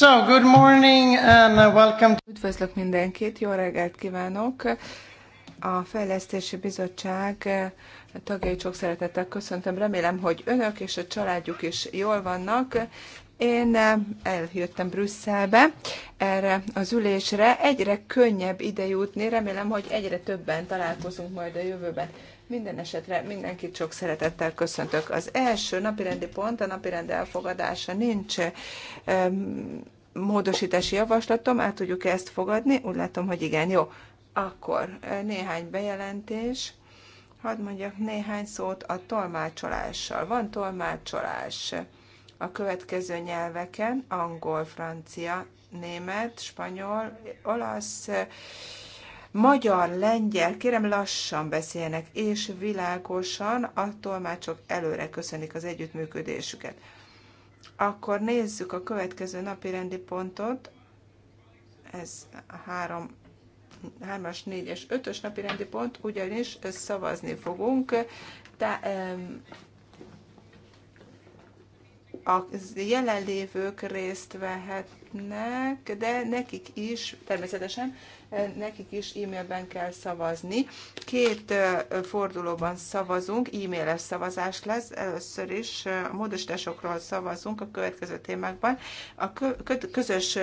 So, good morning and welcome. To... Üdvözlök mindenkit, jó reggelt kívánok! A Fejlesztési Bizottság tagjai sok szeretettel köszöntöm. Remélem, hogy önök és a családjuk is jól vannak. Én eljöttem Brüsszelbe erre az ülésre. Egyre könnyebb ide jutni, remélem, hogy egyre többen találkozunk majd a jövőben. Minden esetre mindenkit sok szeretettel köszöntök. Az első napirendi pont, a napirend elfogadása nincs um, módosítási javaslatom, el tudjuk ezt fogadni? Úgy látom, hogy igen, jó. Akkor néhány bejelentés. Hadd mondjak néhány szót a tolmácsolással. Van tolmácsolás a következő nyelveken, angol, francia, német, spanyol, olasz, magyar, lengyel, kérem lassan beszéljenek, és világosan attól már csak előre köszönik az együttműködésüket. Akkor nézzük a következő napi rendi pontot. Ez a három hármas, négyes, ötös napi rendi pont, ugyanis szavazni fogunk. De, a jelenlévők részt vehetnek, de nekik is természetesen nekik is e-mailben kell szavazni. Két fordulóban szavazunk, e-mailes szavazás lesz. Először is a módosításokról szavazunk a következő témákban. A közös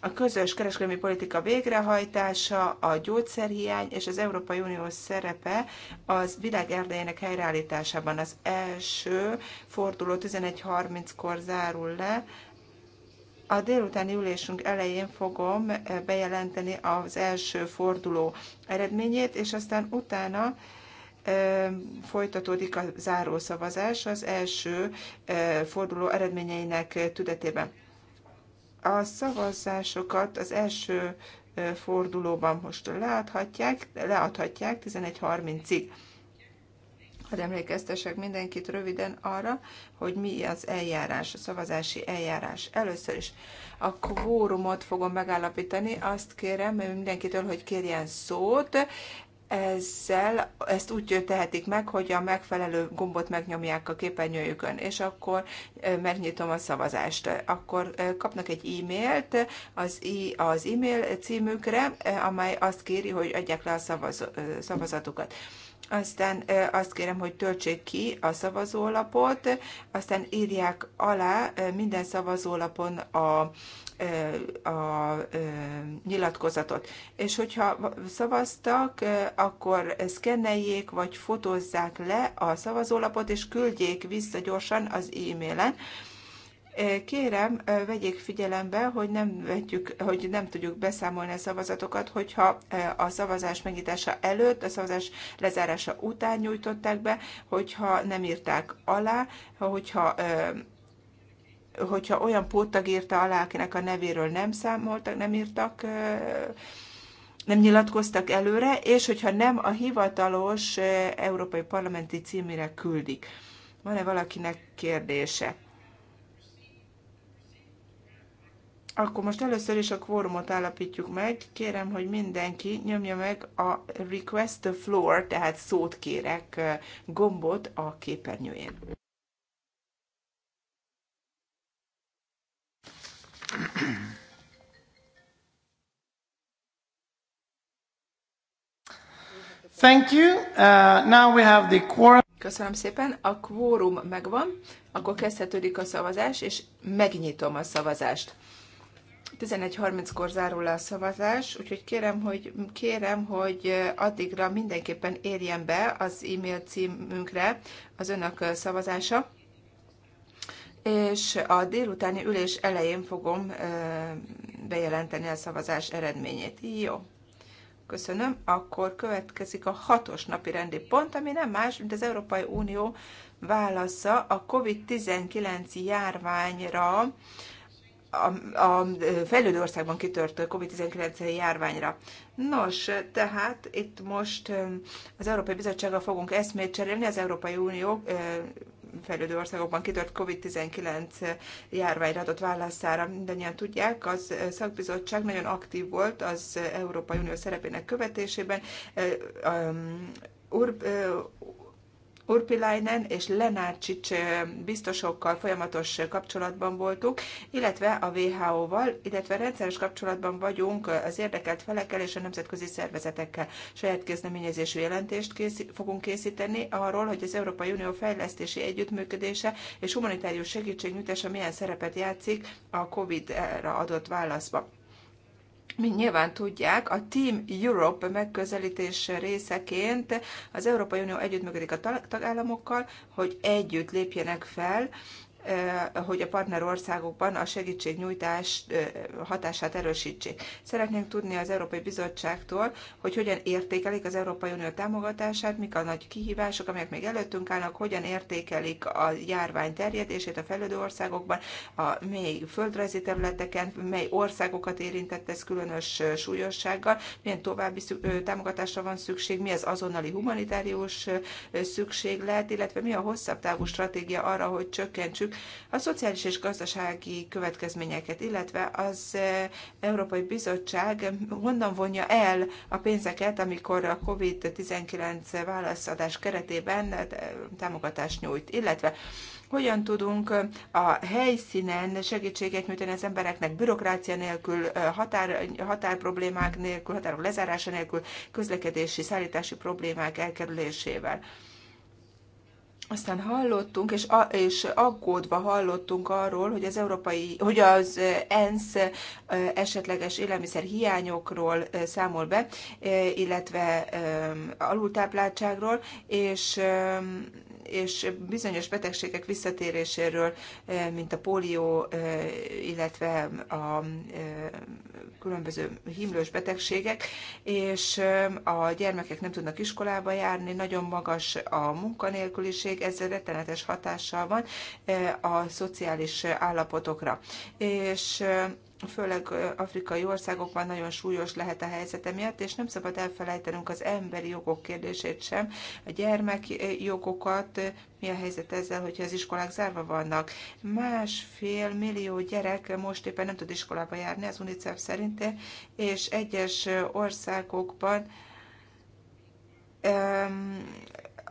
a közös kereskedelmi politika végrehajtása, a gyógyszerhiány és az Európai Unió szerepe az világ erdejének helyreállításában. Az első forduló 11.30-kor zárul le, a délutáni ülésünk elején fogom eh, bejelenteni az első forduló eredményét, és aztán utána eh, folytatódik a zárószavazás az első eh, forduló eredményeinek tüdetében. A szavazásokat az első fordulóban most leadhatják, leadhatják 11.30-ig. Hogy emlékeztesek mindenkit röviden arra, hogy mi az eljárás, a szavazási eljárás. Először is a kvórumot fogom megállapítani. Azt kérem mindenkitől, hogy kérjen szót. Ezzel ezt úgy tehetik meg, hogy a megfelelő gombot megnyomják a képernyőjükön, és akkor megnyitom a szavazást. Akkor kapnak egy e-mailt az, az e-mail címükre, amely azt kéri, hogy adják le a szavaz, szavazatukat aztán azt kérem, hogy töltsék ki a szavazólapot, aztán írják alá minden szavazólapon a, a, a nyilatkozatot. És hogyha szavaztak, akkor szkenneljék, vagy fotózzák le a szavazólapot, és küldjék vissza gyorsan az e-mailen, Kérem, vegyék figyelembe, hogy nem, vetjük, hogy nem tudjuk beszámolni a szavazatokat, hogyha a szavazás megnyitása előtt, a szavazás lezárása után nyújtották be, hogyha nem írták alá, hogyha hogyha olyan póttag írta alá, akinek a nevéről nem számoltak, nem írtak, nem nyilatkoztak előre, és hogyha nem a hivatalos Európai Parlamenti címére küldik. Van-e valakinek kérdése? Akkor most először is a kvórumot állapítjuk meg. Kérem, hogy mindenki nyomja meg a Request the Floor, tehát szót kérek gombot a képernyőjén. Thank you. Uh, now we have the quorum. Köszönöm szépen. A kvórum megvan, akkor kezdhetődik a szavazás, és megnyitom a szavazást. 11.30-kor zárul le a szavazás, úgyhogy kérem, hogy, kérem, hogy addigra mindenképpen érjen be az e-mail címünkre az önök szavazása, és a délutáni ülés elején fogom bejelenteni a szavazás eredményét. Jó. Köszönöm. Akkor következik a hatos napi rendi pont, ami nem más, mint az Európai Unió válasza a COVID-19 járványra a, a fejlődő országban kitört COVID-19 járványra. Nos, tehát itt most um, az Európai Bizottsággal fogunk eszmét cserélni az Európai Unió um, fejlődő országokban kitört COVID-19 járványra adott válaszára. Mindennyian tudják, az szakbizottság nagyon aktív volt az Európai Unió szerepének követésében. Um, Urpilainen és Lenácsics biztosokkal folyamatos kapcsolatban voltunk, illetve a WHO-val, illetve rendszeres kapcsolatban vagyunk az érdekelt felekkel és a nemzetközi szervezetekkel. Saját kezdeményezésű jelentést kész, fogunk készíteni arról, hogy az Európai Unió fejlesztési együttműködése és humanitárius segítségnyújtása milyen szerepet játszik a COVID-ra adott válaszban. Mint nyilván tudják, a Team Europe megközelítés részeként az Európai Unió együttműködik a tagállamokkal, hogy együtt lépjenek fel Eh, hogy a partnerországokban a segítségnyújtás eh, hatását erősítsék. Szeretnénk tudni az Európai Bizottságtól, hogy hogyan értékelik az Európai Unió támogatását, mik a nagy kihívások, amelyek még előttünk állnak, hogyan értékelik a járvány terjedését a fejlődő országokban, a mely földrajzi területeken, mely országokat érintett ez különös eh, súlyossággal, milyen további támogatásra van szükség, mi az azonnali humanitárius szükséglet, illetve mi a hosszabb távú stratégia arra, hogy csökkentsük a szociális és gazdasági következményeket, illetve az eh, Európai Bizottság honnan vonja el a pénzeket, amikor a COVID-19 válaszadás keretében eh, támogatást nyújt, illetve hogyan tudunk eh, a helyszínen segítséget nyújtani az embereknek bürokrácia nélkül, határ, határproblémák nélkül, határok lezárása nélkül, közlekedési, szállítási problémák elkerülésével. Aztán hallottunk, és, a, és aggódva hallottunk arról, hogy az európai, hogy az ENSZ esetleges élelmiszer hiányokról számol be, illetve alultápláltságról, és és bizonyos betegségek visszatéréséről, mint a pólió, illetve a különböző himlős betegségek, és a gyermekek nem tudnak iskolába járni, nagyon magas a munkanélküliség, ez rettenetes hatással van a szociális állapotokra. És főleg afrikai országokban nagyon súlyos lehet a helyzete miatt, és nem szabad elfelejtenünk az emberi jogok kérdését sem, a gyermekjogokat, mi a helyzet ezzel, hogyha az iskolák zárva vannak. Másfél millió gyerek most éppen nem tud iskolába járni, az UNICEF szerint, és egyes országokban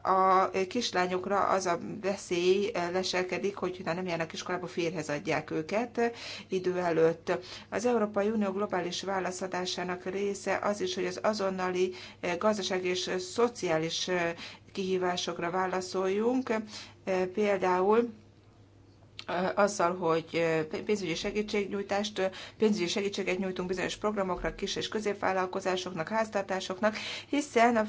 a kislányokra az a veszély leselkedik, hogy ha nem járnak iskolába, férhez adják őket idő előtt. Az Európai Unió globális válaszadásának része az is, hogy az azonnali eh, gazdasági és szociális eh, kihívásokra válaszoljunk, eh, például azzal, hogy pénzügyi segítségnyújtást, pénzügyi segítséget nyújtunk bizonyos programokra, kis és középvállalkozásoknak, háztartásoknak, hiszen a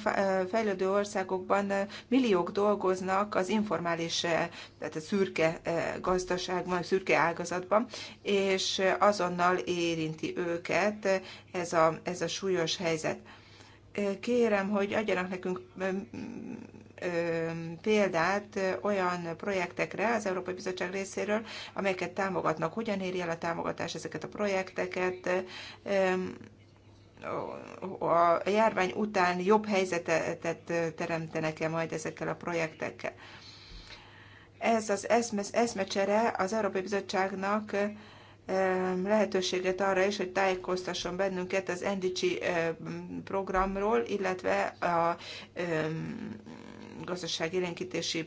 fejlődő országokban milliók dolgoznak az informális, tehát a szürke gazdaságban, a szürke ágazatban, és azonnal érinti őket ez a, ez a súlyos helyzet. Kérem, hogy adjanak nekünk példát olyan projektekre az Európai Bizottság részéről, amelyeket támogatnak. Hogyan éri el a támogatás ezeket a projekteket? A járvány után jobb helyzetet teremtenek-e majd ezekkel a projektekkel? Ez az eszme, eszmecsere az Európai Bizottságnak lehetőséget arra is, hogy tájékoztasson bennünket az NDC programról, illetve a gazdaság élénkítési,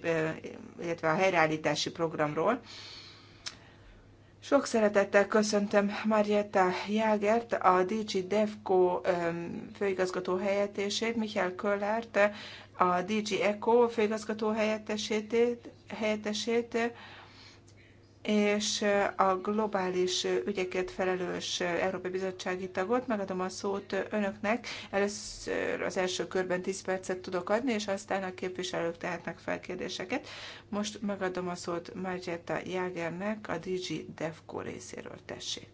illetve a helyreállítási programról. Sok szeretettel köszöntöm Marietta Jágert, a DG Devco főigazgató helyettését, Michael Köllert, a DG ECO főigazgató helyettesét, helyettesét és a globális ügyekért felelős Európai Bizottsági tagot. Megadom a szót önöknek. Először az első körben 10 percet tudok adni, és aztán a képviselők tehetnek fel kérdéseket. Most megadom a szót Margetta Jágernek a DG DevCo részéről. Tessék!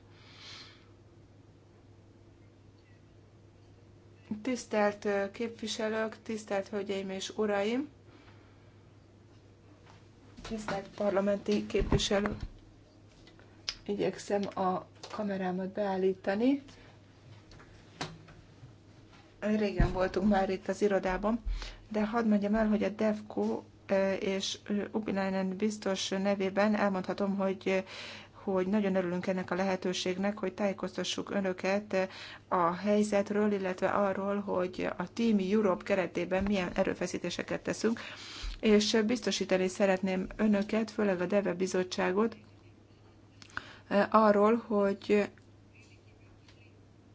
Tisztelt képviselők, tisztelt hölgyeim és uraim! Tisztelt parlamenti képviselő! Igyekszem a kamerámat beállítani. Régen voltunk már itt az irodában, de hadd mondjam el, hogy a DEFCO és Ubinainen biztos nevében elmondhatom, hogy hogy nagyon örülünk ennek a lehetőségnek, hogy tájékoztassuk önöket a helyzetről, illetve arról, hogy a Team Europe keretében milyen erőfeszítéseket teszünk és biztosítani szeretném önöket, főleg a DEVE bizottságot, eh, arról, hogy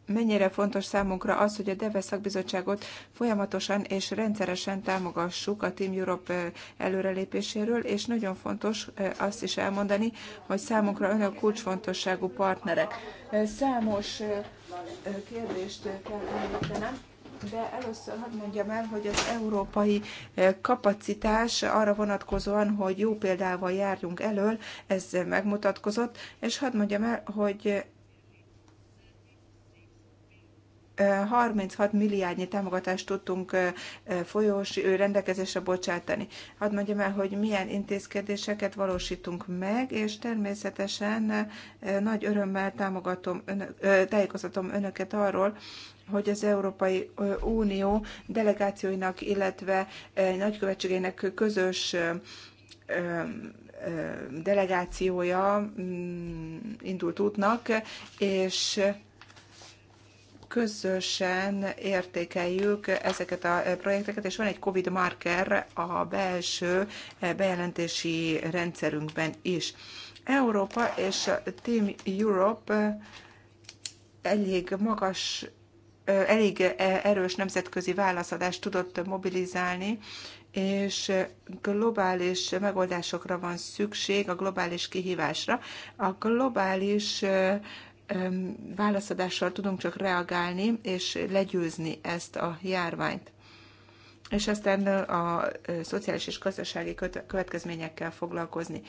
mennyire fontos számunkra az, hogy a DEVE szakbizottságot folyamatosan és rendszeresen támogassuk a Team Europe eh, előrelépéséről, és nagyon fontos eh, azt is elmondani, hogy számunkra önök kulcsfontosságú partnerek. Számos kérdést kell említenem de először hadd mondjam el, hogy az európai eh, kapacitás arra vonatkozóan, hogy jó példával járjunk elől, ez megmutatkozott, és hadd mondjam el, hogy 36 eh, milliárdnyi támogatást tudtunk eh, folyós rendelkezésre bocsátani. Hadd mondjam el, hogy milyen intézkedéseket valósítunk meg, és természetesen nagy örömmel támogatom, önök, tájékoztatom önöket arról, hogy az Európai Unió delegációinak, illetve nagykövetségének közös delegációja mm, indult útnak, és közösen értékeljük ezeket a projekteket, és van egy COVID marker a belső bejelentési rendszerünkben is. Európa és Team Europe elég magas elég erős nemzetközi válaszadást tudott mobilizálni, és globális megoldásokra van szükség, a globális kihívásra. A globális válaszadással tudunk csak reagálni és legyőzni ezt a járványt. És aztán a szociális és gazdasági következményekkel foglalkozni.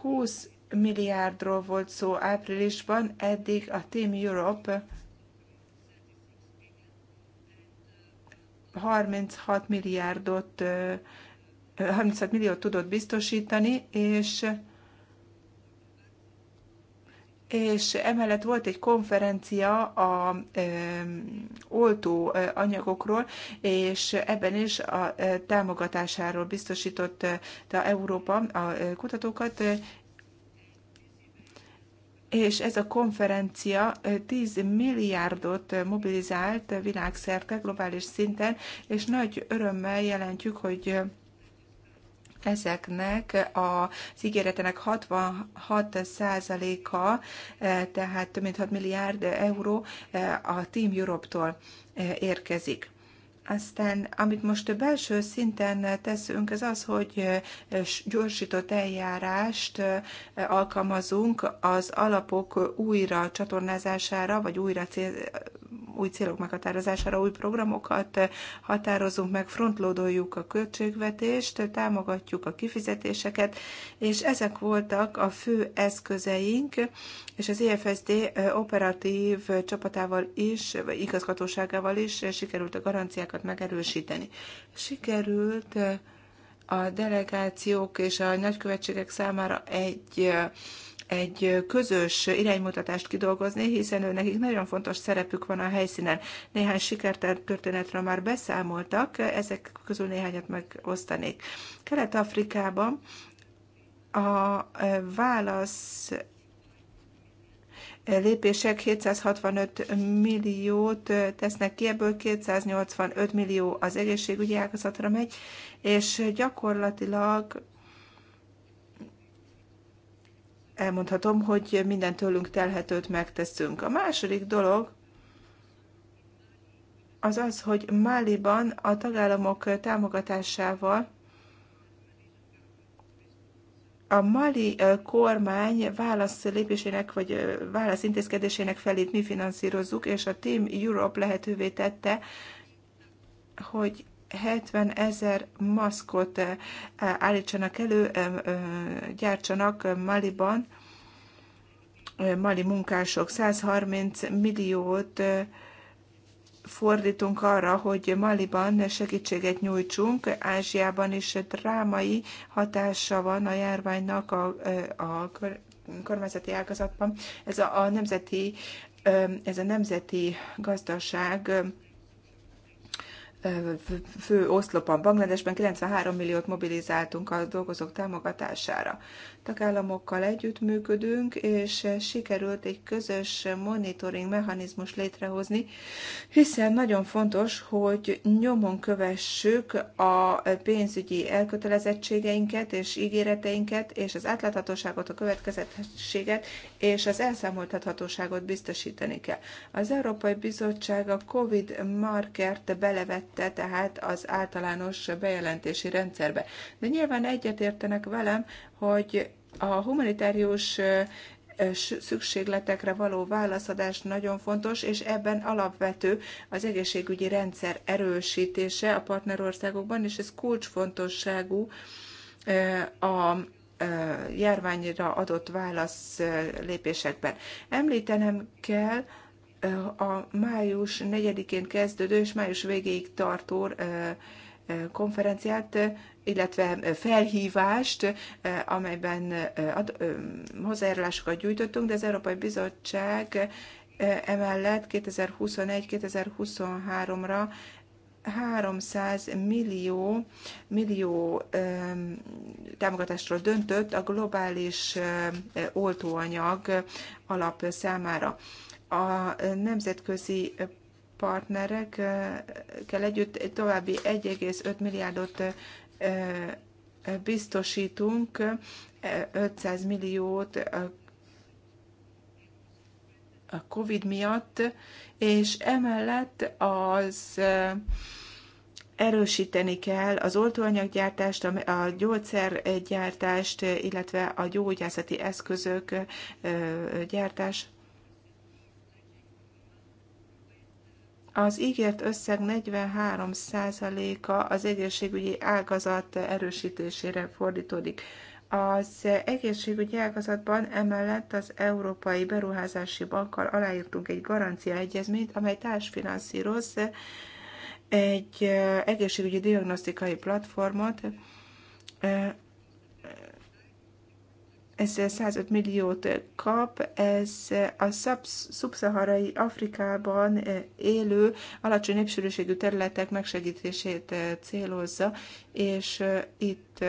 20 milliárdról volt szó áprilisban, eddig a Team Europe 36 milliárdot, 36 milliót tudott biztosítani, és és emellett volt egy konferencia a ö, oltó anyagokról, és ebben is a támogatásáról biztosított a Európa a kutatókat, és ez a konferencia 10 milliárdot mobilizált világszerte, globális szinten, és nagy örömmel jelentjük, hogy ezeknek az ígéretenek 66%-a, tehát több mint 6 milliárd euró a Team Europe-tól érkezik. Aztán, amit most a belső szinten teszünk, ez az, hogy gyorsított eljárást alkalmazunk az alapok újra csatornázására, vagy újra cél, új célok meghatározására új programokat határozunk meg, frontlódoljuk a költségvetést, támogatjuk a kifizetéseket, és ezek voltak a fő eszközeink, és az EFSD operatív csapatával is, vagy igazgatóságával is sikerült a garanciákat megerősíteni. Sikerült a delegációk és a nagykövetségek számára egy egy közös iránymutatást kidolgozni, hiszen ő nekik nagyon fontos szerepük van a helyszínen. Néhány sikertörténetről már beszámoltak, ezek közül néhányat megosztanék. Kelet-Afrikában a e, válasz lépések 765 milliót tesznek ki, ebből 285 millió az egészségügyi ágazatra megy, és gyakorlatilag elmondhatom, hogy minden tőlünk telhetőt megteszünk. A második dolog az az, hogy Máliban a tagállamok támogatásával a mali kormány válasz lépésének, vagy válasz intézkedésének felét mi finanszírozzuk, és a Team Europe lehetővé tette, hogy 70 ezer maszkot eh, állítsanak elő, eh, eh, gyártsanak Maliban, mali munkások. 130 milliót fordítunk arra, hogy Maliban segítséget nyújtsunk. Ázsiában is drámai hatása van a járványnak a, a kormányzati ágazatban. Ez a, a nemzeti ez a nemzeti gazdaság fő oszlopan, Bangladesben 93 milliót mobilizáltunk a dolgozók támogatására tagállamokkal együttműködünk, és sikerült egy közös monitoring mechanizmus létrehozni, hiszen nagyon fontos, hogy nyomon kövessük a pénzügyi elkötelezettségeinket és ígéreteinket, és az átláthatóságot, a következetességet és az elszámoltathatóságot biztosítani kell. Az Európai Bizottság a COVID markert belevette tehát az általános bejelentési rendszerbe. De nyilván egyetértenek velem, hogy a humanitárius szükségletekre való válaszadás nagyon fontos, és ebben alapvető az egészségügyi rendszer erősítése a partnerországokban, és ez kulcsfontosságú a járványra adott válasz lépésekben. Említenem kell a május 4-én kezdődő és május végéig tartó konferenciát, illetve felhívást, eh, amelyben eh, eh, hozzájárulásokat gyűjtöttünk, de az Európai Bizottság emellett 2021-2023-ra 300 millió, millió öm, támogatásról döntött a globális öm, oltóanyag alap számára. A nemzetközi partnerekkel együtt további 1,5 milliárdot biztosítunk 500 milliót a COVID miatt, és emellett az erősíteni kell az oltóanyaggyártást, a gyógyszergyártást, illetve a gyógyászati eszközök gyártás Az ígért összeg 43%-a az egészségügyi ágazat erősítésére fordítódik. Az egészségügyi ágazatban emellett az Európai Beruházási Bankkal aláírtunk egy garanciaegyezményt, amely társfinanszíroz egy egészségügyi diagnosztikai platformot, ez 105 milliót kap, ez a szubszaharai Afrikában eh, élő alacsony népsűrűségű területek megsegítését eh, célozza, és eh, itt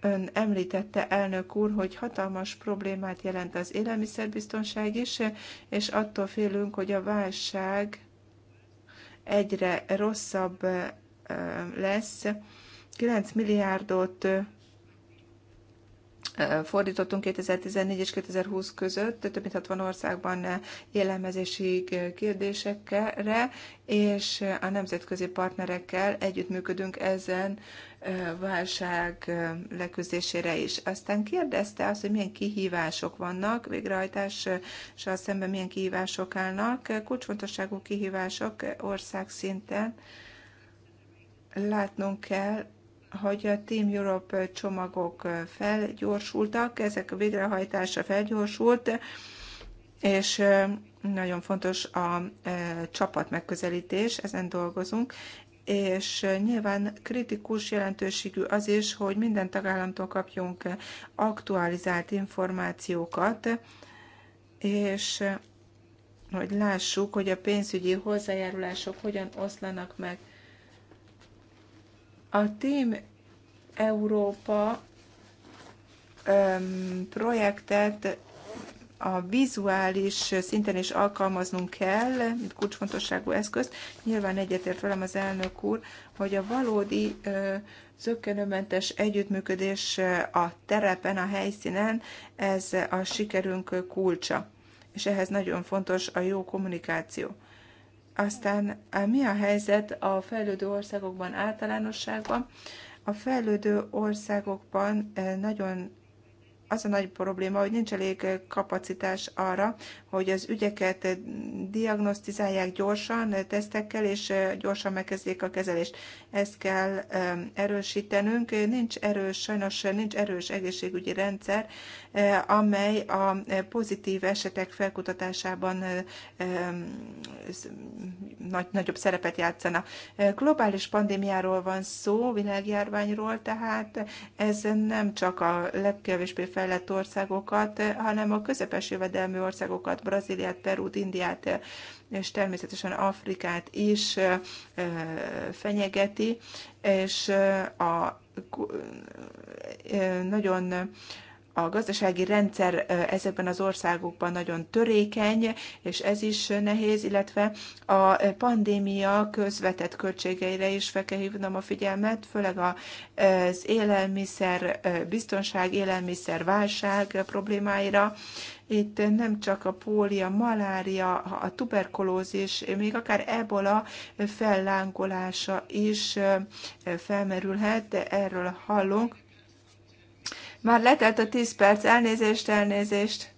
ön említette, elnök úr, hogy hatalmas problémát jelent az élelmiszerbiztonság is, és attól félünk, hogy a válság egyre rosszabb lesz. 9 milliárdot fordítottunk 2014 és 2020 között, több mint 60 országban élelmezési kérdésekre, és a nemzetközi partnerekkel együttműködünk ezen válság leküzdésére is. Aztán kérdezte azt, hogy milyen kihívások vannak, végrehajtással szemben milyen kihívások állnak, kulcsfontosságú kihívások országszinten. Látnunk kell, hogy a Team Europe csomagok felgyorsultak, ezek a végrehajtása felgyorsult, és nagyon fontos a csapat megközelítés, ezen dolgozunk, és nyilván kritikus jelentőségű az is, hogy minden tagállamtól kapjunk aktualizált információkat, és hogy lássuk, hogy a pénzügyi hozzájárulások hogyan oszlanak meg. A Team Európa projektet a vizuális szinten is alkalmaznunk kell, mint kulcsfontosságú eszközt. Nyilván egyetért velem az elnök úr, hogy a valódi zöggenőmentes együttműködés a terepen, a helyszínen, ez a sikerünk kulcsa. És ehhez nagyon fontos a jó kommunikáció. Aztán eh, mi a helyzet a fejlődő országokban általánosságban? A fejlődő országokban eh, nagyon az a nagy probléma, hogy nincs elég kapacitás arra, hogy az ügyeket diagnosztizálják gyorsan, tesztekkel, és gyorsan megkezdjék a kezelést. Ezt kell erősítenünk. Nincs erős, sajnos nincs erős egészségügyi rendszer, amely a pozitív esetek felkutatásában nagy, nagyobb szerepet játszana. Globális pandémiáról van szó, világjárványról, tehát ez nem csak a legkevésbé fejlett országokat, hanem a közepes jövedelmű országokat, Brazíliát, Perút, Indiát és természetesen Afrikát is fenyegeti, és a nagyon a gazdasági rendszer ezekben az országokban nagyon törékeny, és ez is nehéz, illetve a pandémia közvetett költségeire is fel kell hívnom a figyelmet, főleg az élelmiszer biztonság, élelmiszer válság problémáira. Itt nem csak a pólia, malária, a tuberkulózis, még akár ebola fellángolása is felmerülhet, de erről hallunk már letelt a 10 perc, elnézést, elnézést.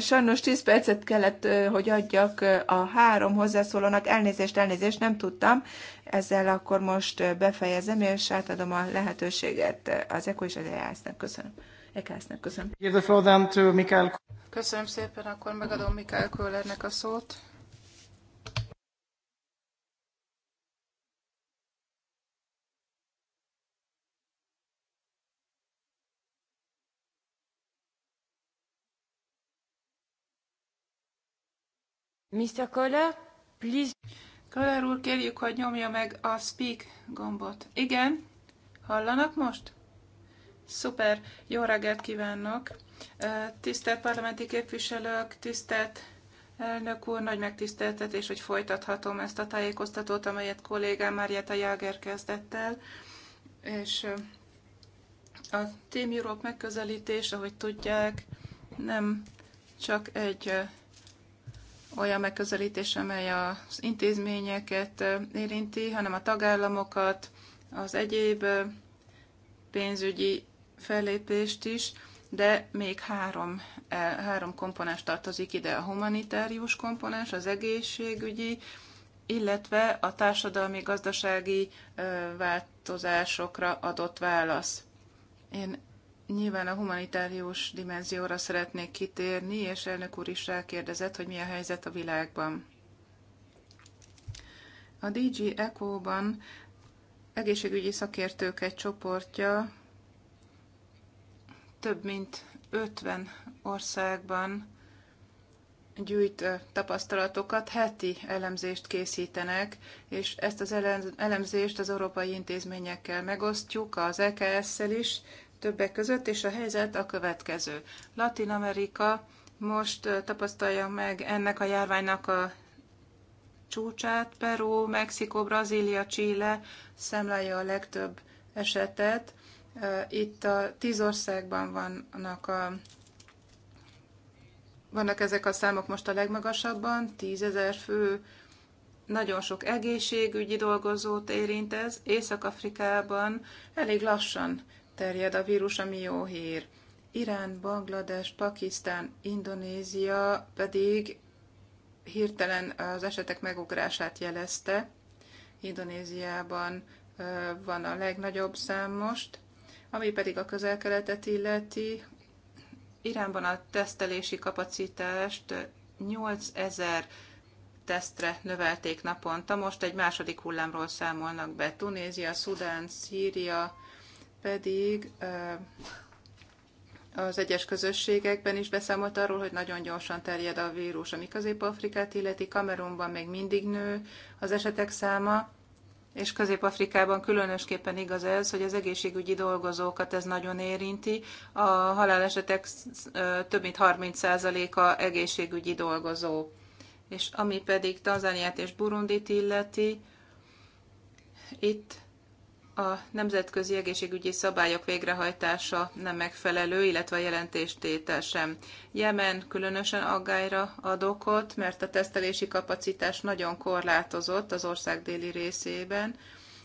Sajnos 10 percet kellett, hogy adjak a három hozzászólónak. Elnézést, elnézést, nem tudtam. Ezzel akkor most befejezem, és átadom a lehetőséget az Eko és az easz Köszönöm. E Ekásznak köszönöm. Give the floor then to Mikael. Köszönöm szépen, akkor megadom Mikael Köhlernek a szót. Mr. Kohler, please. Kohler úr, kérjük, hogy nyomja meg a speak gombot. Igen, hallanak most? Szuper, jó reggelt kívánok! Tisztelt parlamenti képviselők, tisztelt elnök úr, nagy megtiszteltetés, hogy folytathatom ezt a tájékoztatót, amelyet kollégám Marietta Jager kezdett el, és a Team Europe megközelítés, ahogy tudják, nem csak egy olyan megközelítés, amely az intézményeket érinti, hanem a tagállamokat, az egyéb pénzügyi fellépést is, de még három, e, három komponens tartozik ide, a humanitárius komponens, az egészségügyi, illetve a társadalmi-gazdasági változásokra adott válasz. Én Nyilván a humanitárius dimenzióra szeretnék kitérni, és elnök úr is rákérdezett, hogy mi a helyzet a világban. A DG Eco-ban egészségügyi szakértők egy csoportja több mint 50 országban gyűjt tapasztalatokat, heti elemzést készítenek, és ezt az elemzést az európai intézményekkel megosztjuk, az EKS-szel is, többek között, és a helyzet a következő. Latin Amerika most tapasztalja meg ennek a járványnak a csúcsát, Peru, Mexikó, Brazília, Chile szemlálja a legtöbb esetet. Itt a tíz országban vannak a vannak ezek a számok most a legmagasabban, tízezer fő, nagyon sok egészségügyi dolgozót érint ez. Észak-Afrikában elég lassan terjed a vírus, ami jó hír. Irán, Banglades, Pakisztán, Indonézia pedig hirtelen az esetek megugrását jelezte. Indonéziában van a legnagyobb szám most, ami pedig a közelkeletet illeti. Iránban a tesztelési kapacitást 8000 tesztre növelték naponta, most egy második hullámról számolnak be. Tunézia, Szudán, Szíria, pedig az egyes közösségekben is beszámolt arról, hogy nagyon gyorsan terjed a vírus, ami Közép-Afrikát illeti. Kamerunban még mindig nő az esetek száma, és Közép-Afrikában különösképpen igaz ez, hogy az egészségügyi dolgozókat ez nagyon érinti. A halálesetek több mint 30%-a egészségügyi dolgozó. És ami pedig Tanzániát és Burundit illeti, itt a nemzetközi egészségügyi szabályok végrehajtása nem megfelelő, illetve a jelentéstétel sem. Jemen különösen aggályra ad okot, mert a tesztelési kapacitás nagyon korlátozott az ország déli részében,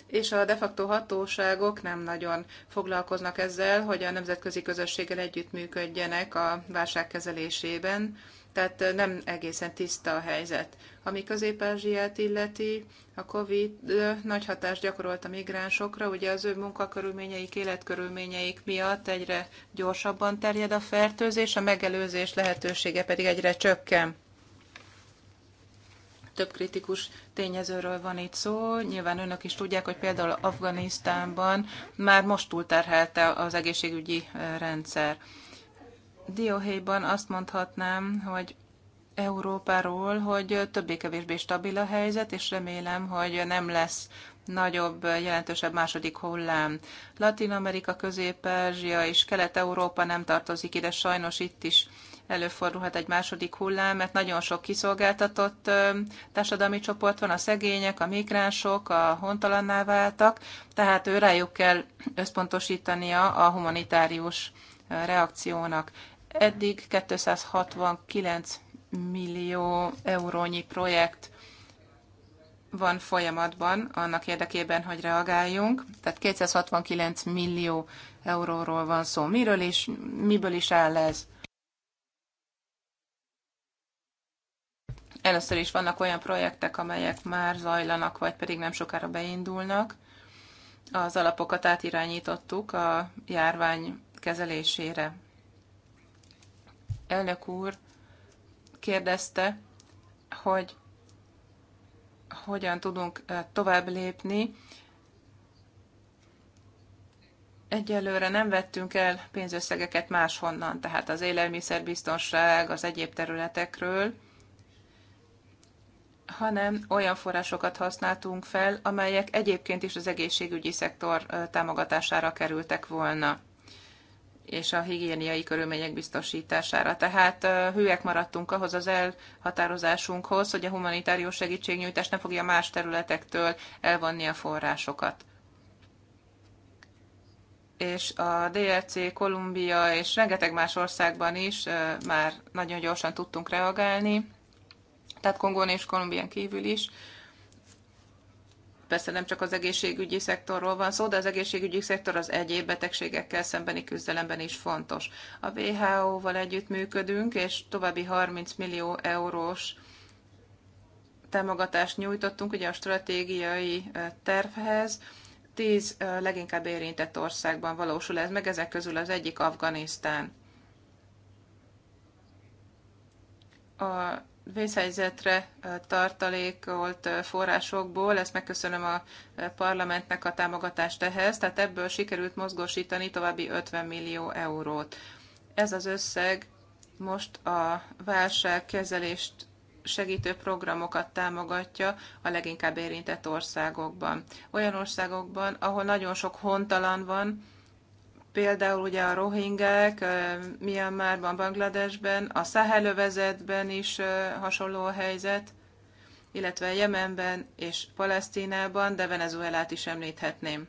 és a de facto hatóságok nem nagyon foglalkoznak ezzel, hogy a nemzetközi közösséggel együttműködjenek a válság kezelésében, tehát nem egészen tiszta a helyzet. Ami Közép-Ázsiát illeti, a COVID nagy hatást gyakorolt a migránsokra, ugye az ő munkakörülményeik, életkörülményeik miatt egyre gyorsabban terjed a fertőzés, a megelőzés lehetősége pedig egyre csökken. Több kritikus tényezőről van itt szó. Nyilván önök is tudják, hogy például Afganisztánban már most túlterhelte az egészségügyi rendszer dióhéjban azt mondhatnám, hogy Európáról, hogy többé-kevésbé stabil a helyzet, és remélem, hogy nem lesz nagyobb, jelentősebb második hullám. Latin Amerika, Közép-Ázsia és Kelet-Európa nem tartozik ide, sajnos itt is előfordulhat egy második hullám, mert nagyon sok kiszolgáltatott társadalmi csoport van, a szegények, a migránsok, a hontalanná váltak, tehát ő rájuk kell összpontosítania a humanitárius reakciónak. Eddig 269 millió eurónyi projekt van folyamatban annak érdekében, hogy reagáljunk. Tehát 269 millió euróról van szó. Miről is, miből is áll ez? Először is vannak olyan projektek, amelyek már zajlanak, vagy pedig nem sokára beindulnak. Az alapokat átirányítottuk a járvány kezelésére elnök úr kérdezte, hogy hogyan tudunk eh, tovább lépni. Egyelőre nem vettünk el pénzösszegeket máshonnan, tehát az élelmiszerbiztonság, az egyéb területekről, hanem olyan forrásokat használtunk fel, amelyek egyébként is az egészségügyi szektor eh, támogatására kerültek volna és a higiéniai körülmények biztosítására. Tehát hűek maradtunk ahhoz az elhatározásunkhoz, hogy a humanitárius segítségnyújtás nem fogja más területektől elvonni a forrásokat. És a DRC, Kolumbia és rengeteg más országban is már nagyon gyorsan tudtunk reagálni, tehát Kongón és Kolumbián kívül is persze nem csak az egészségügyi szektorról van szó, de az egészségügyi szektor az egyéb betegségekkel szembeni küzdelemben is fontos. A WHO-val együttműködünk, és további 30 millió eurós támogatást nyújtottunk ugye a stratégiai tervhez. Tíz leginkább érintett országban valósul ez meg, ezek közül az egyik Afganisztán. A vészhelyzetre tartalékolt forrásokból, ezt megköszönöm a parlamentnek a támogatást ehhez, tehát ebből sikerült mozgósítani további 50 millió eurót. Ez az összeg most a válságkezelést segítő programokat támogatja a leginkább érintett országokban. Olyan országokban, ahol nagyon sok hontalan van, Például ugye a rohingák Myanmarban, Bangladesben, a Szahelövezetben is hasonló a helyzet, illetve Jemenben és Palesztinában, de Venezuelát is említhetném.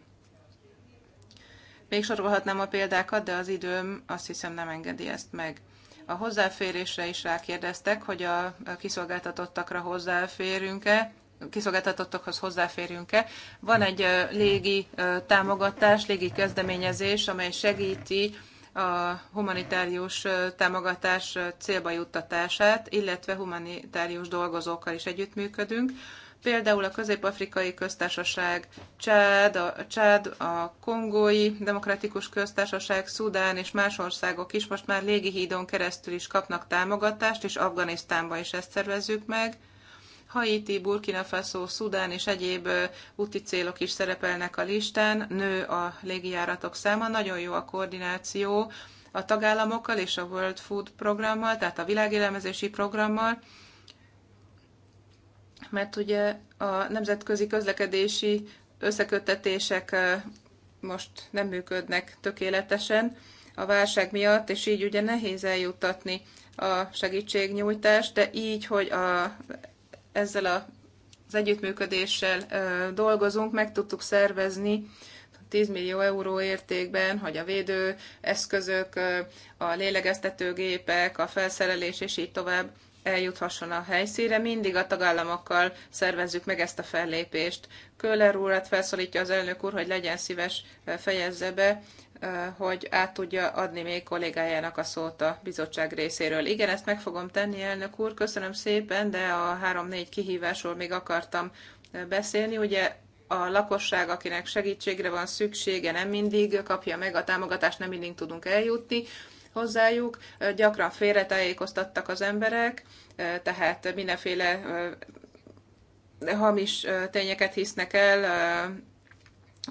Még sorolhatnám a példákat, de az időm azt hiszem nem engedi ezt meg. A hozzáférésre is rákérdeztek, hogy a kiszolgáltatottakra hozzáférünk-e kiszolgáltatottakhoz hozzáférjünk-e. Van egy légi támogatás, légi kezdeményezés, amely segíti a humanitárius támogatás célba juttatását, illetve humanitárius dolgozókkal is együttműködünk. Például a Közép-Afrikai Köztársaság, Csád, a, Csád, a Kongói Demokratikus Köztársaság, Szudán és más országok is most már légihídon keresztül is kapnak támogatást, és Afganisztánban is ezt szervezzük meg. Haiti, Burkina Faso, Szudán és egyéb úti célok is szerepelnek a listán, nő a légijáratok száma, nagyon jó a koordináció a tagállamokkal és a World Food programmal, tehát a világélelmezési programmal, mert ugye a nemzetközi közlekedési összeköttetések most nem működnek tökéletesen a válság miatt, és így ugye nehéz eljuttatni a segítségnyújtást, de így, hogy a ezzel a, az együttműködéssel dolgozunk, meg tudtuk szervezni 10 millió euró értékben, hogy a védő eszközök, a lélegeztetőgépek, a felszerelés és így tovább eljuthasson a helyszíre. Mindig a tagállamokkal szervezzük meg ezt a fellépést. Köller úrat hát felszólítja az elnök úr, hogy legyen szíves, fejezze be, hogy át tudja adni még kollégájának a szót a bizottság részéről. Igen, ezt meg fogom tenni, elnök úr, köszönöm szépen, de a három-négy kihívásról még akartam beszélni. Ugye a lakosság, akinek segítségre van szüksége, nem mindig kapja meg a támogatást, nem mindig tudunk eljutni hozzájuk. Gyakran félretájékoztattak az emberek, tehát mindenféle hamis tényeket hisznek el,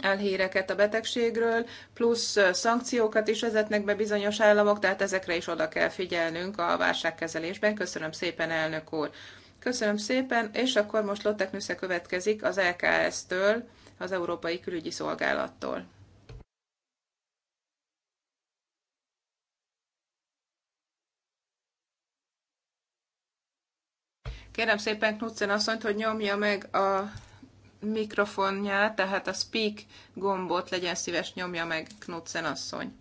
elhíreket a betegségről, plusz szankciókat is vezetnek be bizonyos államok, tehát ezekre is oda kell figyelnünk a válságkezelésben. Köszönöm szépen, elnök úr! Köszönöm szépen, és akkor most Lottek Nüsze következik az LKS-től, az Európai Külügyi Szolgálattól. Kérem szépen Knudsen asszonyt, hogy nyomja meg a mikrofonját, tehát a speak gombot legyen szíves nyomja meg Knudsen asszony.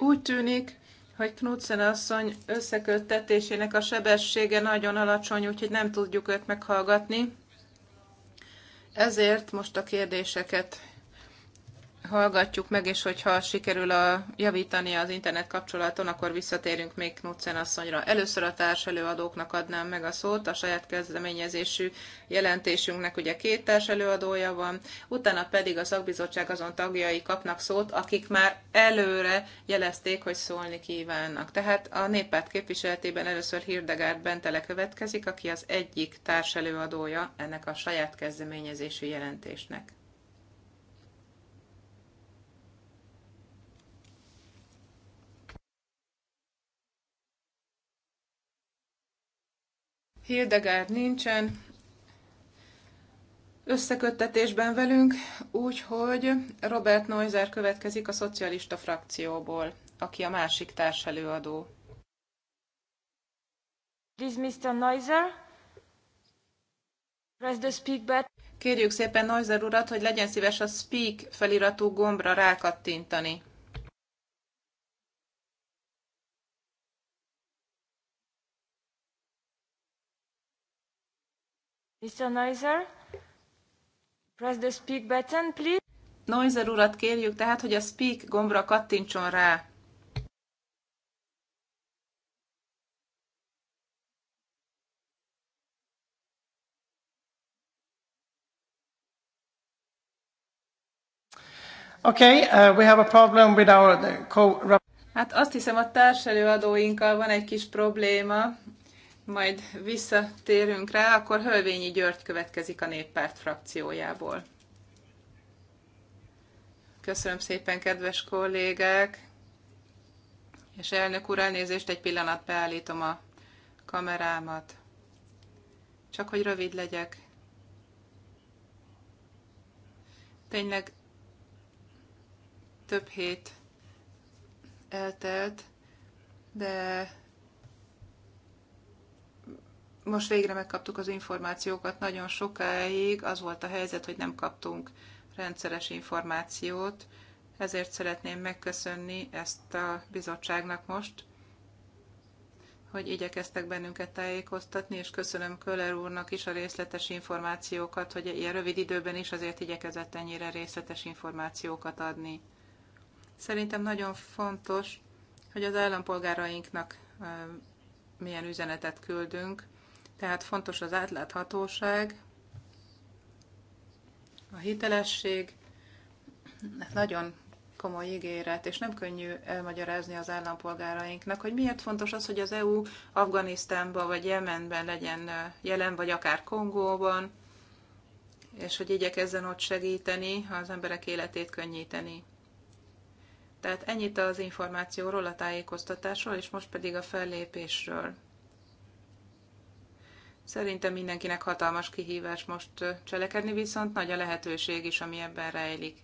Úgy tűnik, hogy Knudsen asszony összeköttetésének a sebessége nagyon alacsony, úgyhogy nem tudjuk őt meghallgatni. Ezért most a kérdéseket hallgatjuk meg, és hogyha sikerül a, javítani az internet kapcsolaton, akkor visszatérünk még Knudsen asszonyra. Először a társelőadóknak adnám meg a szót, a saját kezdeményezésű jelentésünknek ugye két társelőadója van, utána pedig a szakbizottság azon tagjai kapnak szót, akik már előre jelezték, hogy szólni kívánnak. Tehát a néppárt képviseletében először Hirdegárd Bentele következik, aki az egyik társelőadója ennek a saját kezdeményezésű jelentésnek. Hildegár nincsen összeköttetésben velünk, úgyhogy Robert Neuser következik a szocialista frakcióból, aki a másik társelőadó. This Mr. Neuser. Press the speak button. Kérjük szépen Neuser urat, hogy legyen szíves a speak feliratú gombra rákattintani. Mr. press the speak button, please. Noiser urat kérjük tehát, hogy a speak gombra kattintson rá. Okay, uh, we have a problem with our co Hát azt hiszem a társelőadóinkkal van egy kis probléma, majd visszatérünk rá, akkor Hölvényi György következik a néppárt frakciójából. Köszönöm szépen, kedves kollégák! És elnök úr, elnézést, egy pillanat beállítom a kamerámat. Csak hogy rövid legyek. Tényleg több hét eltelt, de most végre megkaptuk az információkat. Nagyon sokáig az volt a helyzet, hogy nem kaptunk rendszeres információt, ezért szeretném megköszönni ezt a bizottságnak most, hogy igyekeztek bennünket tájékoztatni, és köszönöm Köller úrnak is a részletes információkat, hogy ilyen rövid időben is azért igyekezett ennyire részletes információkat adni. Szerintem nagyon fontos, hogy az állampolgárainknak milyen üzenetet küldünk, tehát fontos az átláthatóság, a hitelesség, Ez nagyon komoly ígéret, és nem könnyű elmagyarázni az állampolgárainknak, hogy miért fontos az, hogy az EU Afganisztánban vagy Jemenben legyen jelen, vagy akár Kongóban, és hogy igyekezzen ott segíteni, ha az emberek életét könnyíteni. Tehát ennyit az információról, a tájékoztatásról, és most pedig a fellépésről. Szerintem mindenkinek hatalmas kihívás most cselekedni, viszont nagy a lehetőség is, ami ebben rejlik.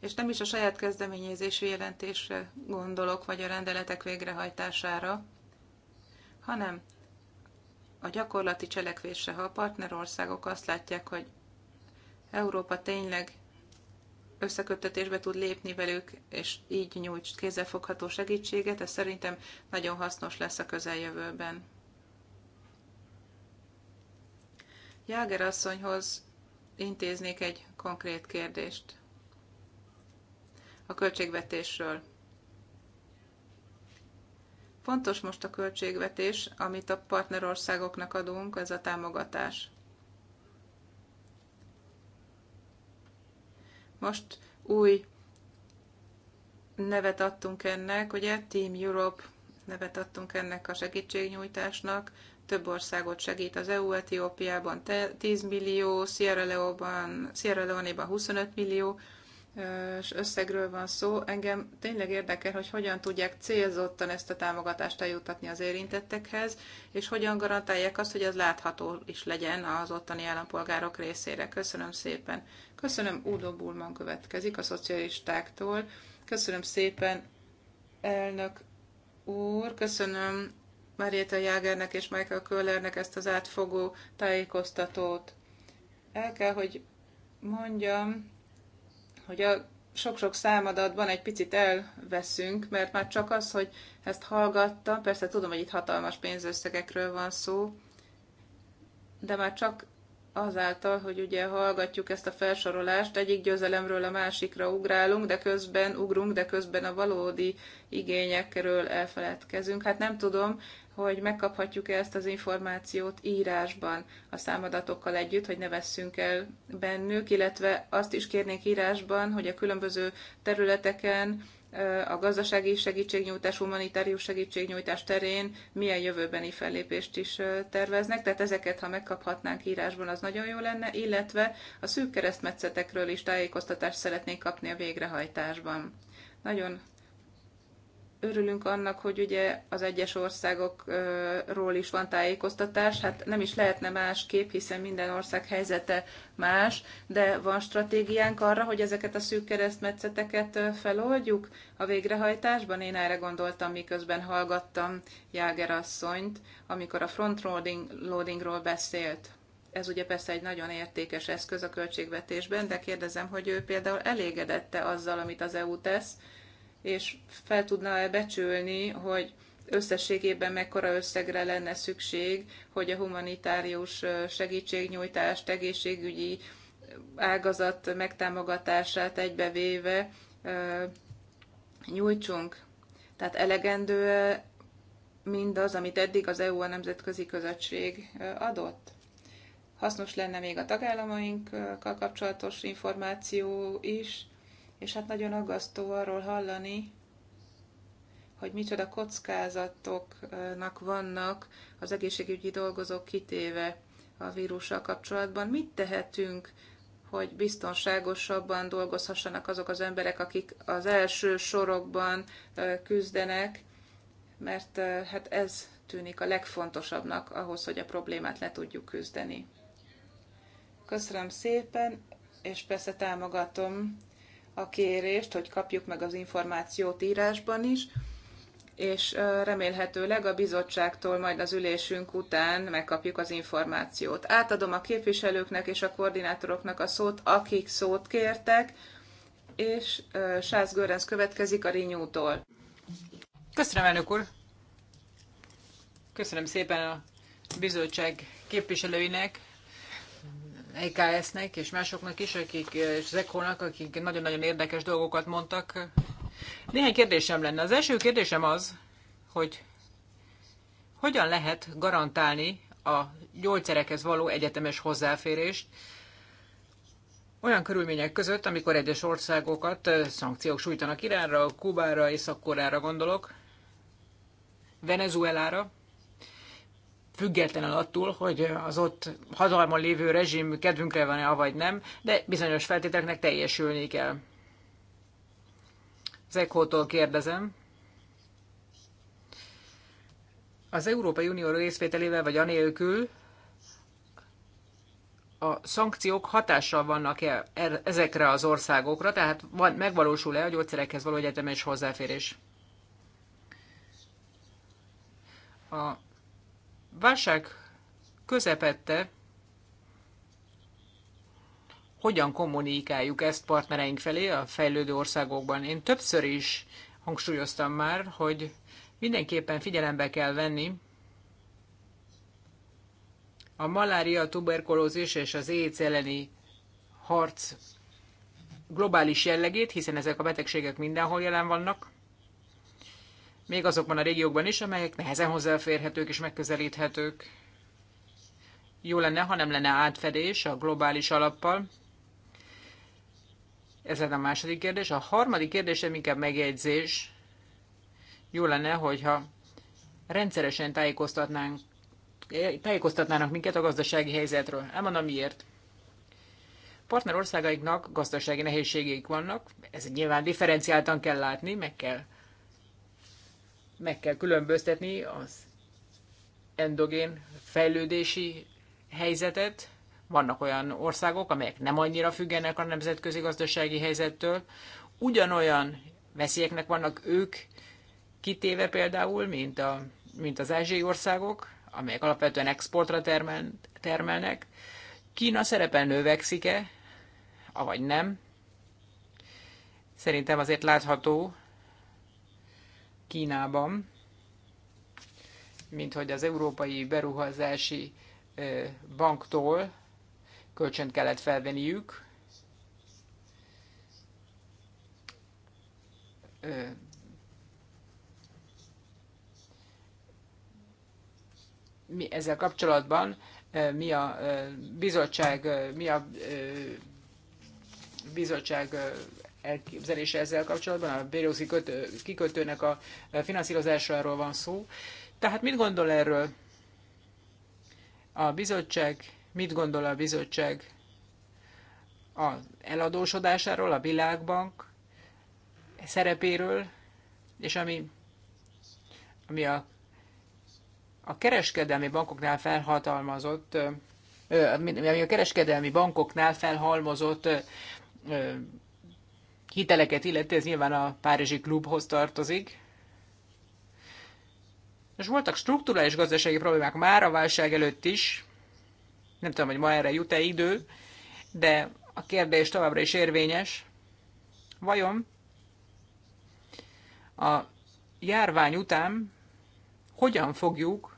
És nem is a saját kezdeményezésű jelentésre gondolok, vagy a rendeletek végrehajtására, hanem a gyakorlati cselekvésre, ha a partnerországok azt látják, hogy Európa tényleg összeköttetésbe tud lépni velük, és így nyújts kézzelfogható segítséget, ez szerintem nagyon hasznos lesz a közeljövőben. Jáger asszonyhoz intéznék egy konkrét kérdést a költségvetésről. Fontos most a költségvetés, amit a partnerországoknak adunk, ez a támogatás. Most új nevet adtunk ennek, ugye Team Europe nevet adtunk ennek a segítségnyújtásnak. Több országot segít az EU, Etiópiában 10 millió, Sierra Leone-ban 25 millió, és összegről van szó. Engem tényleg érdekel, hogy hogyan tudják célzottan ezt a támogatást eljutatni az érintettekhez, és hogyan garantálják azt, hogy ez látható is legyen az ottani állampolgárok részére. Köszönöm szépen. Köszönöm, Udo Bulman következik a szocialistáktól. Köszönöm szépen, elnök úr, köszönöm Marietta Jágernek és Michael Köllernek ezt az átfogó tájékoztatót. El kell, hogy mondjam, hogy a sok-sok számadatban egy picit elveszünk, mert már csak az, hogy ezt hallgatta. persze tudom, hogy itt hatalmas pénzösszegekről van szó, de már csak azáltal, hogy ugye hallgatjuk ezt a felsorolást, egyik győzelemről a másikra ugrálunk, de közben ugrunk, de közben a valódi igényekről elfeledkezünk. Hát nem tudom, hogy megkaphatjuk-e ezt az információt írásban a számadatokkal együtt, hogy ne vesszünk el bennük, illetve azt is kérnék írásban, hogy a különböző területeken a gazdasági segítségnyújtás, humanitárius segítségnyújtás terén milyen jövőbeni fellépést is terveznek. Tehát ezeket, ha megkaphatnánk írásban, az nagyon jó lenne, illetve a szűk keresztmetszetekről is tájékoztatást szeretnék kapni a végrehajtásban. Nagyon örülünk annak, hogy ugye az egyes országokról is van tájékoztatás, hát nem is lehetne más kép, hiszen minden ország helyzete más, de van stratégiánk arra, hogy ezeket a szűk keresztmetszeteket feloldjuk a végrehajtásban? Én erre gondoltam, miközben hallgattam Jáger asszonyt, amikor a frontloading loadingról beszélt. Ez ugye persze egy nagyon értékes eszköz a költségvetésben, de kérdezem, hogy ő például elégedette azzal, amit az EU tesz, és fel tudná-e becsülni, hogy összességében mekkora összegre lenne szükség, hogy a humanitárius segítségnyújtást, egészségügyi ágazat megtámogatását egybevéve nyújtsunk. Tehát elegendő -e mindaz, amit eddig az EU a nemzetközi közösség adott? Hasznos lenne még a tagállamainkkal kapcsolatos információ is, és hát nagyon aggasztó arról hallani, hogy micsoda kockázatoknak vannak az egészségügyi dolgozók kitéve a vírussal kapcsolatban. Mit tehetünk, hogy biztonságosabban dolgozhassanak azok az emberek, akik az első sorokban küzdenek, mert hát ez tűnik a legfontosabbnak ahhoz, hogy a problémát le tudjuk küzdeni. Köszönöm szépen, és persze támogatom a kérést, hogy kapjuk meg az információt írásban is, és remélhetőleg a bizottságtól majd az ülésünk után megkapjuk az információt. Átadom a képviselőknek és a koordinátoroknak a szót, akik szót kértek, és Sász Görenc következik a Rinyútól. Köszönöm, elnök úr! Köszönöm szépen a bizottság képviselőinek EKS-nek és másoknak is, akik, és Zekónak, akik nagyon-nagyon érdekes dolgokat mondtak. Néhány kérdésem lenne. Az első kérdésem az, hogy hogyan lehet garantálni a gyógyszerekhez való egyetemes hozzáférést olyan körülmények között, amikor egyes országokat szankciók sújtanak Iránra, Kubára, és koreára gondolok, Venezuelára, függetlenül attól, hogy az ott hatalmon lévő rezsim kedvünkre van-e, vagy nem, de bizonyos feltételeknek teljesülni kell. Zekhótól kérdezem. Az Európai Unió részvételével vagy anélkül a szankciók hatással vannak -e er-, ezekre az országokra, tehát van, megvalósul-e a gyógyszerekhez való egyetemes hozzáférés? A válság közepette hogyan kommunikáljuk ezt partnereink felé a fejlődő országokban. Én többször is hangsúlyoztam már, hogy mindenképpen figyelembe kell venni a malária, a tuberkulózis és az AIDS elleni harc globális jellegét, hiszen ezek a betegségek mindenhol jelen vannak, még azokban a régiókban is, amelyek nehezen hozzáférhetők és megközelíthetők. Jó lenne, ha nem lenne átfedés a globális alappal. Ez lenne a második kérdés. A harmadik kérdésem inkább megjegyzés. Jó lenne, hogyha rendszeresen tájékoztatnánk, tájékoztatnának minket a gazdasági helyzetről. Elmondom miért. Partnerországaiknak gazdasági nehézségeik vannak, ez nyilván differenciáltan kell látni, meg kell meg kell különböztetni az endogén fejlődési helyzetet. Vannak olyan országok, amelyek nem annyira függenek a nemzetközi gazdasági helyzettől. Ugyanolyan veszélyeknek vannak ők kitéve például, mint, a, mint az ázsiai országok, amelyek alapvetően exportra termel, termelnek. Kína szerepe növekszik-e, avagy nem? Szerintem azért látható, Kínában, mint hogy az Európai Beruházási Banktól kölcsönt kellett felvenniük, mi ezzel kapcsolatban mi a bizottság, mi a bizottság elképzelése ezzel kapcsolatban, a Bérózi kötő, kikötőnek a finanszírozásáról van szó. Tehát mit gondol erről a bizottság, mit gondol a bizottság az eladósodásáról, a világbank szerepéről, és ami, ami a, a kereskedelmi bankoknál felhatalmazott, ami a kereskedelmi bankoknál felhalmozott hiteleket illeti, ez nyilván a Párizsi klubhoz tartozik. És voltak strukturális gazdasági problémák már a válság előtt is. Nem tudom, hogy ma erre jut-e idő, de a kérdés továbbra is érvényes. Vajon a járvány után hogyan fogjuk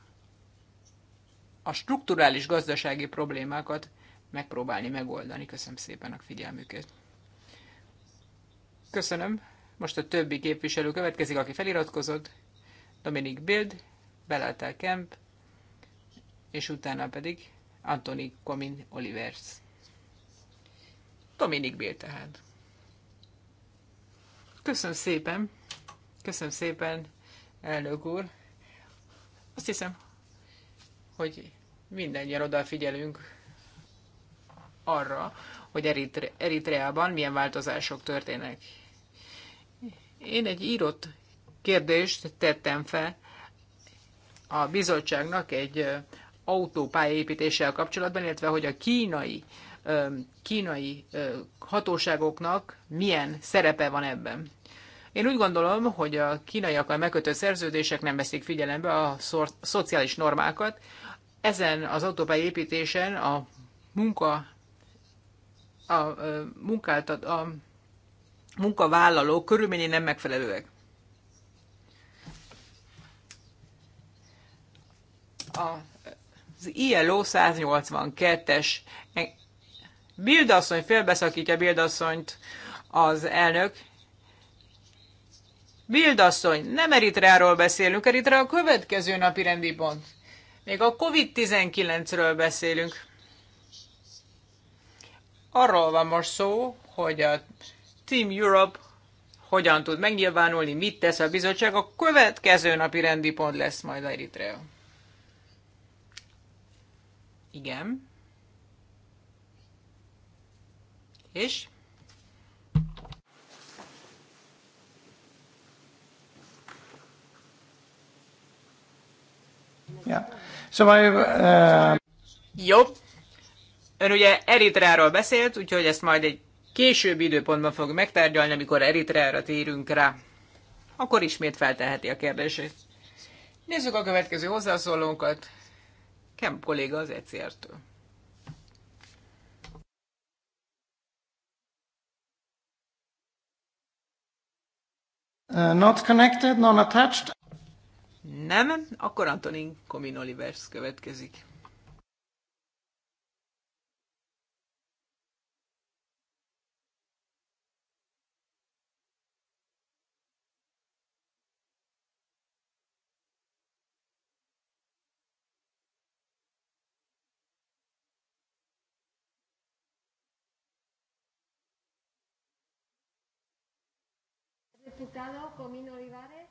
a strukturális gazdasági problémákat megpróbálni megoldani. Köszönöm szépen a figyelmüket. Köszönöm. Most a többi képviselő következik, aki feliratkozott. Dominik Bild, Belátel Kemp, és utána pedig Anthony Comin Olivers. Dominik Bild tehát. Köszönöm szépen. Köszönöm szépen, elnök úr. Azt hiszem, hogy mindannyian odafigyelünk arra, hogy Eritre- Eritreában milyen változások történnek. Én egy írott kérdést tettem fel a bizottságnak egy autópályépítéssel kapcsolatban, illetve hogy a kínai, kínai hatóságoknak milyen szerepe van ebben. Én úgy gondolom, hogy a kínaiakkal megkötött szerződések nem veszik figyelembe a szor- szociális normákat. Ezen az autópály építésen a munka a, munkáltat, a munkavállalók körülményei nem megfelelőek. Az ILO 182-es Bildasszony félbeszakítja Bildasszonyt az elnök. Bildasszony, nem Eritreáról beszélünk, Eritrea a következő napi rendi pont. Még a COVID-19-ről beszélünk. Arról van most szó, hogy a Team Europe hogyan tud megnyilvánulni, mit tesz a bizottság, a következő napi rendi pont lesz majd Eritrea. Igen. És? Yeah. So uh... Jó. Ön ugye Eritreáról beszélt, úgyhogy ezt majd egy később időpontban fog megtárgyalni, amikor Eritreára térünk rá. Akkor ismét felteheti a kérdését. Nézzük a következő hozzászólónkat. Kemp kolléga az ECR-től. Uh, not connected, non attached. Nem, akkor Antonin Komin Olivers következik. Diputado Comín Olivares.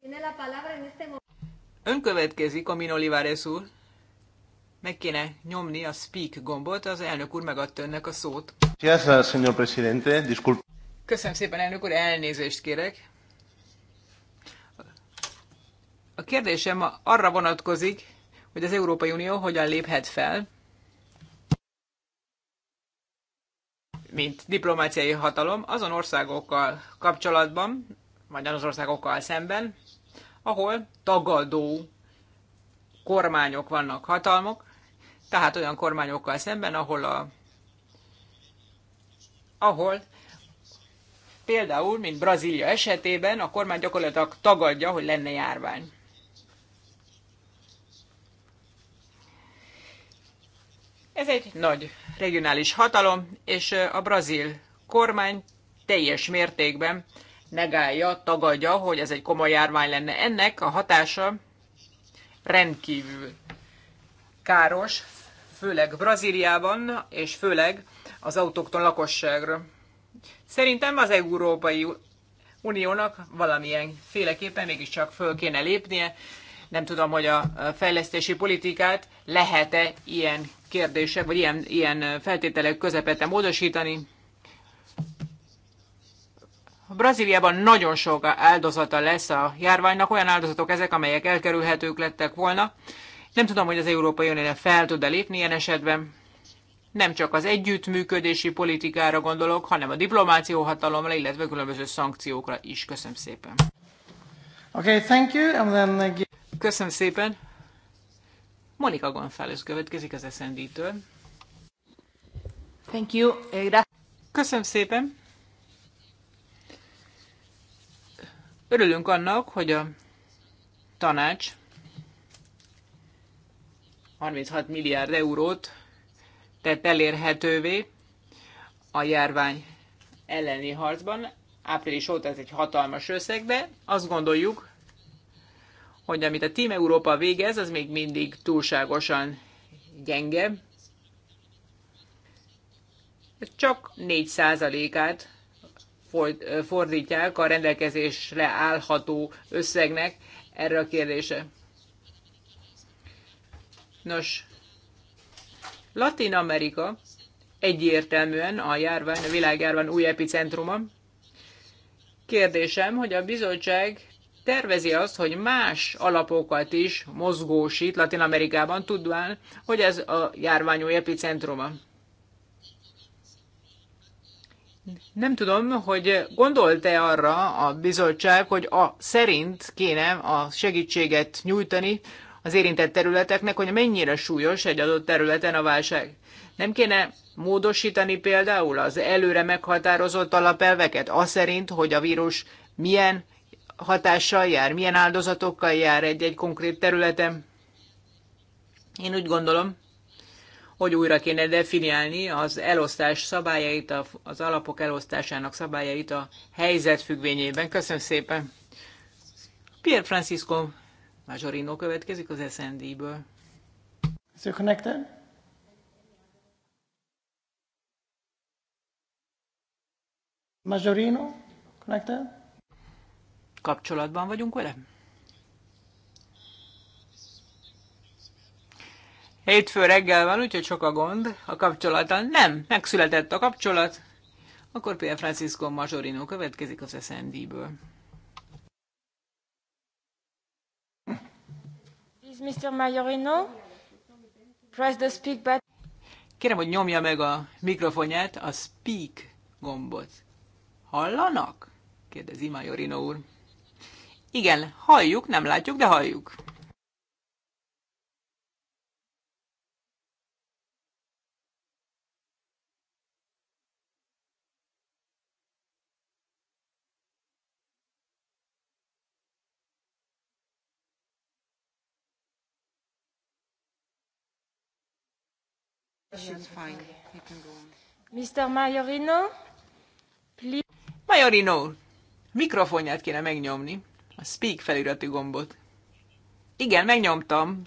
Tiene la palabra en este momento. Ön következik, Comín Olivares úr. Meg kéne nyomni a speak gombot, az elnök úr megadta önnek a szót. Köszönöm szépen, elnök úr, elnézést kérek. A kérdésem arra vonatkozik, hogy az Európai Unió hogyan léphet fel, mint diplomáciai hatalom azon országokkal kapcsolatban, vagy az országokkal szemben, ahol tagadó kormányok vannak hatalmok, tehát olyan kormányokkal szemben, ahol a ahol például, mint Brazília esetében, a kormány gyakorlatilag tagadja, hogy lenne járvány. Ez egy nagy regionális hatalom, és a brazil kormány teljes mértékben negálja, tagadja, hogy ez egy komoly járvány lenne. Ennek a hatása rendkívül káros, főleg Brazíliában, és főleg az autókton lakosságra. Szerintem az Európai Uniónak valamilyen féleképpen mégiscsak föl kéne lépnie. Nem tudom, hogy a fejlesztési politikát lehet-e ilyen kérdések, vagy ilyen, ilyen feltételek közepette módosítani. Brazíliában nagyon sok áldozata lesz a járványnak, olyan áldozatok ezek, amelyek elkerülhetők lettek volna. Nem tudom, hogy az Európai Unió fel tud-e lépni ilyen esetben. Nem csak az együttműködési politikára gondolok, hanem a diplomáció hatalomra, illetve különböző szankciókra is. Köszönöm szépen. Okay, thank you. And then... Köszönöm szépen. Monika González következik az SND-től. Thank you. Eh, Köszönöm szépen. Örülünk annak, hogy a tanács 36 milliárd eurót tett elérhetővé a járvány elleni harcban. Április óta ez egy hatalmas összeg, de azt gondoljuk, hogy amit a Team Európa végez, az még mindig túlságosan gyenge. Csak 4%-át fordítják a rendelkezésre állható összegnek erre a kérdése. Nos, Latin Amerika egyértelműen a járvány, a világjárvány új epicentruma. Kérdésem, hogy a bizottság tervezi azt, hogy más alapokat is mozgósít Latin Amerikában, tudván, hogy ez a járványú epicentruma. Nem tudom, hogy gondolt-e arra a bizottság, hogy a szerint kéne a segítséget nyújtani az érintett területeknek, hogy mennyire súlyos egy adott területen a válság. Nem kéne módosítani például az előre meghatározott alapelveket, az szerint, hogy a vírus milyen hatással jár, milyen áldozatokkal jár egy-egy konkrét területen. Én úgy gondolom, hogy újra kéne definiálni az elosztás szabályait, az alapok elosztásának szabályait a helyzet függvényében. Köszönöm szépen. Pier Francisco Majorino következik az SND-ből. Majorino, connected? kapcsolatban vagyunk vele? Hétfő reggel van, úgyhogy sok a gond a kapcsolattal. Nem, megszületett a kapcsolat. Akkor Pierre Francisco Majorino következik az SND-ből. Mr. Majorino, press the speak button. Kérem, hogy nyomja meg a mikrofonját, a speak gombot. Hallanak? kérdezi Majorino úr. Igen, halljuk, nem látjuk, de halljuk. Mr. Majorino, please. Majorino, mikrofonját kéne megnyomni a speak feliratú gombot. Igen, megnyomtam.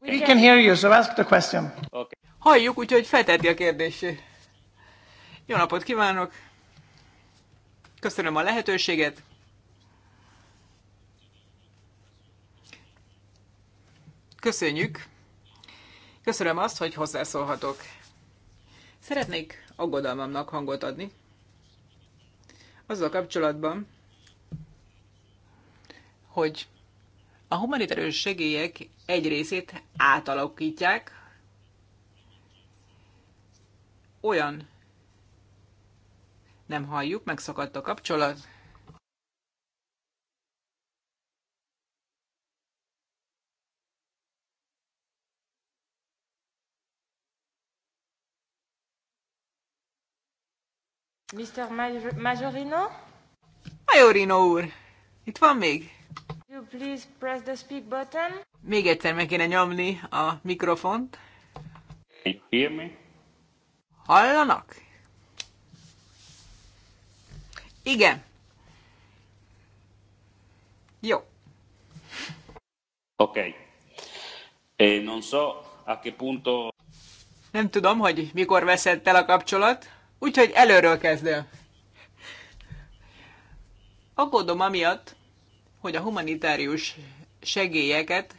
We can hear you, so ask the question. Okay. Halljuk, úgyhogy felteti a kérdését. Jó napot kívánok! Köszönöm a lehetőséget. Köszönjük. Köszönöm azt, hogy hozzászólhatok. Szeretnék aggodalmamnak hangot adni. Azzal kapcsolatban, hogy a humanitárius segélyek egy részét átalakítják olyan nem halljuk, megszakadt a kapcsolat. Mr. Majorino? Majorino úr, itt van még? You please press the speak button. Még egyszer meg kéne nyomni a mikrofont. Hear me? Hallanak? Igen. Jó. Oké. Okay. Eh, non so a che punto... Nem tudom, hogy mikor veszett el a kapcsolat, úgyhogy előről kezdél. Aggódom amiatt, hogy a humanitárius segélyeket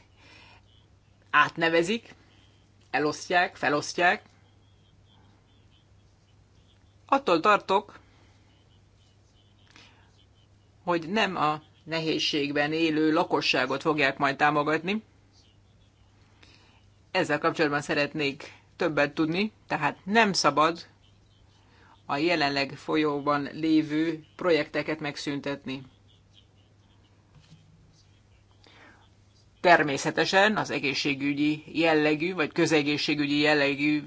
átnevezik, elosztják, felosztják. Attól tartok, hogy nem a nehézségben élő lakosságot fogják majd támogatni. Ezzel kapcsolatban szeretnék többet tudni, tehát nem szabad a jelenleg folyóban lévő projekteket megszüntetni. természetesen az egészségügyi jellegű, vagy közegészségügyi jellegű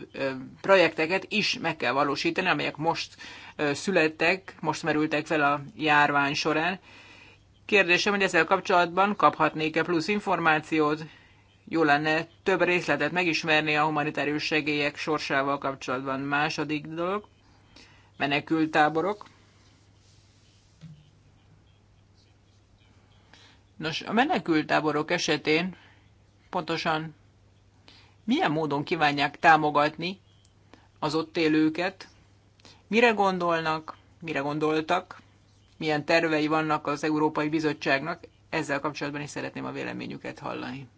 projekteket is meg kell valósítani, amelyek most születtek, most merültek fel a járvány során. Kérdésem, hogy ezzel kapcsolatban kaphatnék-e plusz információt? Jó lenne több részletet megismerni a humanitárius segélyek sorsával kapcsolatban. Második dolog, menekültáborok. Nos, a menekültáborok esetén pontosan milyen módon kívánják támogatni az ott élőket, mire gondolnak, mire gondoltak, milyen tervei vannak az Európai Bizottságnak, ezzel kapcsolatban is szeretném a véleményüket hallani.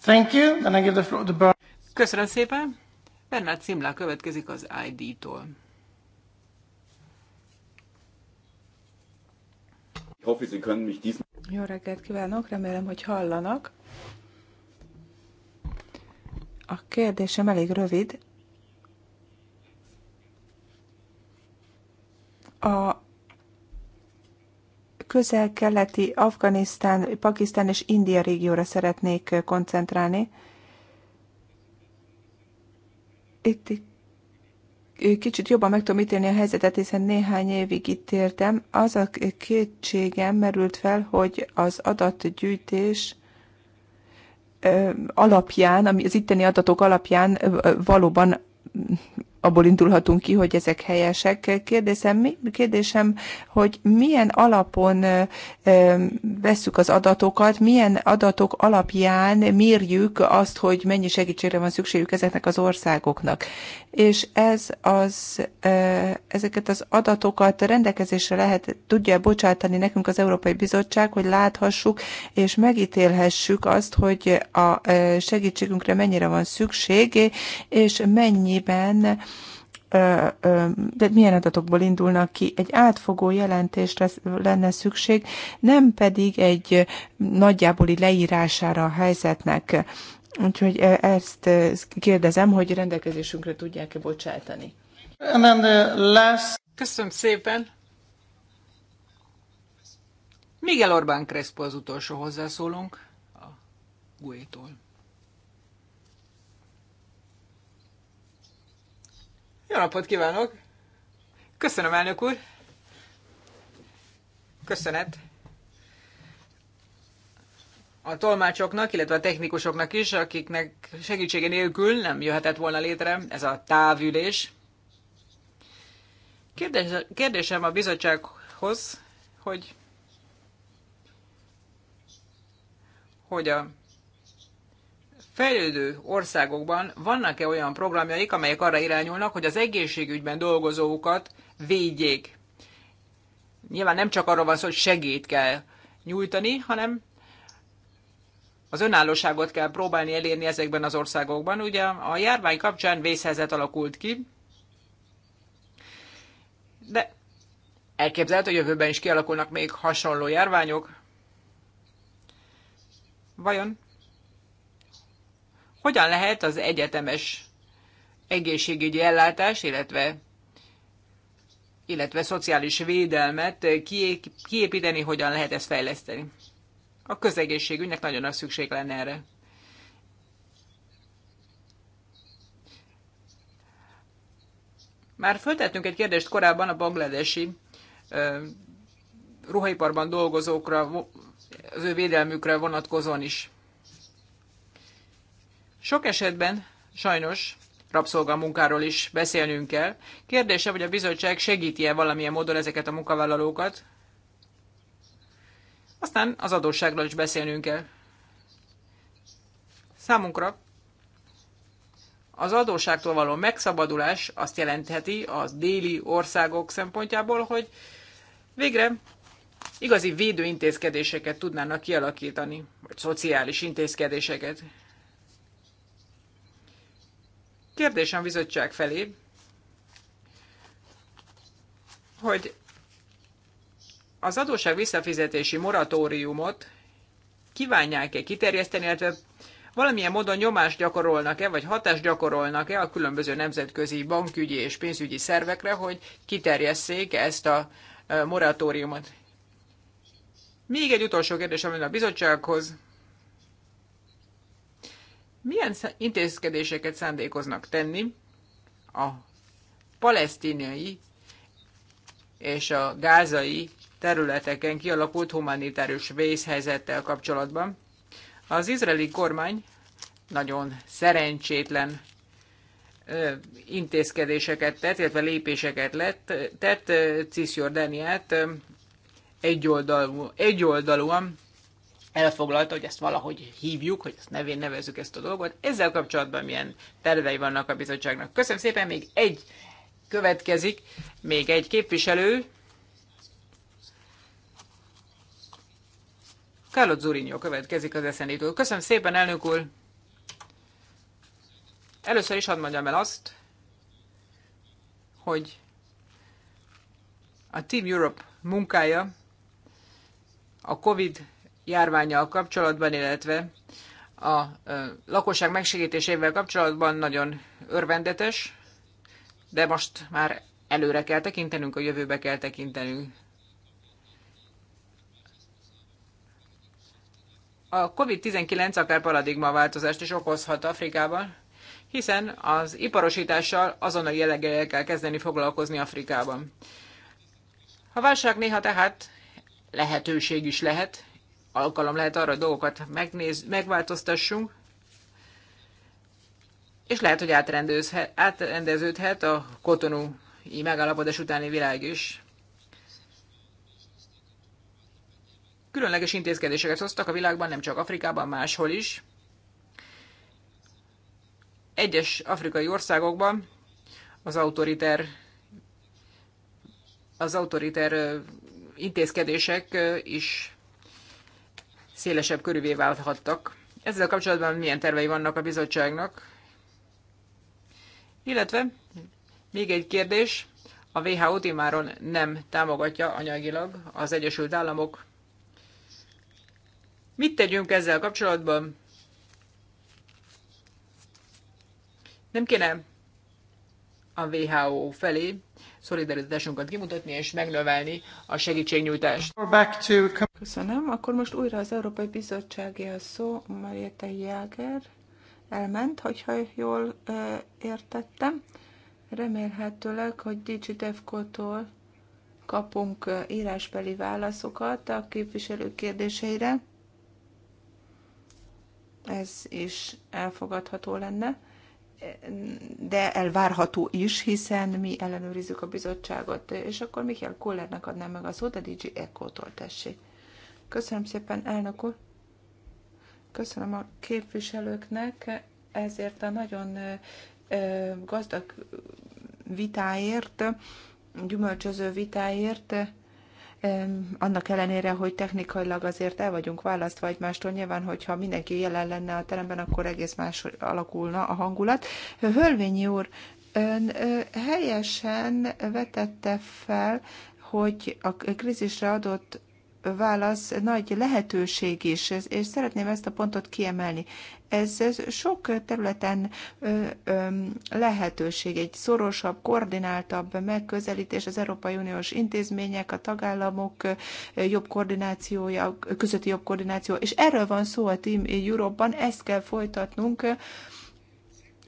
Thank you. Then I give the floor to Köszönöm szépen. Bernard Simla következik az ID-tól. hoffe, Sie können mich Jó reggelt kívánok, remélem, hogy hallanak. A kérdésem elég rövid. A közel-keleti Afganisztán, Pakisztán és India régióra szeretnék koncentrálni. Itt kicsit jobban meg tudom ítélni a helyzetet, hiszen néhány évig itt értem. Az a kétségem merült fel, hogy az adatgyűjtés alapján, az itteni adatok alapján valóban abból indulhatunk ki, hogy ezek helyesek. Kérdésem, kérdésem hogy milyen alapon vesszük az adatokat, milyen adatok alapján mérjük azt, hogy mennyi segítségre van szükségük ezeknek az országoknak. És ez az, ezeket az adatokat rendelkezésre lehet, tudja bocsátani nekünk az Európai Bizottság, hogy láthassuk és megítélhessük azt, hogy a segítségünkre mennyire van szükség, és mennyiben de milyen adatokból indulnak ki. Egy átfogó jelentésre lenne szükség, nem pedig egy nagyjáboli leírására a helyzetnek. Úgyhogy ezt kérdezem, hogy rendelkezésünkre tudják-e bocsátani. Köszönöm szépen. Miguel Orbán Crespo az utolsó hozzászólunk a GUE-tól. Jó napot kívánok! Köszönöm, elnök úr! Köszönet! a tolmácsoknak, illetve a technikusoknak is, akiknek segítsége nélkül nem jöhetett volna létre ez a távülés. Kérdés, kérdésem a bizottsághoz, hogy hogy a fejlődő országokban vannak-e olyan programjaik, amelyek arra irányulnak, hogy az egészségügyben dolgozókat védjék? Nyilván nem csak arról van szó, hogy segít kell nyújtani, hanem az önállóságot kell próbálni elérni ezekben az országokban. Ugye a járvány kapcsán vészhelyzet alakult ki, de elképzelhető, hogy jövőben is kialakulnak még hasonló járványok. Vajon hogyan lehet az egyetemes egészségügyi ellátás, illetve illetve szociális védelmet kiépíteni, hogyan lehet ezt fejleszteni. A közegészségügynek nagyon nagy szükség lenne erre. Már föltettünk egy kérdést korábban a bangladesi ruhaiparban dolgozókra, az ő védelmükre vonatkozóan is. Sok esetben sajnos rabszolgamunkáról is beszélnünk kell. Kérdése, hogy a bizottság segíti-e valamilyen módon ezeket a munkavállalókat? Aztán az adósságról is beszélnünk kell. Számunkra az adósságtól való megszabadulás azt jelentheti az déli országok szempontjából, hogy végre igazi védőintézkedéseket tudnának kialakítani, vagy szociális intézkedéseket. Kérdésem bizottság felé, hogy az adóság visszafizetési moratóriumot kívánják-e kiterjeszteni, illetve valamilyen módon nyomást gyakorolnak-e, vagy hatást gyakorolnak-e a különböző nemzetközi bankügyi és pénzügyi szervekre, hogy kiterjesszék ezt a e, moratóriumot. Még egy utolsó kérdés, a bizottsághoz milyen intézkedéseket szándékoznak tenni a palesztinai és a gázai területeken kialakult humanitárius vészhelyzettel kapcsolatban? Az izraeli kormány nagyon szerencsétlen intézkedéseket tett, illetve lépéseket lett, tett Cisjordániát egyoldalú, egyoldalúan elfoglalta, hogy ezt valahogy hívjuk, hogy ezt nevén nevezzük ezt a dolgot. Ezzel kapcsolatban milyen tervei vannak a bizottságnak. Köszönöm szépen, még egy következik, még egy képviselő. Carlo Zurinyó következik az eszenítől. Köszönöm szépen, elnök úr! Először is hadd mondjam el azt, hogy a Team Europe munkája a COVID járványjal kapcsolatban, illetve a lakosság megsegítésével kapcsolatban nagyon örvendetes, de most már előre kell tekintenünk, a jövőbe kell tekintenünk. A COVID-19 akár változást is okozhat Afrikában, hiszen az iparosítással azonnal jelleggel kell kezdeni foglalkozni Afrikában. A válság néha tehát lehetőség is lehet, alkalom lehet arra, hogy dolgokat megnéz, megváltoztassunk, és lehet, hogy átrendeződhet a kotonúi megállapodás utáni világ is. Különleges intézkedéseket hoztak a világban, nem csak Afrikában, máshol is. Egyes afrikai országokban az autoriter az autoriter intézkedések is szélesebb körülvé válhattak. Ezzel kapcsolatban milyen tervei vannak a bizottságnak? Illetve még egy kérdés, a WHO imáron nem támogatja anyagilag az Egyesült Államok. Mit tegyünk ezzel kapcsolatban? Nem kéne a WHO felé szolidaritásunkat kimutatni és megnövelni a segítségnyújtást. Köszönöm. Akkor most újra az Európai Bizottsági a szó, Mariette Jäger elment, hogyha jól ö, értettem. Remélhetőleg, hogy Digitevco-tól kapunk írásbeli válaszokat a képviselő kérdéseire. Ez is elfogadható lenne de elvárható is, hiszen mi ellenőrizzük a bizottságot, és akkor Michael Kollernek adnám meg a szót, a DJ echo tól tessék. Köszönöm szépen, elnök úr. Köszönöm a képviselőknek ezért a nagyon gazdag vitáért, gyümölcsöző vitáért annak ellenére, hogy technikailag azért el vagyunk választva egymástól, nyilván, hogyha mindenki jelen lenne a teremben, akkor egész más alakulna a hangulat. Hölvényi úr, ön helyesen vetette fel, hogy a krízisre adott válasz nagy lehetőség is, és szeretném ezt a pontot kiemelni. Ez, ez sok területen ö, ö, lehetőség, egy szorosabb, koordináltabb megközelítés az Európai Uniós intézmények, a tagállamok jobb koordinációja, közötti jobb koordináció, és erről van szó a Team Europe-ban, ezt kell folytatnunk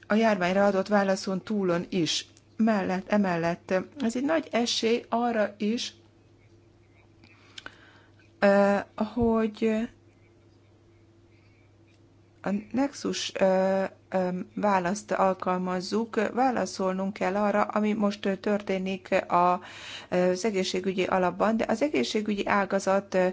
a járványra adott válaszon túlon is. Mellett, emellett ez egy nagy esély arra is, hogy a Nexus választ alkalmazzuk, válaszolnunk kell arra, ami most történik az egészségügyi alapban, de az egészségügyi ágazatra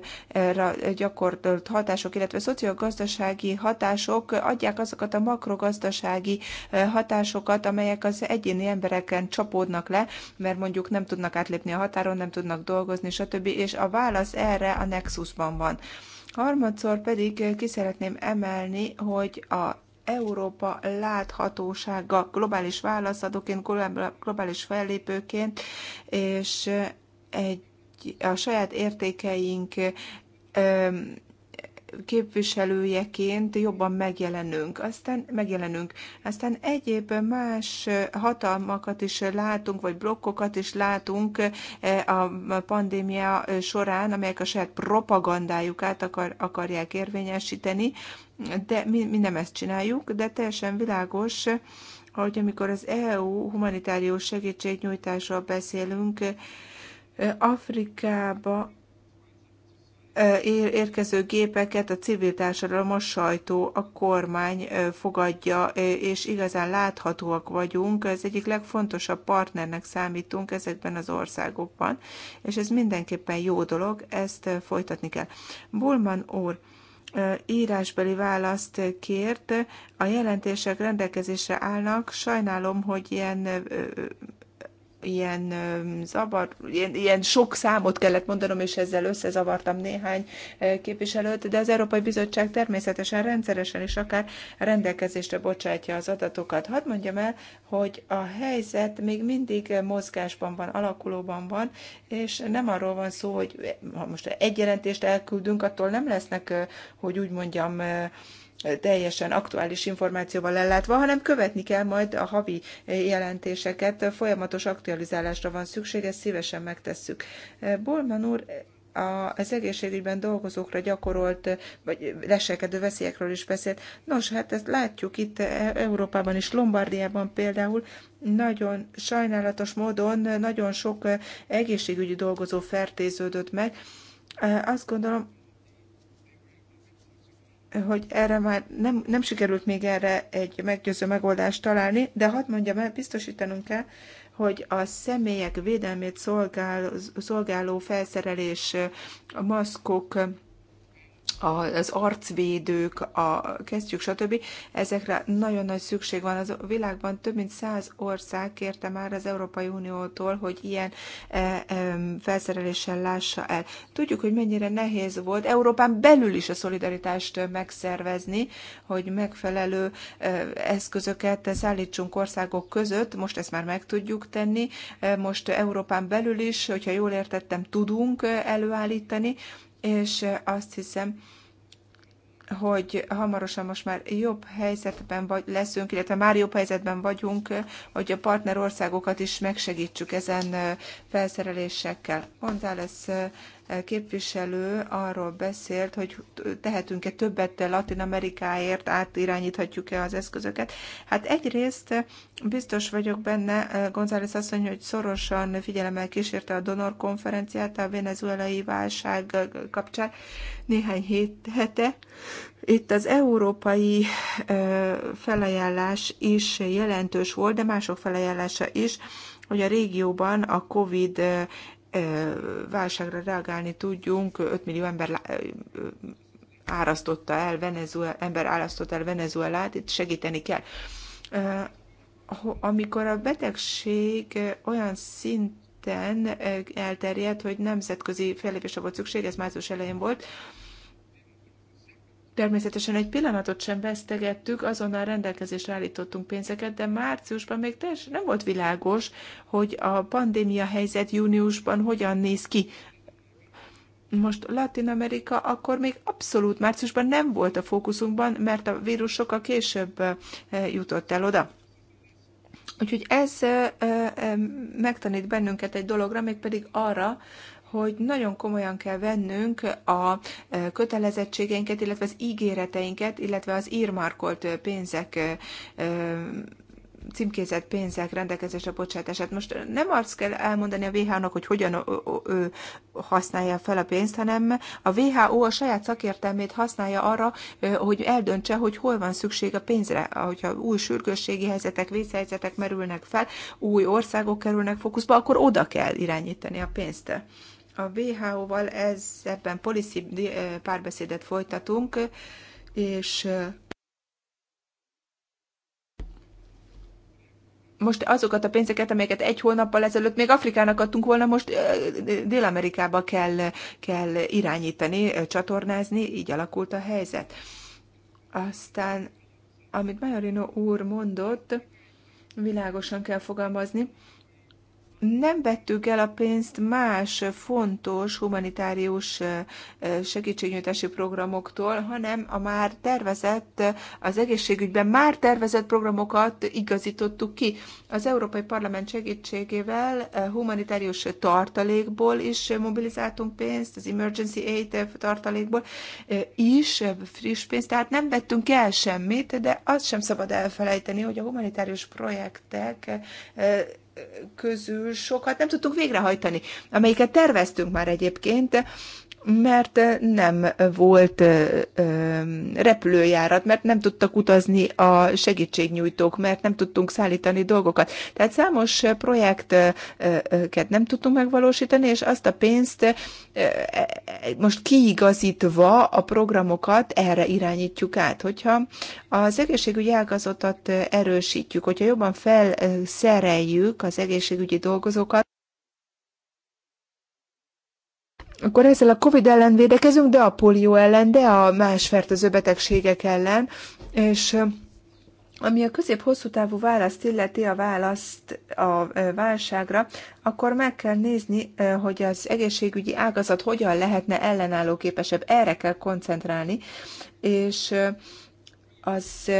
gyakorolt hatások, illetve szociogazdasági hatások adják azokat a makrogazdasági hatásokat, amelyek az egyéni embereken csapódnak le, mert mondjuk nem tudnak átlépni a határon, nem tudnak dolgozni, stb. És a válasz erre a nexusban van. Harmadszor pedig ki szeretném emelni, hogy a Európa láthatósága globális válaszadóként, globális fellépőként, és egy, a saját értékeink képviselőjeként jobban megjelenünk, aztán megjelenünk. Aztán egyéb más hatalmakat is látunk, vagy blokkokat is látunk eh, a pandémia során, amelyek a saját propagandájukat akar, akarják érvényesíteni, de mi, mi nem ezt csináljuk, de teljesen világos, hogy amikor az EU humanitárius segítségnyújtásról beszélünk, eh, Afrikába érkező gépeket a civil társadalom, sajtó, a kormány fogadja, és igazán láthatóak vagyunk. Ez egyik legfontosabb partnernek számítunk ezekben az országokban, és ez mindenképpen jó dolog, ezt folytatni kell. Bulman úr, írásbeli választ kért. A jelentések rendelkezésre állnak. Sajnálom, hogy ilyen ilyen zavar, ilyen, ilyen sok számot kellett mondanom, és ezzel összezavartam néhány képviselőt, de az Európai Bizottság természetesen rendszeresen és akár rendelkezésre bocsátja az adatokat. Hadd mondjam el, hogy a helyzet még mindig mozgásban van, alakulóban van, és nem arról van szó, hogy ha most egy jelentést elküldünk, attól nem lesznek, hogy úgy mondjam, teljesen aktuális információval ellátva, hanem követni kell majd a havi jelentéseket, folyamatos aktualizálásra van szükség, ezt szívesen megtesszük. Bolman úr, a, az egészségügyben dolgozókra gyakorolt, vagy leselkedő veszélyekről is beszélt. Nos, hát ezt látjuk itt e-, Európában is, Lombardiában például, nagyon sajnálatos módon nagyon sok egészségügyi dolgozó fertőződött meg. Azt gondolom, hogy erre már nem, nem sikerült még erre egy meggyőző megoldást találni, de hadd mondjam el, biztosítanunk kell, hogy a személyek védelmét szolgál, szolgáló felszerelés, a maszkok, az arcvédők, a kesztyűk, stb. Ezekre nagyon nagy szükség van. Az világban több mint száz ország kérte már az Európai Uniótól, hogy ilyen e, e, felszereléssel lássa el. Tudjuk, hogy mennyire nehéz volt Európán belül is a szolidaritást megszervezni, hogy megfelelő e, eszközöket szállítsunk országok között. Most ezt már meg tudjuk tenni. E, most Európán belül is, hogyha jól értettem, tudunk e, előállítani és azt hiszem, hogy hamarosan most már jobb helyzetben vagy, leszünk, illetve már jobb helyzetben vagyunk, hogy a partnerországokat is megsegítsük ezen felszerelésekkel. González képviselő arról beszélt, hogy tehetünk-e többet Latin Amerikáért, átirányíthatjuk-e az eszközöket. Hát egyrészt biztos vagyok benne, González mondja, hogy szorosan figyelemmel kísérte a donor konferenciát a venezuelai válság kapcsán néhány hét, hete. Itt az európai felajánlás is jelentős volt, de mások felajánlása is, hogy a régióban a COVID válságra reagálni tudjunk. 5 millió ember árasztotta el Venezuel, ember árasztotta el Venezuelát, itt segíteni kell. Amikor a betegség olyan szinten elterjedt, hogy nemzetközi fellépésre volt szükség, ez május elején volt, Természetesen egy pillanatot sem vesztegettük, azonnal rendelkezésre állítottunk pénzeket, de márciusban még teljesen nem volt világos, hogy a pandémia helyzet júniusban hogyan néz ki. Most Latin Amerika akkor még abszolút márciusban nem volt a fókuszunkban, mert a vírus sokkal később eh, jutott el oda. Úgyhogy ez eh, eh, megtanít bennünket egy dologra, mégpedig arra, hogy nagyon komolyan kell vennünk a e, kötelezettségeinket, illetve az ígéreteinket, illetve az írmarkolt pénzek e, e, címkézett pénzek rendelkezésre bocsátását. Most nem azt kell elmondani a WHO-nak, hogy hogyan ő használja fel a pénzt, hanem a WHO a saját szakértelmét használja arra, hogy eldöntse, hogy hol van szükség a pénzre, hogyha új sürgősségi helyzetek, vészhelyzetek merülnek fel, új országok kerülnek fókuszba, akkor oda kell irányítani a pénzt. A WHO-val ez, ebben policy eh, párbeszédet folytatunk, és eh, most azokat a pénzeket, amelyeket egy hónappal ezelőtt még Afrikának adtunk volna, most eh, Dél-Amerikába kell, kell irányítani, csatornázni, így alakult a helyzet. Aztán, amit Majorino úr mondott, világosan kell fogalmazni, nem vettük el a pénzt más fontos humanitárius segítségnyújtási programoktól, hanem a már tervezett, az egészségügyben már tervezett programokat igazítottuk ki. Az Európai Parlament segítségével humanitárius tartalékból is mobilizáltunk pénzt, az Emergency Aid tartalékból is friss pénzt, tehát nem vettünk el semmit, de azt sem szabad elfelejteni, hogy a humanitárius projektek közül sokat nem tudtunk végrehajtani, amelyiket terveztünk már egyébként, mert nem volt repülőjárat, mert nem tudtak utazni a segítségnyújtók, mert nem tudtunk szállítani dolgokat. Tehát számos projekteket nem tudtunk megvalósítani, és azt a pénzt e, most kiigazítva a programokat erre irányítjuk át. Hogyha az egészségügyi ágazatot erősítjük, hogyha jobban felszereljük az egészségügyi dolgozókat, akkor ezzel a COVID ellen védekezünk, de a polió ellen, de a más fertőző betegségek ellen, és ami a közép-hosszú távú választ illeti a választ a válságra, akkor meg kell nézni, hogy az egészségügyi ágazat hogyan lehetne ellenállóképesebb. Erre kell koncentrálni, és az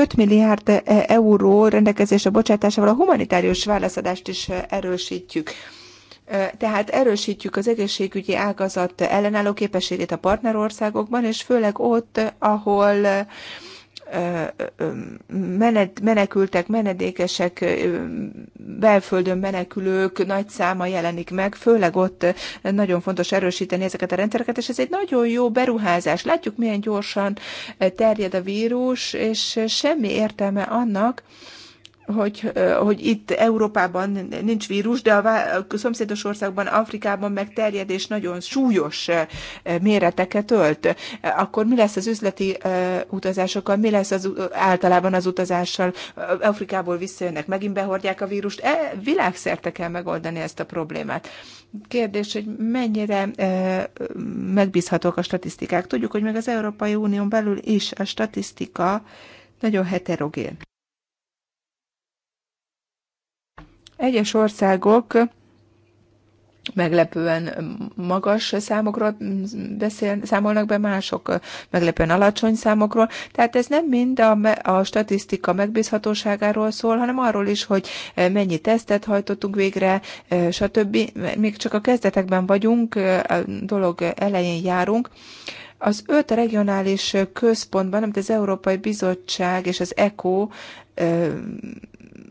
5 milliárd eh, euró rendelkezésre bocsátásával a humanitárius válaszadást is eh, erősítjük. Eh, tehát erősítjük az egészségügyi ágazat ellenálló képességét a partnerországokban, és főleg ott, ahol menekültek, menedékesek, belföldön menekülők nagy száma jelenik meg, főleg ott nagyon fontos erősíteni ezeket a rendszereket, és ez egy nagyon jó beruházás. Látjuk, milyen gyorsan terjed a vírus, és semmi értelme annak, hogy, hogy itt Európában nincs vírus, de a szomszédos országban, Afrikában megterjedés nagyon súlyos méreteket ölt, akkor mi lesz az üzleti utazásokkal, mi lesz az, általában az utazással, Afrikából visszajönnek, megint behordják a vírust, e, világszerte kell megoldani ezt a problémát. Kérdés, hogy mennyire e, megbízhatók a statisztikák. Tudjuk, hogy meg az Európai Unión belül is a statisztika nagyon heterogén. Egyes országok meglepően magas számokról beszél, számolnak be, mások meglepően alacsony számokról. Tehát ez nem mind a, a statisztika megbízhatóságáról szól, hanem arról is, hogy mennyi tesztet hajtottunk végre, stb. Még csak a kezdetekben vagyunk, a dolog elején járunk. Az öt regionális központban, amit az Európai Bizottság és az ECO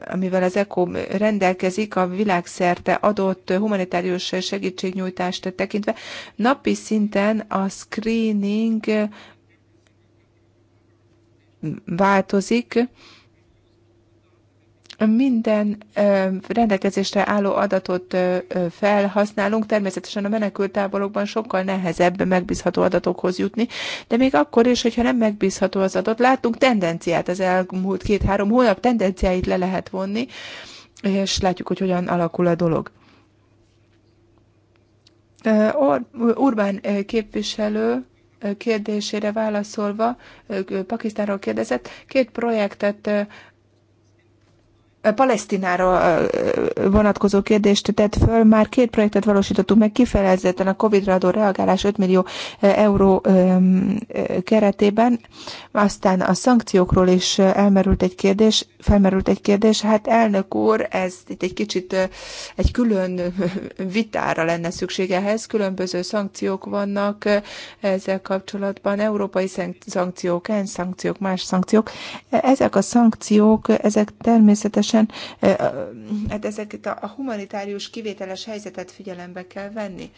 amivel az ECO rendelkezik a világszerte adott humanitárius segítségnyújtást tekintve, napi szinten a screening változik, minden rendelkezésre álló adatot felhasználunk. Természetesen a menekültáborokban sokkal nehezebb megbízható adatokhoz jutni, de még akkor is, hogyha nem megbízható az adat, látunk tendenciát az elmúlt két-három hónap tendenciáit le lehet vonni, és látjuk, hogy hogyan alakul a dolog. Urbán képviselő kérdésére válaszolva, Pakisztánról kérdezett, két projektet Palesztinára vonatkozó kérdést tett föl. Már két projektet valósítottunk meg kifejezetten a Covid-ra adó reagálás 5 millió euró keretében. Aztán a szankciókról is elmerült egy kérdés, felmerült egy kérdés. Hát elnök úr, ez itt egy kicsit egy külön vitára lenne szükség ehhez. Különböző szankciók vannak ezzel kapcsolatban. Európai szankciók, ENSZ szankciók, más szankciók. Ezek a szankciók, ezek természetesen természetesen hát ezeket a humanitárius kivételes helyzetet figyelembe kell venni.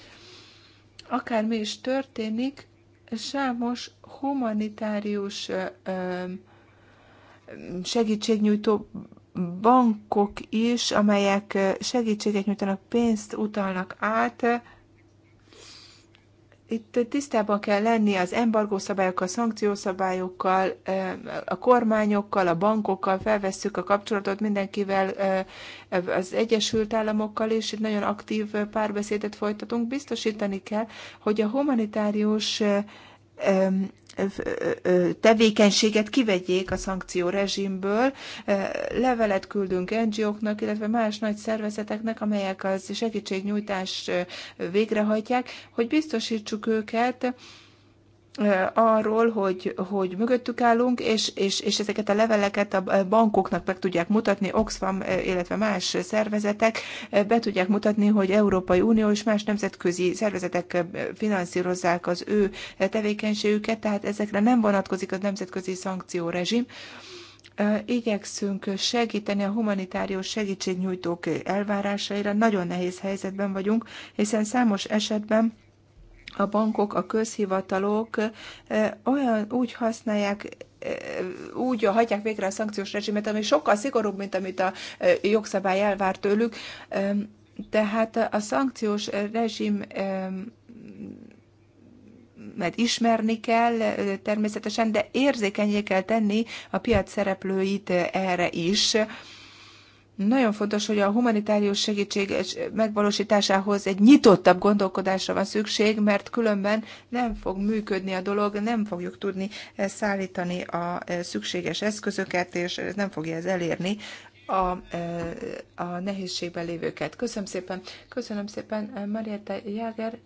Akármi is történik, számos humanitárius segítségnyújtó bankok is, amelyek segítséget nyújtanak, pénzt utalnak át, itt tisztában kell lenni az embargószabályokkal, szankciószabályokkal, a kormányokkal, a bankokkal, felvesszük a kapcsolatot mindenkivel, az Egyesült Államokkal is, itt nagyon aktív párbeszédet folytatunk. Biztosítani kell, hogy a humanitárius tevékenységet kivegyék a szankciórezsimből. Levelet küldünk NGO-knak, illetve más nagy szervezeteknek, amelyek az segítségnyújtást végrehajtják, hogy biztosítsuk őket arról, hogy, hogy mögöttük állunk, és, és, és ezeket a leveleket a bankoknak meg tudják mutatni, Oxfam, illetve más szervezetek be tudják mutatni, hogy Európai Unió és más nemzetközi szervezetek finanszírozzák az ő tevékenységüket, tehát ezekre nem vonatkozik a nemzetközi szankciórezsim igyekszünk segíteni a humanitárius segítségnyújtók elvárásaira. Nagyon nehéz helyzetben vagyunk, hiszen számos esetben a bankok, a közhivatalok olyan úgy használják, úgy hagyják végre a szankciós rezsimet, ami sokkal szigorúbb, mint amit a jogszabály elvár tőlük. Tehát a szankciós rezsim mert ismerni kell természetesen, de érzékenyé kell tenni a piac szereplőit erre is, nagyon fontos, hogy a humanitárius segítség megvalósításához egy nyitottabb gondolkodásra van szükség, mert különben nem fog működni a dolog, nem fogjuk tudni szállítani a e, szükséges eszközöket, és nem fogja ez elérni a, e, a nehézségben lévőket. Köszönöm szépen, köszönöm szépen, Marietta Jáger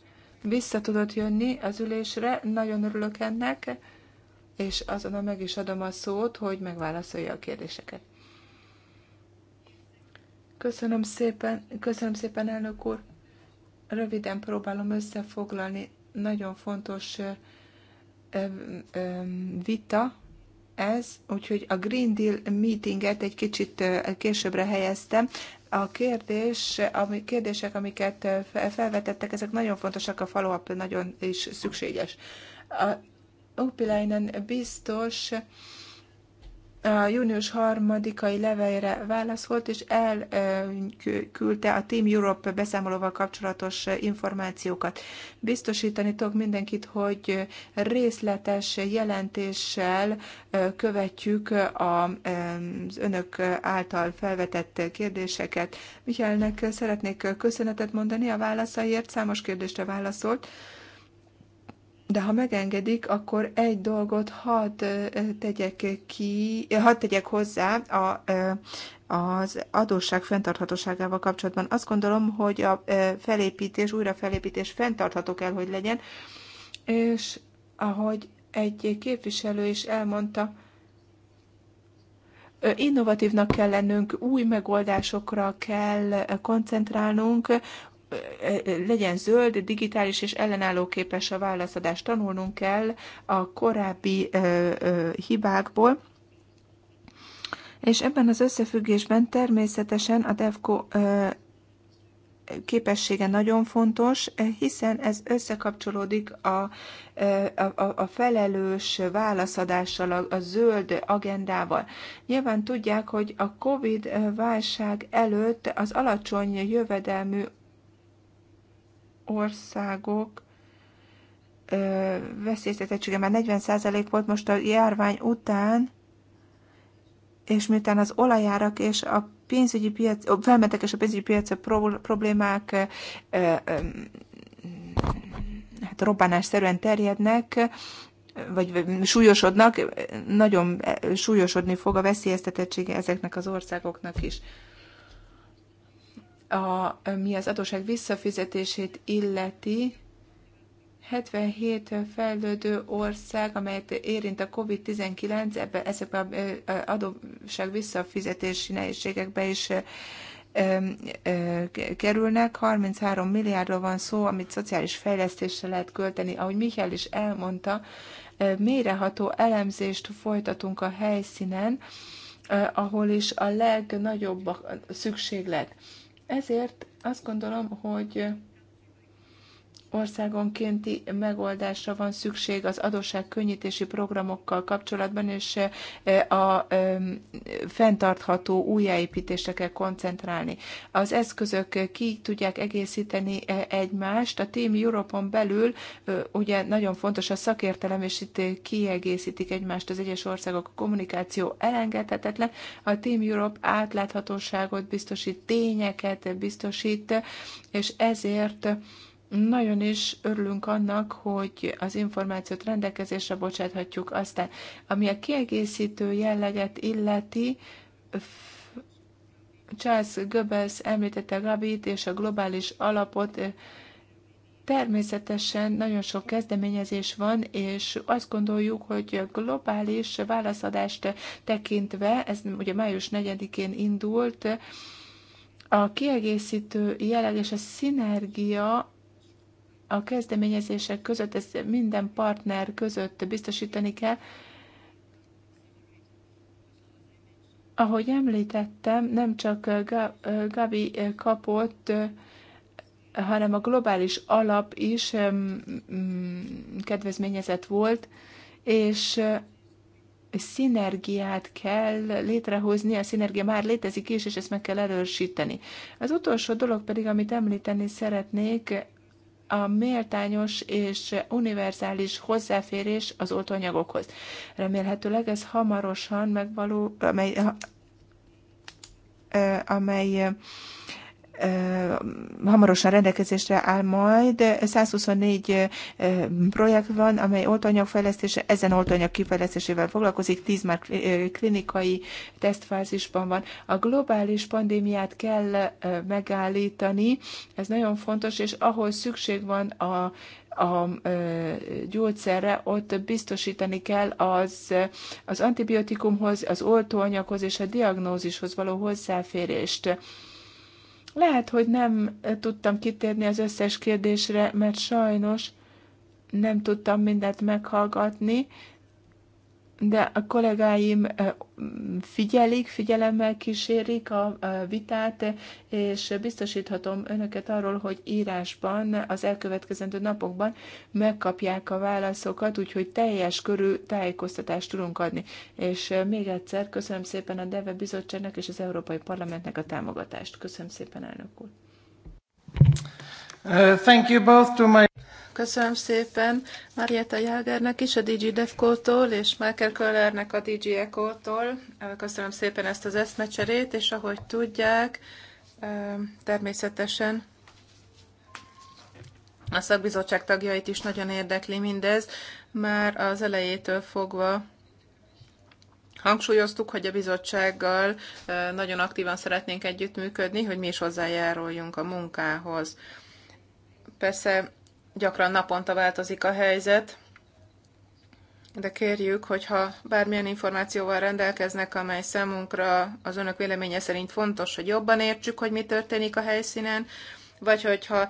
vissza tudott jönni az ülésre, nagyon örülök ennek, és azonnal meg is adom a szót, hogy megválaszolja a kérdéseket. Köszönöm szépen, köszönöm szépen, elnök úr. Röviden próbálom összefoglalni. Nagyon fontos vita ez, úgyhogy a Green Deal meetinget egy kicsit későbbre helyeztem. A kérdés, ami, kérdések, amiket felvetettek, ezek nagyon fontosak, a follow-up nagyon is szükséges. A Upilainen biztos, a június harmadikai levelre válaszolt, és elküldte a Team Europe beszámolóval kapcsolatos információkat. Biztosítani tudok mindenkit, hogy részletes jelentéssel követjük az önök által felvetett kérdéseket. Mihálynak szeretnék köszönetet mondani a válaszaiért, számos kérdésre válaszolt de ha megengedik, akkor egy dolgot hadd tegyek ki, hadd tegyek hozzá a, az adósság fenntarthatóságával kapcsolatban. Azt gondolom, hogy a felépítés, újrafelépítés fenntartható kell, hogy legyen, és ahogy egy képviselő is elmondta, innovatívnak kell lennünk, új megoldásokra kell koncentrálnunk, legyen zöld, digitális és ellenálló képes a válaszadás. Tanulnunk kell a korábbi hibákból. És ebben az összefüggésben természetesen a DEVCO képessége nagyon fontos, hiszen ez összekapcsolódik a, a, a felelős válaszadással, a, a zöld agendával. Nyilván tudják, hogy a COVID válság előtt az alacsony jövedelmű országok veszélyeztetettsége már 40% volt most a járvány után, és miután az olajárak és a pénzügyi piac, felmentek és a pénzügyi piac problémák hát robbanás szerűen terjednek, vagy súlyosodnak, nagyon súlyosodni fog a veszélyeztetettsége ezeknek az országoknak is a, mi az adóság visszafizetését illeti, 77 fejlődő ország, amelyet érint a COVID-19, ebbe ezekbe az adóság visszafizetési nehézségekbe is kerülnek. 33 milliárdról van szó, amit szociális fejlesztésre lehet költeni. Ahogy Mihály is elmondta, méreható elemzést folytatunk a helyszínen, ahol is a legnagyobb a szükséglet. Ezért azt gondolom, hogy országonkénti megoldásra van szükség az adósság könnyítési programokkal kapcsolatban, és e, a e, fenntartható újjáépítésre kell koncentrálni. Az eszközök ki tudják egészíteni e, egymást. A Team Europe-on belül ugye nagyon fontos a szakértelem, és itt kiegészítik egymást az egyes országok. A kommunikáció elengedhetetlen. A Team Europe átláthatóságot biztosít, tényeket biztosít, és ezért nagyon is örülünk annak, hogy az információt rendelkezésre bocsáthatjuk. Aztán, ami a kiegészítő jelleget illeti, Charles Goebbels említette Gabit és a globális alapot, Természetesen nagyon sok kezdeményezés van, és azt gondoljuk, hogy globális válaszadást tekintve, ez ugye május 4-én indult, a kiegészítő jelleg és a szinergia a kezdeményezések között, ez minden partner között biztosítani kell. Ahogy említettem, nem csak Gabi kapott, hanem a globális alap is kedvezményezett volt, és szinergiát kell létrehozni, a szinergia már létezik is, és ezt meg kell erősíteni. Az utolsó dolog pedig, amit említeni szeretnék, a méltányos és univerzális hozzáférés az oltóanyagokhoz. Remélhetőleg ez hamarosan megvaló, amely, amely hamarosan rendelkezésre áll majd. 124 projekt van, amely oltóanyag ezen oltóanyag kifejlesztésével foglalkozik, 10 már klinikai tesztfázisban van. A globális pandémiát kell megállítani, ez nagyon fontos, és ahhoz szükség van a a gyógyszerre, ott biztosítani kell az, az antibiotikumhoz, az oltóanyaghoz és a diagnózishoz való hozzáférést. Lehet, hogy nem tudtam kitérni az összes kérdésre, mert sajnos nem tudtam mindent meghallgatni, de a kollégáim figyelik, figyelemmel kísérik a vitát, és biztosíthatom önöket arról, hogy írásban az elkövetkezendő napokban megkapják a válaszokat, úgyhogy teljes körű tájékoztatást tudunk adni. És még egyszer köszönöm szépen a DEVE Bizottságnak és az Európai Parlamentnek a támogatást. Köszönöm szépen, elnök úr! Uh, thank you both to my Köszönöm szépen Marietta Jágernek is, a DG Defco-tól, és Michael Köllernek a DG Eco-tól. Köszönöm szépen ezt az eszmecserét, és ahogy tudják, természetesen a szakbizottság tagjait is nagyon érdekli mindez. Már az elejétől fogva hangsúlyoztuk, hogy a bizottsággal nagyon aktívan szeretnénk együttműködni, hogy mi is hozzájáruljunk a munkához. Persze gyakran naponta változik a helyzet, de kérjük, hogyha bármilyen információval rendelkeznek, amely számunkra az önök véleménye szerint fontos, hogy jobban értsük, hogy mi történik a helyszínen, vagy hogyha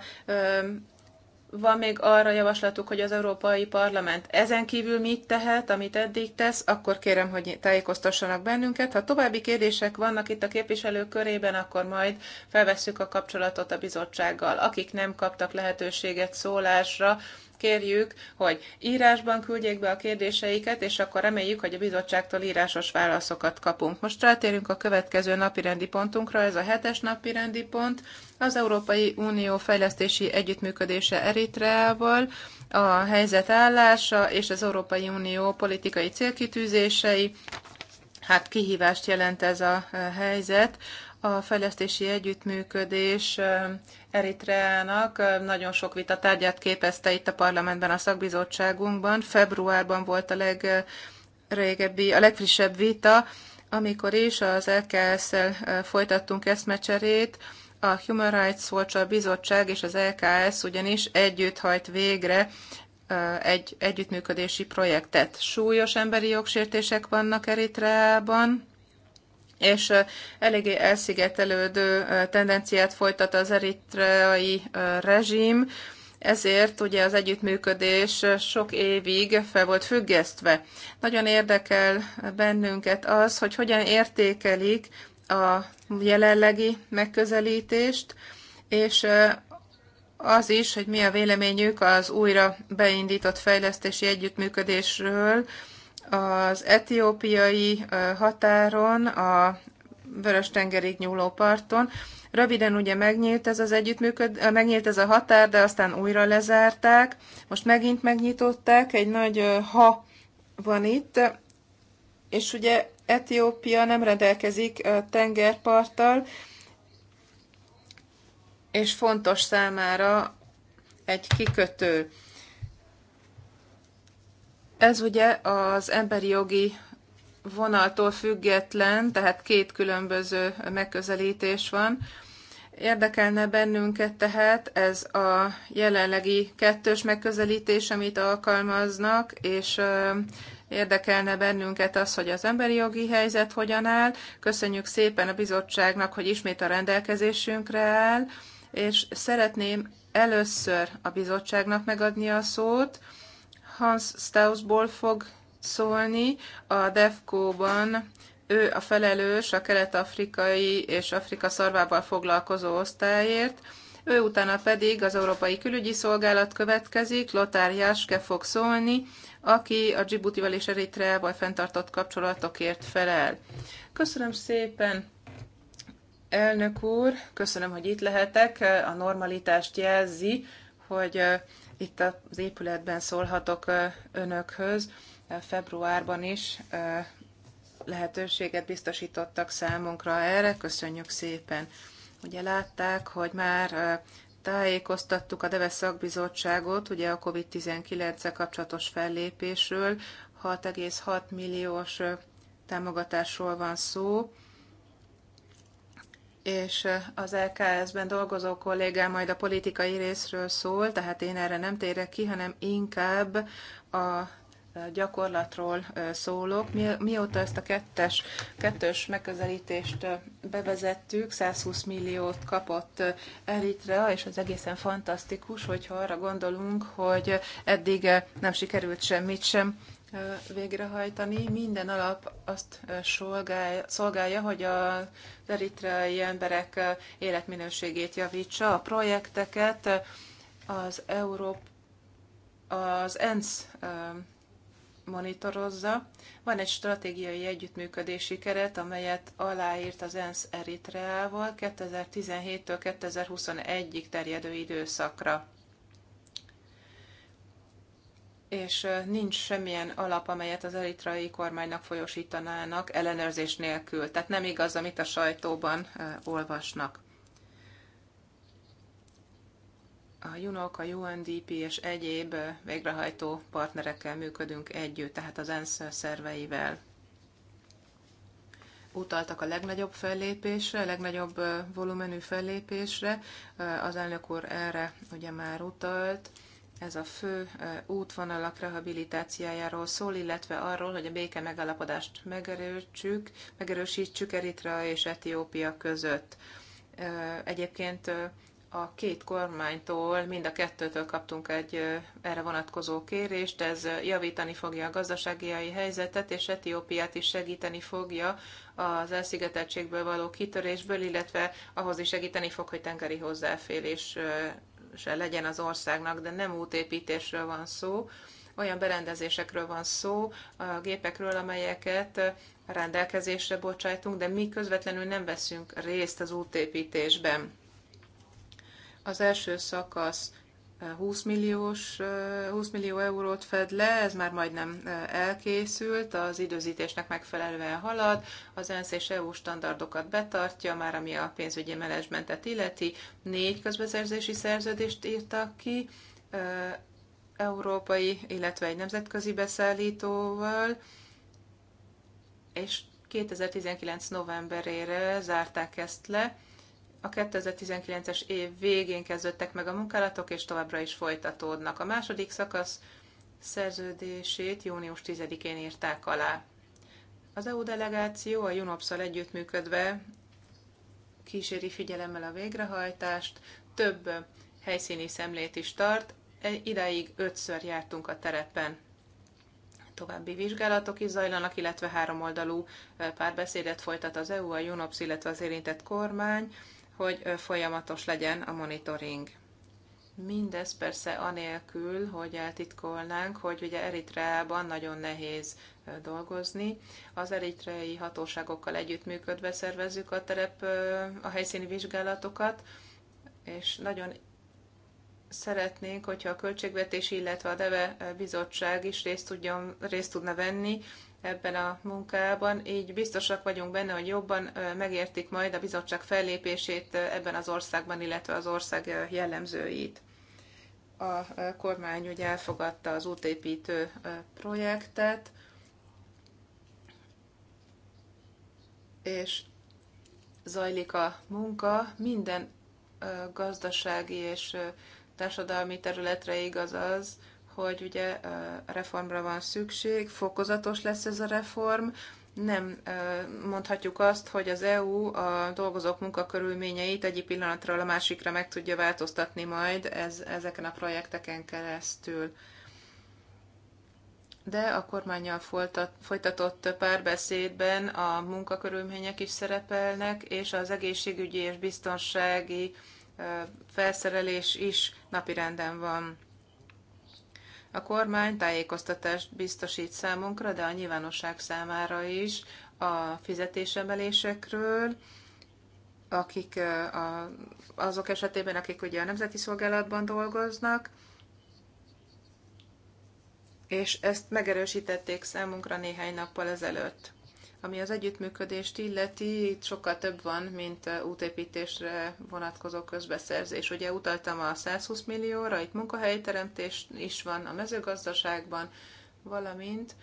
van még arra javaslatuk, hogy az Európai Parlament ezen kívül mit tehet, amit eddig tesz, akkor kérem, hogy tájékoztassanak bennünket. Ha további kérdések vannak itt a képviselők körében, akkor majd felvesszük a kapcsolatot a bizottsággal. Akik nem kaptak lehetőséget szólásra, kérjük, hogy írásban küldjék be a kérdéseiket, és akkor reméljük, hogy a bizottságtól írásos válaszokat kapunk. Most rátérünk a következő napirendi pontunkra, ez a hetes napirendi pont, az Európai Unió fejlesztési együttműködése Eritreával, a helyzet állása és az Európai Unió politikai célkitűzései, hát kihívást jelent ez a helyzet a fejlesztési együttműködés Eritreának nagyon sok vita tárgyát képezte itt a parlamentben, a szakbizottságunkban. Februárban volt a legrégebbi, a legfrissebb vita, amikor is az LKS-szel folytattunk eszmecserét, a Human Rights Watch, a bizottság és az LKS ugyanis együtt hajt végre egy együttműködési projektet. Súlyos emberi jogsértések vannak Eritreában, és eléggé elszigetelődő tendenciát folytat az eritreai rezsim, ezért ugye az együttműködés sok évig fel volt függesztve. Nagyon érdekel bennünket az, hogy hogyan értékelik a jelenlegi megközelítést, és az is, hogy mi a véleményük az újra beindított fejlesztési együttműködésről, az etiópiai határon, a vörös tengerig nyúló parton. Röviden ugye megnyílt ez az együttműköd, megnyílt ez a határ, de aztán újra lezárták. Most megint megnyitották, egy nagy ha van itt, és ugye Etiópia nem rendelkezik tengerparttal, és fontos számára egy kikötő. Ez ugye az emberi jogi vonaltól független, tehát két különböző megközelítés van. Érdekelne bennünket tehát ez a jelenlegi kettős megközelítés, amit alkalmaznak, és érdekelne bennünket az, hogy az emberi jogi helyzet hogyan áll. Köszönjük szépen a bizottságnak, hogy ismét a rendelkezésünkre áll, és szeretném először a bizottságnak megadni a szót, Hans Stausból fog szólni a DEFCO-ban. Ő a felelős a kelet-afrikai és Afrika szarvával foglalkozó osztályért. Ő utána pedig az Európai Külügyi Szolgálat következik, Lothar Jáske fog szólni, aki a Djibouti-val és Eritreával fenntartott kapcsolatokért felel. Köszönöm szépen! Elnök úr, köszönöm, hogy itt lehetek. A normalitást jelzi, hogy itt az épületben szólhatok önökhöz. E, februárban is lehetőséget biztosítottak számunkra erre. Köszönjük szépen. Ugye látták, hogy már tájékoztattuk a Deves szakbizottságot ugye a COVID-19-el kapcsolatos fellépésről. 6,6 milliós támogatásról van szó és eh, az LKS-ben dolgozó kollégám majd a politikai részről szól, tehát én erre nem térek ki, hanem inkább a eh, gyakorlatról eh, szólok. mióta ezt a kettes, kettős megközelítést bevezettük, 120 milliót kapott Elitrea, és az egészen fantasztikus, hogyha arra gondolunk, hogy eddig nem sikerült semmit sem végrehajtani. Minden alap azt szolgálja, szolgálja hogy az eritreai emberek életminőségét javítsa, a projekteket az Európa, az ENSZ monitorozza. Van egy stratégiai együttműködési keret, amelyet aláírt az ENSZ Eritreával 2017-től 2021-ig terjedő időszakra és nincs semmilyen alap, amelyet az eritrai kormánynak folyosítanának ellenőrzés nélkül. Tehát nem igaz, amit a sajtóban olvasnak. a UNOK, a UNDP és egyéb végrehajtó partnerekkel működünk együtt, tehát az ENSZ szerveivel. Utaltak a legnagyobb fellépésre, a legnagyobb volumenű fellépésre, az elnök úr erre ugye már utalt, ez a fő útvonalak rehabilitációjáról szól, illetve arról, hogy a béke megállapodást megerősítsük, megerősítsük Eritrea és Etiópia között. Egyébként a két kormánytól, mind a kettőtől kaptunk egy erre vonatkozó kérést, ez javítani fogja a gazdaságiai helyzetet, és Etiópiát is segíteni fogja az elszigeteltségből való kitörésből, illetve ahhoz is segíteni fog, hogy tengeri hozzáférés se legyen az országnak, de nem útépítésről van szó, olyan berendezésekről van szó, a gépekről, amelyeket rendelkezésre bocsájtunk, de mi közvetlenül nem veszünk részt az útépítésben. Az első szakasz 20 milliós, 20 millió eurót fed le, ez már majdnem elkészült, az időzítésnek megfelelően halad, az ENSZ és EU standardokat betartja, már ami a pénzügyi menedzsmentet illeti, négy közbeszerzési szerződést írtak ki, európai, illetve egy nemzetközi beszállítóval, és 2019 novemberére zárták ezt le, a 2019-es év végén kezdődtek meg a munkálatok, és továbbra is folytatódnak. A második szakasz szerződését június 10-én írták alá. Az EU delegáció a UNOPS-szal együttműködve kíséri figyelemmel a végrehajtást, több helyszíni szemlét is tart, e- idáig ötször jártunk a terepen. További vizsgálatok is zajlanak, illetve háromoldalú e, párbeszédet folytat az EU, a UNOPS, illetve az érintett kormány hogy folyamatos legyen a monitoring. Mindez persze anélkül, hogy eltitkolnánk, hogy ugye Eritreában nagyon nehéz dolgozni. Az eritreai hatóságokkal együttműködve szervezzük a terep, a helyszíni vizsgálatokat, és nagyon szeretnénk, hogyha a költségvetés, illetve a DEVE bizottság is részt, tudjon, részt tudna venni ebben a munkában, így biztosak vagyunk benne, hogy jobban megértik majd a bizottság fellépését ebben az országban, illetve az ország jellemzőit. A kormány ugye elfogadta az útépítő projektet, és zajlik a munka, minden gazdasági és társadalmi területre igaz az, hogy ugye reformra van szükség, fokozatos lesz ez a reform, nem mondhatjuk azt, hogy az EU a dolgozók munkakörülményeit egyik pillanatról a másikra meg tudja változtatni majd ez, ezeken a projekteken keresztül. De a kormányjal folytatott párbeszédben a munkakörülmények is szerepelnek, és az egészségügyi és biztonsági felszerelés is napirenden van. A kormány tájékoztatást biztosít számunkra, de a nyilvánosság számára is a fizetésemelésekről, akik a, azok esetében, akik ugye a nemzeti szolgálatban dolgoznak, és ezt megerősítették számunkra néhány nappal ezelőtt. Ami az együttműködést illeti, itt sokkal több van, mint útépítésre vonatkozó közbeszerzés. Ugye utaltam a 120 millióra, itt munkahelyteremtés is van a mezőgazdaságban, valamint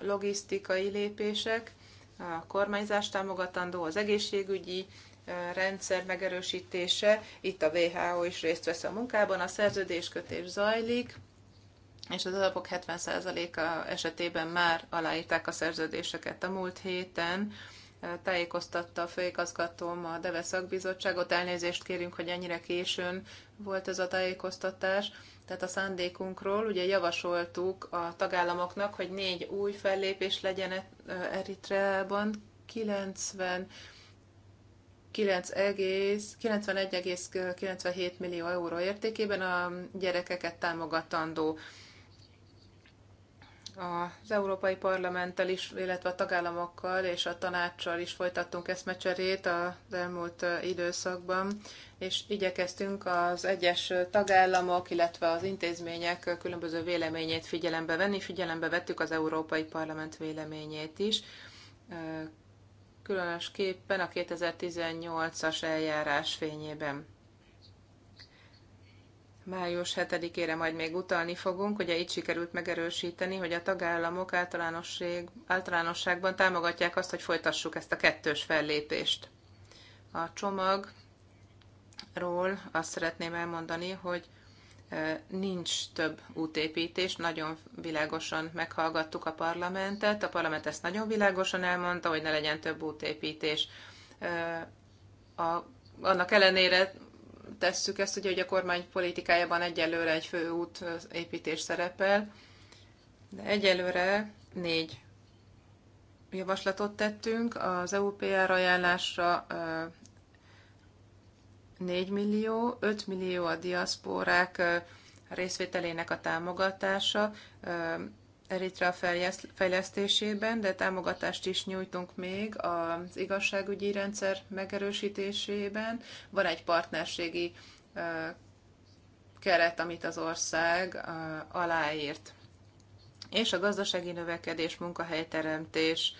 logisztikai lépések, a kormányzás támogatandó, az egészségügyi rendszer megerősítése, itt a WHO is részt vesz a munkában, a szerződéskötés zajlik, és az alapok 70%-a esetében már aláírták a szerződéseket. A múlt héten tájékoztatta a főigazgatóm a Deve szakbizottságot. Elnézést kérünk, hogy ennyire későn volt ez a tájékoztatás. Tehát a szándékunkról ugye javasoltuk a tagállamoknak, hogy négy új fellépés legyen e-, Eritreában, 90 91,97 millió euró értékében a gyerekeket támogatandó az Európai Parlamenttel is, illetve a tagállamokkal és a tanácssal is folytattunk eszmecserét az elmúlt időszakban, és igyekeztünk az egyes tagállamok, illetve az intézmények különböző véleményét figyelembe venni, figyelembe vettük az Európai Parlament véleményét is, különösképpen a 2018-as eljárás fényében május 7-ére majd még utalni fogunk. Ugye itt sikerült megerősíteni, hogy a tagállamok általánosség, általánosságban támogatják azt, hogy folytassuk ezt a kettős fellépést. A csomagról azt szeretném elmondani, hogy e, nincs több útépítés, nagyon világosan meghallgattuk a parlamentet, a parlament ezt nagyon világosan elmondta, hogy ne legyen több útépítés. E, a, annak ellenére tesszük ezt, ugye, hogy a kormány politikájában egyelőre egy főút építés szerepel, de egyelőre négy javaslatot tettünk. Az EUPR ajánlásra 4 millió, 5 millió a diaszporák részvételének a támogatása, Eritrea fejlesztésében, de támogatást is nyújtunk még az igazságügyi rendszer megerősítésében. Van egy partnerségi keret, amit az ország aláírt. És a gazdasági növekedés, munkahelyteremtés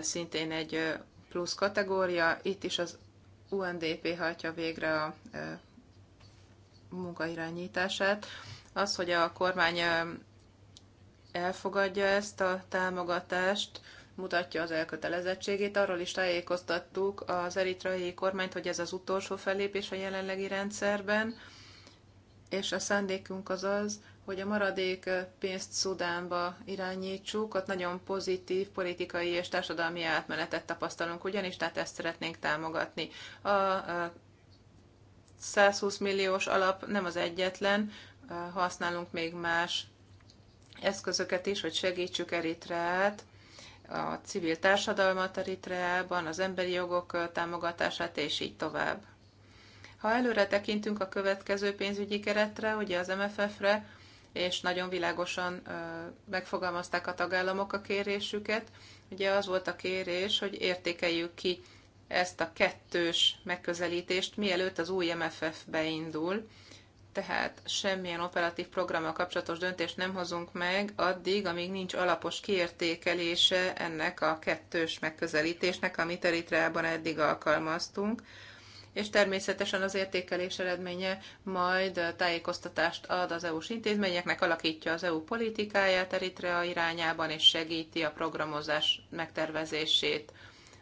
szintén egy plusz kategória. Itt is az UNDP hajtja végre a munkairányítását. Az, hogy a kormány elfogadja ezt a támogatást, mutatja az elkötelezettségét. Arról is tájékoztattuk az eritrai kormányt, hogy ez az utolsó fellépés a jelenlegi rendszerben, és a szándékunk az az, hogy a maradék pénzt Szudánba irányítsuk, ott nagyon pozitív politikai és társadalmi átmenetet tapasztalunk, ugyanis tehát ezt szeretnénk támogatni. A 120 milliós alap nem az egyetlen, használunk még más eszközöket is, hogy segítsük Eritreát, a civil társadalmat Eritreában, az emberi jogok támogatását, és így tovább. Ha előre tekintünk a következő pénzügyi keretre, ugye az MFF-re, és nagyon világosan megfogalmazták a tagállamok a kérésüket, ugye az volt a kérés, hogy értékeljük ki ezt a kettős megközelítést, mielőtt az új MFF beindul, tehát semmilyen operatív programmal kapcsolatos döntést nem hozunk meg addig, amíg nincs alapos kiértékelése ennek a kettős megközelítésnek, amit Eritreában eddig alkalmaztunk és természetesen az értékelés eredménye majd tájékoztatást ad az EU-s intézményeknek, alakítja az EU politikáját Eritrea irányában, és segíti a programozás megtervezését.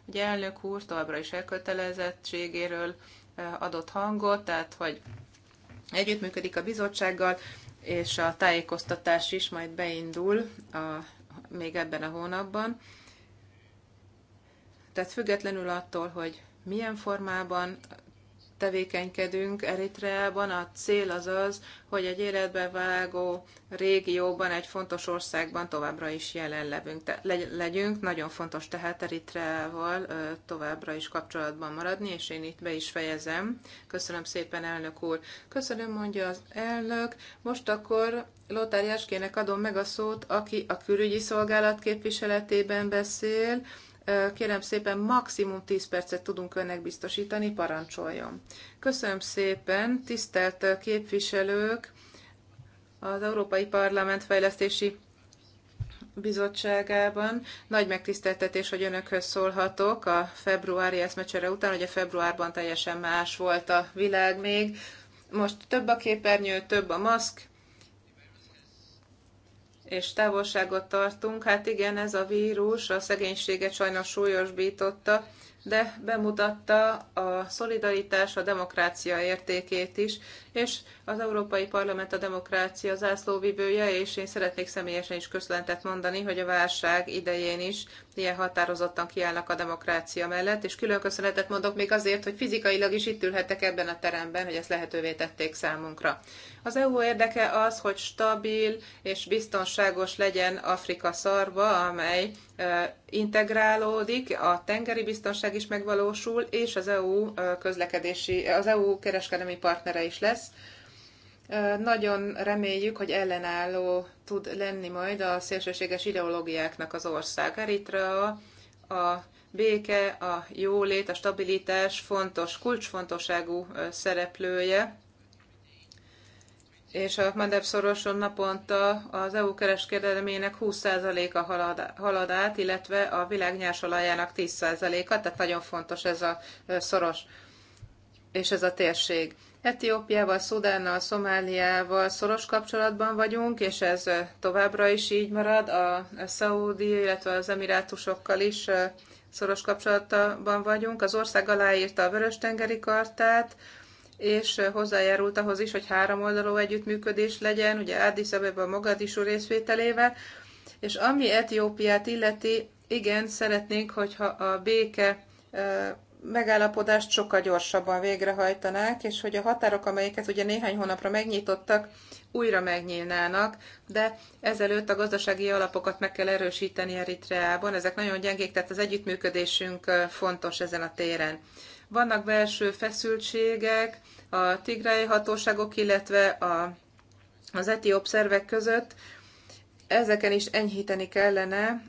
Ugye elnök úr továbbra is elkötelezettségéről eh, adott hangot, tehát hogy együttműködik a bizottsággal, és a tájékoztatás is majd beindul a, még ebben a hónapban. Tehát függetlenül attól, hogy milyen formában tevékenykedünk Eritreában. A cél az az, hogy egy életbe vágó régióban, egy fontos országban továbbra is jelen levünk, te, legyünk. Nagyon fontos tehát Eritreával továbbra is kapcsolatban maradni, és én itt be is fejezem. Köszönöm szépen, elnök úr. Köszönöm, mondja az elnök. Most akkor Lothar Jáskének adom meg a szót, aki a külügyi szolgálat képviseletében beszél Kérem szépen, maximum 10 percet tudunk önnek biztosítani, parancsoljon. Köszönöm szépen, tisztelt képviselők, az Európai Parlament Fejlesztési bizottságában. Nagy megtiszteltetés, hogy önökhöz szólhatok a februári eszmecsere után, hogy a februárban teljesen más volt a világ még. Most több a képernyő, több a maszk, és távolságot tartunk. Hát igen, ez a vírus a szegénységet sajnos súlyosbította, de bemutatta a szolidaritás, a demokrácia értékét is, és az Európai Parlament a demokrácia zászlóvivője, és én szeretnék személyesen is köszöntet mondani, hogy a válság idején is ilyen határozottan kiállnak a demokrácia mellett, és külön köszönetet mondok még azért, hogy fizikailag is itt ülhetek ebben a teremben, hogy ezt lehetővé tették számunkra. Az EU érdeke az, hogy stabil és biztonságos legyen Afrika szarva, amely integrálódik, a tengeri biztonság is megvalósul, és az EU közlekedési, az EU kereskedelmi partnere is lesz, lesz. Nagyon reméljük, hogy ellenálló tud lenni majd a szélsőséges ideológiáknak az ország. Eritrea a béke, a jólét, a stabilitás fontos, kulcsfontosságú szereplője és a Madeb Szoroson naponta az EU kereskedelmének 20%-a halad, halad át, illetve a világ nyersolajának 10%-a, tehát nagyon fontos ez a szoros és ez a térség. Etiópiával, Szudánnal, Szomáliával szoros kapcsolatban vagyunk, és ez továbbra is így marad. A Szaúdi, illetve az Emirátusokkal is szoros kapcsolatban vagyunk. Az ország aláírta a Vörös-tengeri kartát, és hozzájárult ahhoz is, hogy három oldalú együttműködés legyen, ugye Addis Abeba Mogadisú részvételével, és ami Etiópiát illeti, igen, szeretnénk, hogyha a béke megállapodást sokkal gyorsabban végrehajtanák, és hogy a határok, amelyeket ugye néhány hónapra megnyitottak, újra megnyílnának, de ezelőtt a gazdasági alapokat meg kell erősíteni Eritreában. Ezek nagyon gyengék, tehát az együttműködésünk fontos ezen a téren. Vannak belső feszültségek a tigrai hatóságok, illetve a, az etióp szervek között, ezeken is enyhíteni kellene,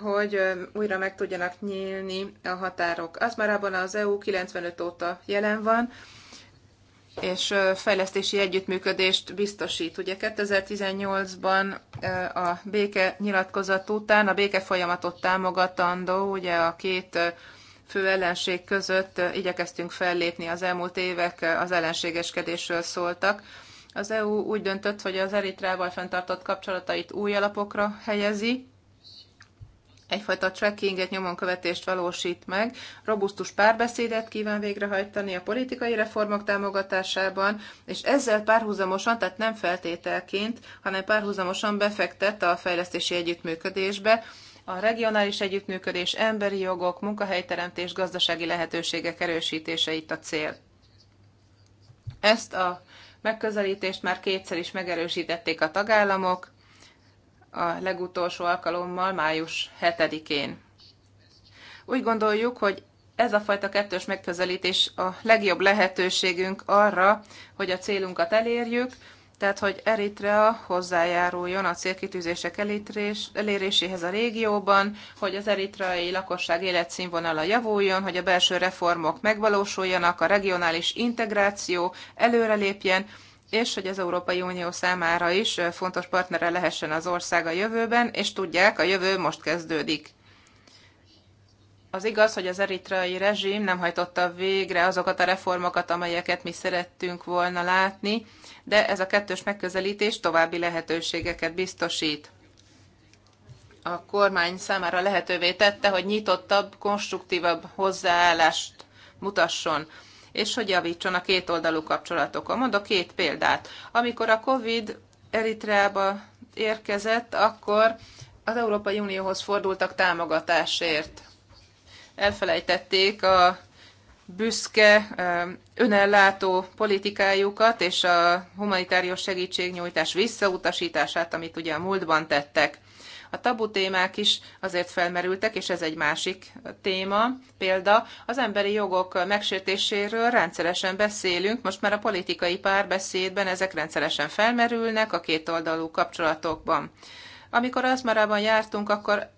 hogy újra meg tudjanak nyílni a határok. Az már abban az EU 95 óta jelen van, és fejlesztési együttműködést biztosít. Ugye 2018-ban a béke nyilatkozat után a béke folyamatot támogatandó, ugye a két fő ellenség között igyekeztünk fellépni. Az elmúlt évek az ellenségeskedésről szóltak. Az EU úgy döntött, hogy az Eritrával fenntartott kapcsolatait új alapokra helyezi, egyfajta trackinget, követést valósít meg, robusztus párbeszédet kíván végrehajtani a politikai reformok támogatásában, és ezzel párhuzamosan, tehát nem feltételként, hanem párhuzamosan befektet a fejlesztési együttműködésbe, a regionális együttműködés, emberi jogok, munkahelyteremtés, gazdasági lehetőségek erősítése itt a cél. Ezt a megközelítést már kétszer is megerősítették a tagállamok, a legutolsó alkalommal május 7-én. Úgy gondoljuk, hogy ez a fajta kettős megközelítés a legjobb lehetőségünk arra, hogy a célunkat elérjük, tehát hogy Eritrea hozzájáruljon a célkitűzések elérés, eléréséhez a régióban, hogy az eritreai lakosság életszínvonala javuljon, hogy a belső reformok megvalósuljanak, a regionális integráció előrelépjen, és hogy az Európai Unió számára is fontos partnere lehessen az ország a jövőben, és tudják, a jövő most kezdődik. Az igaz, hogy az eritrai rezsim nem hajtotta végre azokat a reformokat, amelyeket mi szerettünk volna látni, de ez a kettős megközelítés további lehetőségeket biztosít. A kormány számára lehetővé tette, hogy nyitottabb, konstruktívabb hozzáállást mutasson és hogy javítson a kétoldalú kapcsolatokon. Mondok két példát. Amikor a COVID Eritreába érkezett, akkor az Európai Unióhoz fordultak támogatásért. Elfelejtették a büszke, önellátó politikájukat és a humanitárius segítségnyújtás visszautasítását, amit ugye a múltban tettek. A tabu témák is azért felmerültek, és ez egy másik téma. Példa, az emberi jogok megsértéséről rendszeresen beszélünk, most már a politikai párbeszédben ezek rendszeresen felmerülnek a kétoldalú kapcsolatokban. Amikor Aszmarában jártunk, akkor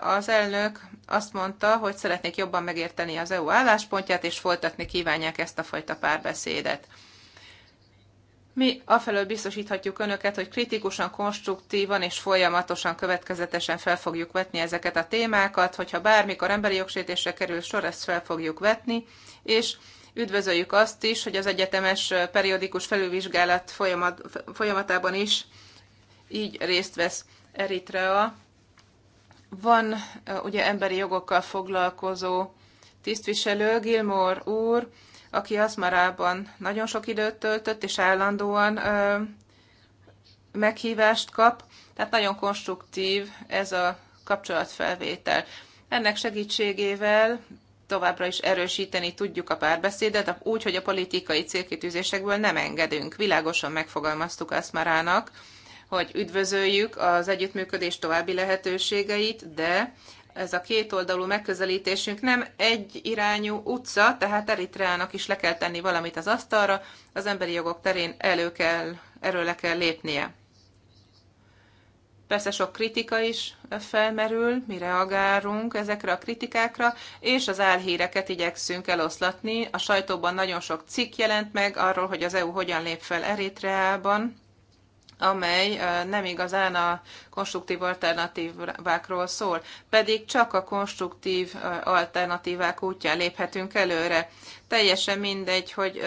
az elnök azt mondta, hogy szeretnék jobban megérteni az EU álláspontját, és folytatni kívánják ezt a fajta párbeszédet. Mi afelől biztosíthatjuk önöket, hogy kritikusan, konstruktívan és folyamatosan, következetesen fel fogjuk vetni ezeket a témákat, hogyha bármikor emberi jogsértésre kerül sor, ezt fel fogjuk vetni, és üdvözöljük azt is, hogy az egyetemes periódikus felülvizsgálat folyamat, folyamatában is így részt vesz Eritrea. Van ugye emberi jogokkal foglalkozó tisztviselő, Gilmore úr, aki Aszmarában nagyon sok időt töltött, és állandóan ö, meghívást kap. Tehát nagyon konstruktív ez a kapcsolatfelvétel. Ennek segítségével továbbra is erősíteni tudjuk a párbeszédet, úgy, hogy a politikai célkitűzésekből nem engedünk. Világosan megfogalmaztuk Aszmarának, hogy üdvözöljük az együttműködés további lehetőségeit, de ez a kétoldalú megközelítésünk nem egy irányú utca, tehát Eritreának is le kell tenni valamit az asztalra, az emberi jogok terén elő kell, erről le kell lépnie. Persze sok kritika is felmerül, mi reagálunk ezekre a kritikákra, és az álhíreket igyekszünk eloszlatni. A sajtóban nagyon sok cikk jelent meg arról, hogy az EU hogyan lép fel Eritreában, amely nem igazán a konstruktív alternatívákról szól, pedig csak a konstruktív alternatívák útján léphetünk előre. Teljesen mindegy, hogy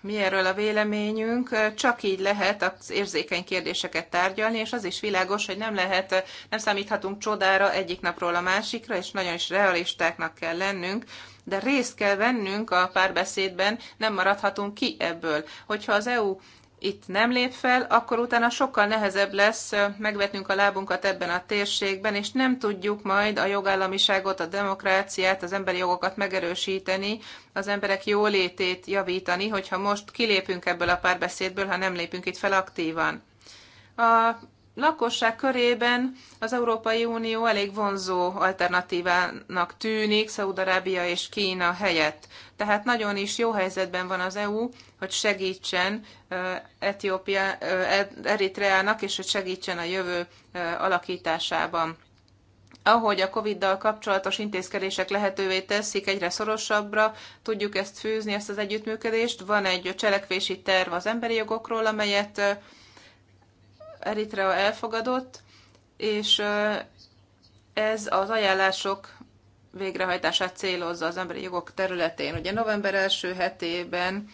mi erről a véleményünk, csak így lehet az érzékeny kérdéseket tárgyalni, és az is világos, hogy nem lehet, nem számíthatunk csodára egyik napról a másikra, és nagyon is realistáknak kell lennünk, de részt kell vennünk a párbeszédben, nem maradhatunk ki ebből. Hogyha az EU itt nem lép fel, akkor utána sokkal nehezebb lesz megvetnünk a lábunkat ebben a térségben, és nem tudjuk majd a jogállamiságot, a demokráciát, az emberi jogokat megerősíteni, az emberek jólétét javítani, hogyha most kilépünk ebből a párbeszédből, ha nem lépünk itt fel aktívan. A lakosság körében az Európai Unió elég vonzó alternatívának tűnik Szaudarábia és Kína helyett. Tehát nagyon is jó helyzetben van az EU, hogy segítsen Etiópia, e- Eritreának, és hogy segítsen a jövő alakításában. Ahogy a COVID-dal kapcsolatos intézkedések lehetővé teszik, egyre szorosabbra tudjuk ezt fűzni, ezt az együttműködést. Van egy cselekvési terv az emberi jogokról, amelyet Eritrea elfogadott, és ez az ajánlások végrehajtását célozza az emberi jogok területén. Ugye november első hetében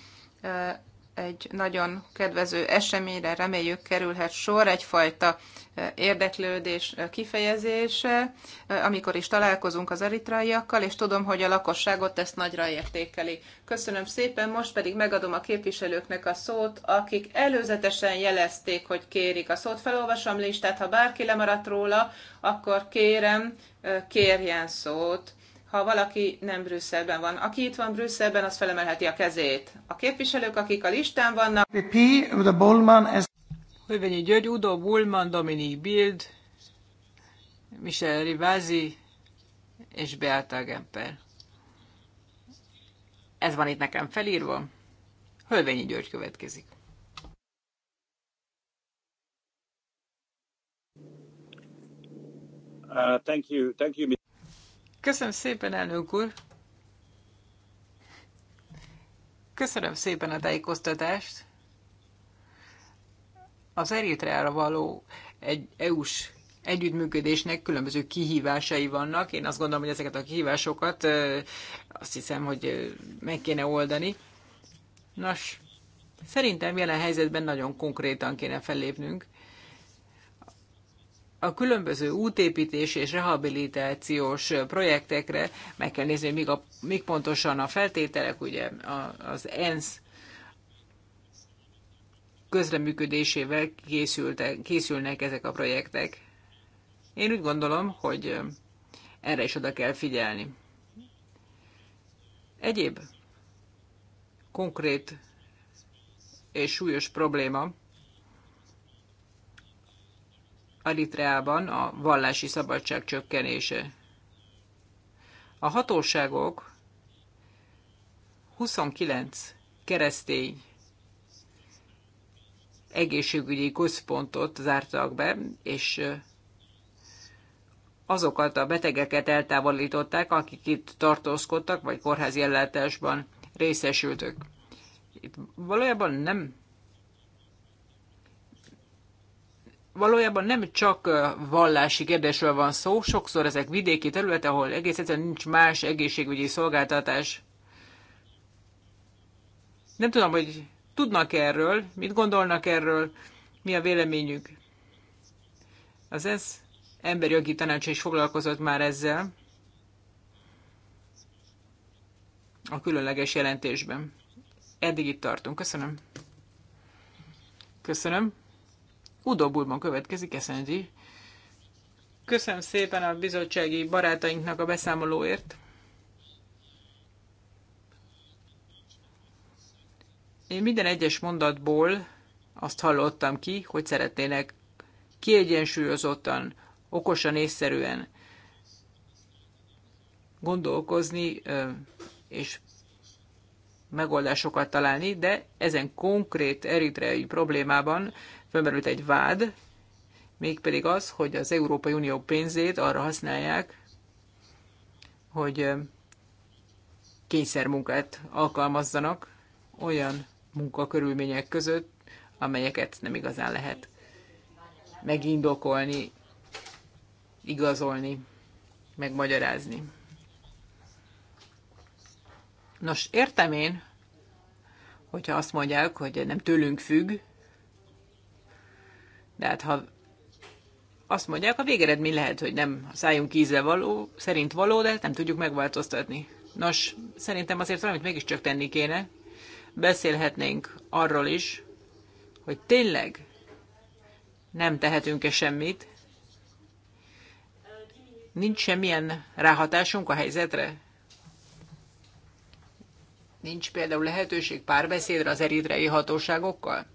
egy nagyon kedvező eseményre reméljük kerülhet sor, egyfajta érdeklődés kifejezése, amikor is találkozunk az eritraiakkal, és tudom, hogy a lakosságot ezt nagyra értékeli. Köszönöm szépen, most pedig megadom a képviselőknek a szót, akik előzetesen jelezték, hogy kérik a szót. Felolvasom listát, ha bárki lemaradt róla, akkor kérem, kérjen szót ha valaki nem Brüsszelben van. Aki itt van Brüsszelben, az felemelheti a kezét. A képviselők, akik a listán vannak... Hővényi György, Udo Bullman, Dominik Bild, Michel Rivázi és Beata Gemper. Ez van itt nekem felírva. Hölvényi György következik. Uh, thank you. Thank you. Köszönöm szépen, elnök úr! Köszönöm szépen a tájékoztatást! Az Eritreára való egy EU-s együttműködésnek különböző kihívásai vannak. Én azt gondolom, hogy ezeket a kihívásokat azt hiszem, hogy meg kéne oldani. Nos, szerintem jelen helyzetben nagyon konkrétan kéne fellépnünk. A különböző útépítés és rehabilitációs projektekre meg kell nézni, hogy mik, a, mik pontosan a feltételek, ugye az ENSZ közreműködésével készültek, készülnek ezek a projektek. Én úgy gondolom, hogy erre is oda kell figyelni. Egyéb konkrét és súlyos probléma Eritreában a vallási szabadság csökkenése. A hatóságok 29 keresztény egészségügyi központot zártak be, és azokat a betegeket eltávolították, akik itt tartózkodtak, vagy kórházi ellátásban részesültök. Itt valójában nem valójában nem csak vallási kérdésről van szó, sokszor ezek vidéki területe, ahol egész egyszerűen nincs más egészségügyi szolgáltatás. Nem tudom, hogy tudnak erről, mit gondolnak erről, mi a véleményük. Az ENSZ emberi jogi tanácsa is foglalkozott már ezzel a különleges jelentésben. Eddig itt tartunk. Köszönöm. Köszönöm. Udo Bulban következik, SNG. Köszönöm szépen a bizottsági barátainknak a beszámolóért. Én minden egyes mondatból azt hallottam ki, hogy szeretnének kiegyensúlyozottan, okosan, észszerűen gondolkozni és megoldásokat találni, de ezen konkrét eritreai problémában felmerült egy vád, mégpedig az, hogy az Európai Unió pénzét arra használják, hogy kényszermunkát alkalmazzanak olyan munkakörülmények között, amelyeket nem igazán lehet megindokolni, igazolni, megmagyarázni. Nos, értem én, hogyha azt mondják, hogy nem tőlünk függ, de hát ha azt mondják, a végeredmény lehet, hogy nem a szájunk íze való, szerint való, de hát nem tudjuk megváltoztatni. Nos, szerintem azért valamit mégiscsak tenni kéne beszélhetnénk arról is, hogy tényleg nem tehetünk-e semmit, nincs semmilyen ráhatásunk a helyzetre. Nincs például lehetőség párbeszédre az eritrei hatóságokkal?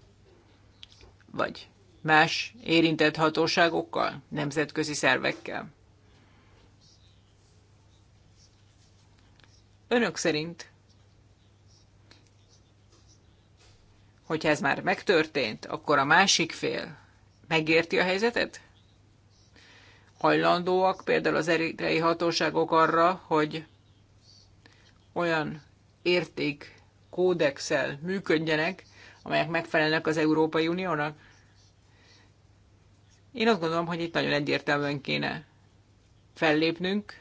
Vagy más érintett hatóságokkal, nemzetközi szervekkel? Önök szerint Hogyha ez már megtörtént, akkor a másik fél megérti a helyzetet? Hajlandóak például az eritrei hatóságok arra, hogy olyan érték kódexel működjenek, amelyek megfelelnek az Európai Uniónak? Én azt gondolom, hogy itt nagyon egyértelműen kéne fellépnünk,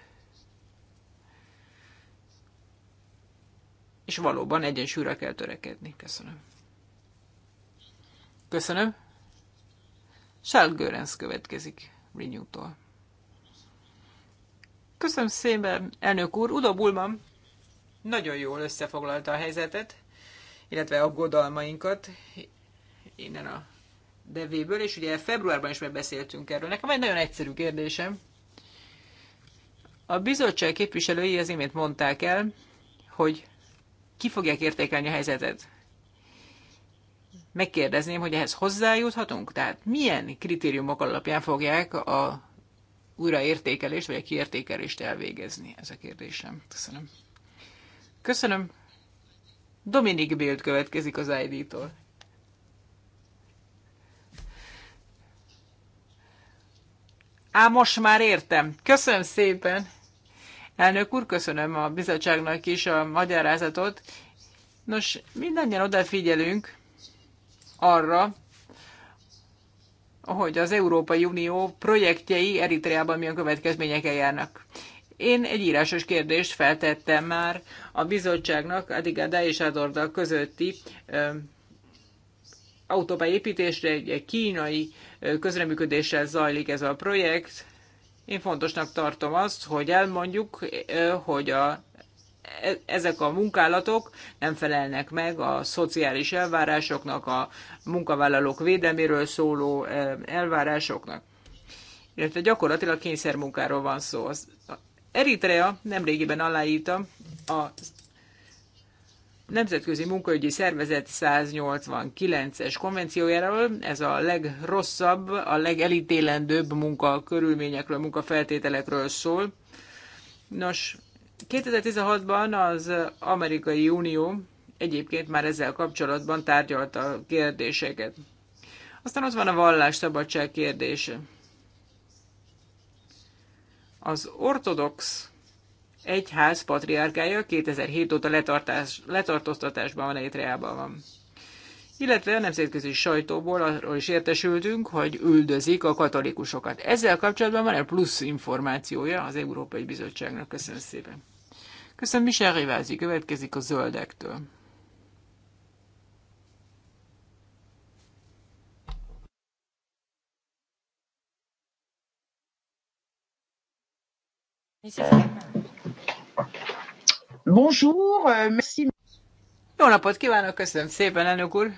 és valóban egyensúlyra kell törekedni. Köszönöm. Köszönöm. Charles Görens következik Renew-tól. Köszönöm szépen, elnök úr. Udo Bulman nagyon jól összefoglalta a helyzetet, illetve aggodalmainkat innen a devéből, és ugye februárban is megbeszéltünk erről. Nekem egy nagyon egyszerű kérdésem. A bizottság képviselői az imént mondták el, hogy ki fogják értékelni a helyzetet megkérdezném, hogy ehhez hozzájuthatunk? Tehát milyen kritériumok alapján fogják a újraértékelést vagy a kiértékelést elvégezni? Ez a kérdésem. Köszönöm. Köszönöm. Dominik Bild következik az ID-tól. Á, most már értem. Köszönöm szépen. Elnök úr, köszönöm a bizottságnak is a magyarázatot. Nos, mindannyian odafigyelünk arra, hogy az Európai Unió projektjei Eritreában milyen következményekkel járnak. Én egy írásos kérdést feltettem már a bizottságnak a és Adorda közötti autópály építésre, egy kínai közreműködéssel zajlik ez a projekt. Én fontosnak tartom azt, hogy elmondjuk, hogy a ezek a munkálatok nem felelnek meg a szociális elvárásoknak, a munkavállalók védelméről szóló eh, elvárásoknak. Illetve gyakorlatilag kényszermunkáról van szó. Az Eritrea nemrégiben aláírta a Nemzetközi Munkaügyi Szervezet 189-es konvenciójáról, ez a legrosszabb, a legelítélendőbb munkakörülményekről, munkafeltételekről szól. Nos, 2016-ban az Amerikai Unió egyébként már ezzel kapcsolatban tárgyalta a kérdéseket. Aztán ott van a szabadság kérdése. Az ortodox egyház patriárkája 2007 óta letartás, letartóztatásban van Eritreában van illetve a nemzetközi sajtóból arról is értesültünk, hogy üldözik a katolikusokat. Ezzel kapcsolatban van egy plusz információja az Európai Bizottságnak? Köszönöm szépen. Köszönöm, Michel Rivázi, következik a zöldektől. Bonjour, euh, merci. Jó napot kívánok, köszönöm szépen, elnök úr!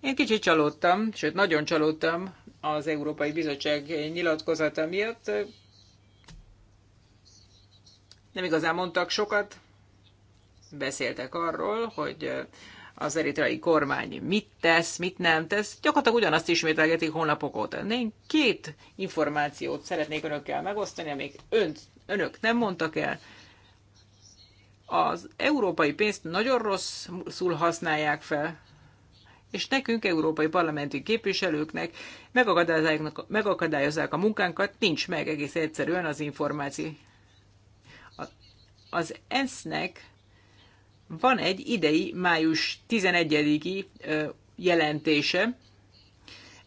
Én kicsit csalódtam, sőt nagyon csalódtam az Európai Bizottság nyilatkozata miatt. Nem igazán mondtak sokat, beszéltek arról, hogy az eritrai kormány mit tesz, mit nem tesz. Gyakorlatilag ugyanazt ismételgetik hónapok óta. Én két információt szeretnék önökkel megosztani, amik önt, önök nem mondtak el, az európai pénzt nagyon rosszul használják fel, és nekünk, európai parlamenti képviselőknek megakadályozzák a munkánkat, nincs meg egész egyszerűen az információ. Az ENSZ-nek van egy idei, május 11-i jelentése.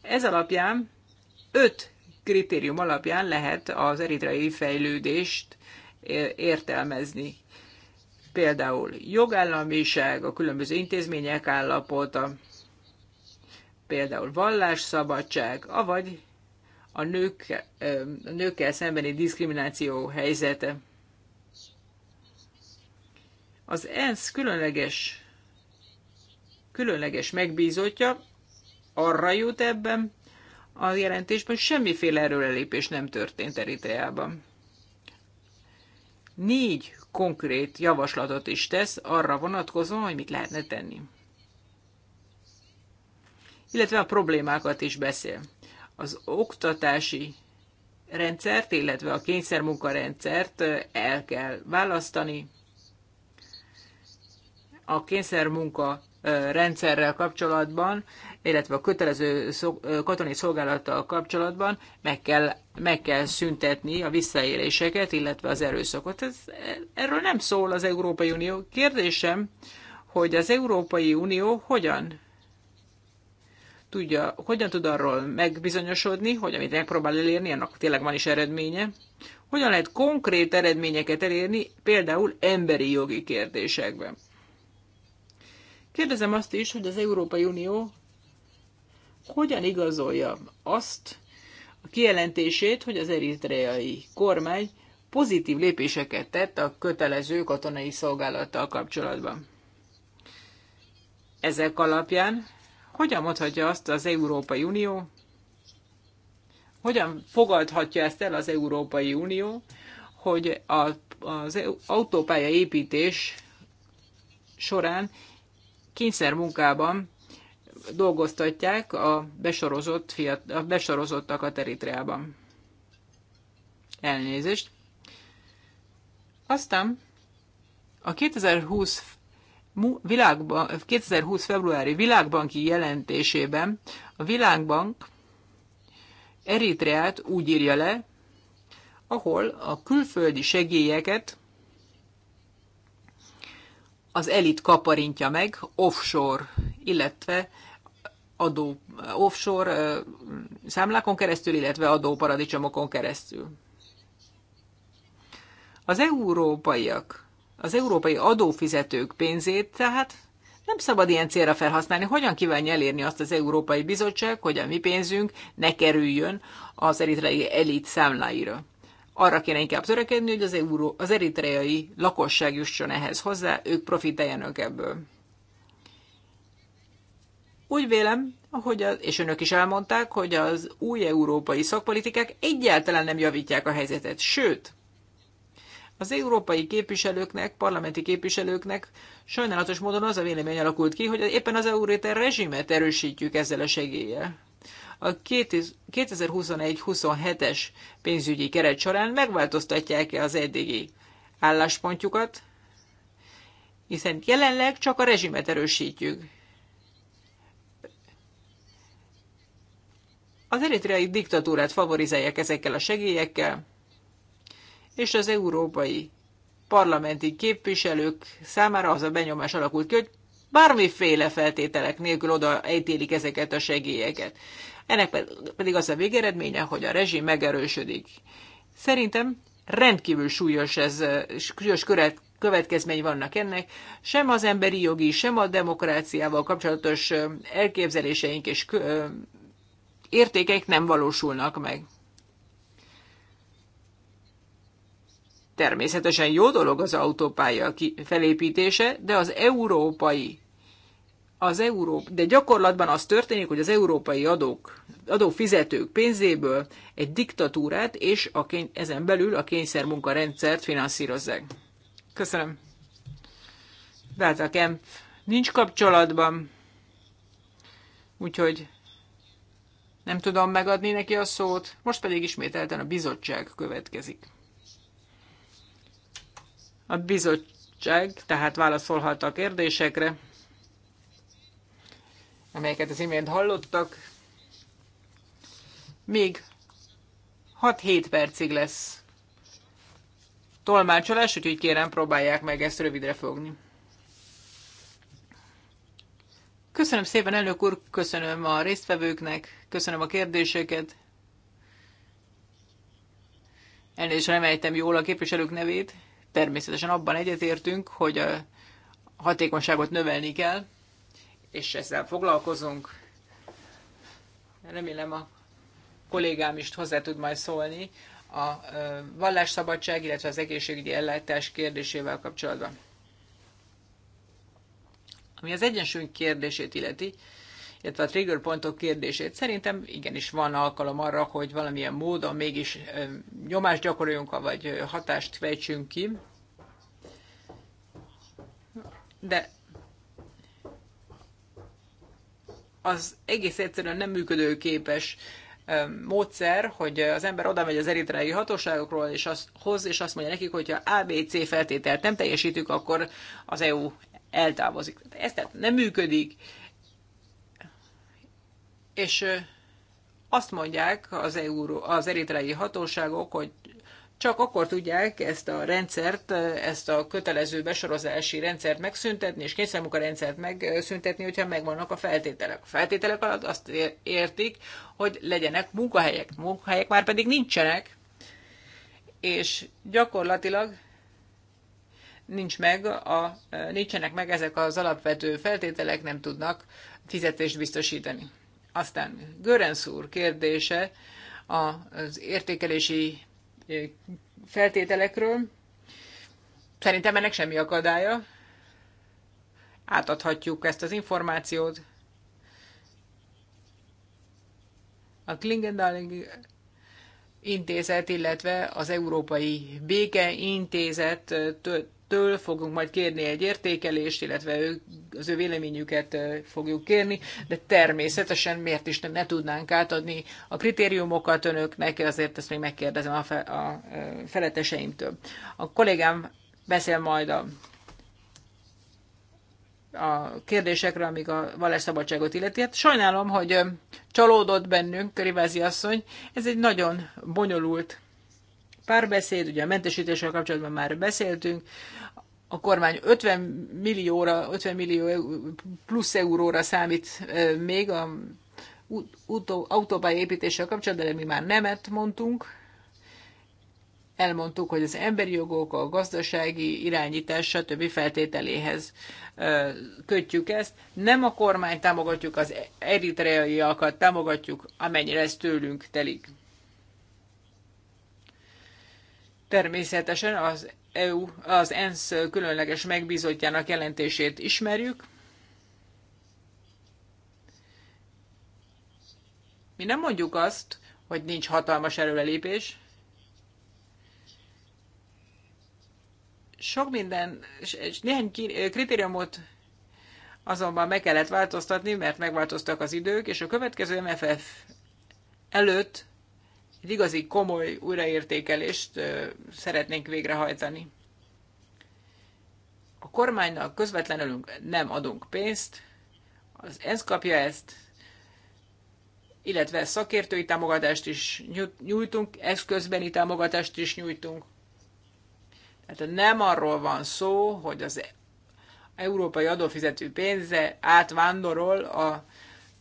Ez alapján öt kritérium alapján lehet az eritreai fejlődést értelmezni például jogállamiság, a különböző intézmények állapota, például vallásszabadság, avagy a, nők, a nőkkel szembeni diszkrimináció helyzete. Az ENSZ különleges, különleges megbízottja arra jut ebben a jelentésben, hogy semmiféle erőrelépés nem történt Eritreában. Négy konkrét javaslatot is tesz arra vonatkozóan, hogy mit lehetne tenni. Illetve a problémákat is beszél. Az oktatási rendszert, illetve a kényszermunkarendszert el kell választani. A kényszermunka rendszerrel kapcsolatban, illetve a kötelező katonai szolgálattal kapcsolatban meg kell, meg kell szüntetni a visszaéléseket, illetve az erőszakot. Ez, erről nem szól az Európai Unió. Kérdésem, hogy az Európai Unió hogyan tudja, hogyan tud arról megbizonyosodni, hogy amit megpróbál elérni, annak tényleg van is eredménye, hogyan lehet konkrét eredményeket elérni, például emberi jogi kérdésekben. Kérdezem azt is, hogy az Európai Unió hogyan igazolja azt a kijelentését, hogy az eritreai kormány pozitív lépéseket tett a kötelező katonai szolgálattal kapcsolatban. Ezek alapján hogyan mondhatja azt az Európai Unió, hogyan fogadhatja ezt el az Európai Unió, hogy a, az autópálya építés során kényszer munkában dolgoztatják a, besorozott fiat, a besorozottakat Eritreában. Elnézést. Aztán a 2020 világban, 2020 februári világbanki jelentésében a világbank Eritreát úgy írja le, ahol a külföldi segélyeket az elit kaparintja meg offshore, illetve adó offshore számlákon keresztül, illetve adóparadicsomokon keresztül. Az európaiak, az európai adófizetők pénzét tehát nem szabad ilyen célra felhasználni. Hogyan kívánja elérni azt az Európai Bizottság, hogy a mi pénzünk ne kerüljön az eritrei elit számláira? arra kéne inkább törekedni, hogy az, euró, az eritreai lakosság jusson ehhez hozzá, ők profiteljenek ebből. Úgy vélem, hogy az, és önök is elmondták, hogy az új európai szakpolitikák egyáltalán nem javítják a helyzetet, sőt, az európai képviselőknek, parlamenti képviselőknek sajnálatos módon az a vélemény alakult ki, hogy éppen az euróter rezsimet erősítjük ezzel a segéllyel a 2021-27-es pénzügyi keret során megváltoztatják-e az eddigi álláspontjukat, hiszen jelenleg csak a rezsimet erősítjük. Az eritreai diktatúrát favorizálják ezekkel a segélyekkel, és az európai parlamenti képviselők számára az a benyomás alakult ki, hogy bármiféle feltételek nélkül oda ejtélik ezeket a segélyeket. Ennek pedig az a végeredménye, hogy a rezsim megerősödik. Szerintem rendkívül súlyos, ez, súlyos köret, következmény vannak ennek. Sem az emberi jogi, sem a demokráciával kapcsolatos elképzeléseink és értékeik nem valósulnak meg. Természetesen jó dolog az autópálya felépítése, de az európai az Európ, de gyakorlatban az történik, hogy az európai adók, adófizetők pénzéből egy diktatúrát és a kény, ezen belül a kényszermunkarendszert finanszírozzák. Köszönöm. Beáta Kemp nincs kapcsolatban, úgyhogy nem tudom megadni neki a szót, most pedig ismételten a bizottság következik. A bizottság tehát válaszolhat a kérdésekre amelyeket az imént hallottak. Még 6-7 percig lesz tolmácsolás, úgyhogy kérem, próbálják meg ezt rövidre fogni. Köszönöm szépen, elnök úr, köszönöm a résztvevőknek, köszönöm a kérdéseket. Elnézést reméltem jól a képviselők nevét. Természetesen abban egyetértünk, hogy a hatékonyságot növelni kell és ezzel foglalkozunk. Remélem a kollégám is hozzá tud majd szólni a vallásszabadság, illetve az egészségügyi ellátás kérdésével kapcsolatban. Ami az egyensúly kérdését illeti, illetve a trigger pontok kérdését, szerintem igenis van alkalom arra, hogy valamilyen módon mégis nyomást gyakoroljunk, vagy hatást fejtsünk ki. De az egész egyszerűen nem működőképes módszer, hogy az ember oda megy az eritreai hatóságokról, és azt hoz, és azt mondja nekik, hogy ha ABC feltételt nem teljesítük, akkor az EU eltávozik. Ez tehát nem működik. És azt mondják az, EU, az eritreai hatóságok, hogy csak akkor tudják ezt a rendszert, ezt a kötelező besorozási rendszert megszüntetni, és kényszermunk a rendszert megszüntetni, hogyha megvannak a feltételek. A feltételek alatt azt értik, hogy legyenek munkahelyek. Munkahelyek már pedig nincsenek, és gyakorlatilag nincs meg a, nincsenek meg ezek az alapvető feltételek, nem tudnak fizetést biztosítani. Aztán Görenszúr kérdése az értékelési feltételekről. Szerintem ennek semmi akadálya. Átadhatjuk ezt az információt. A Klingendaling intézet, illetve az Európai Béke Intézet től fogunk majd kérni egy értékelést, illetve ő, az ő véleményüket fogjuk kérni, de természetesen miért is nem, ne tudnánk átadni a kritériumokat önöknek, azért ezt még megkérdezem a, fe, a feleteseimtől. A kollégám beszél majd a a kérdésekre, amik a szabadságot illeti. Hát sajnálom, hogy csalódott bennünk Rivázi asszony. Ez egy nagyon bonyolult párbeszéd, ugye a mentesítéssel kapcsolatban már beszéltünk, a kormány 50 millióra, 50 millió plusz euróra számít még a autópály építéssel kapcsolatban, de mi már nemet mondtunk. Elmondtuk, hogy az emberi jogok, a gazdasági irányítás, stb. feltételéhez kötjük ezt. Nem a kormány támogatjuk, az eritreaiakat támogatjuk, amennyire ez tőlünk telik. Természetesen az EU, az ENSZ különleges megbízottjának jelentését ismerjük. Mi nem mondjuk azt, hogy nincs hatalmas előrelépés. Sok minden, és néhány kritériumot azonban meg kellett változtatni, mert megváltoztak az idők, és a következő MFF előtt egy igazi komoly újraértékelést szeretnénk végrehajtani. A kormánynak közvetlenül nem adunk pénzt, az ENSZ kapja ezt, illetve szakértői támogatást is nyújtunk, eszközbeni támogatást is nyújtunk. Tehát nem arról van szó, hogy az európai adófizető pénze átvándorol a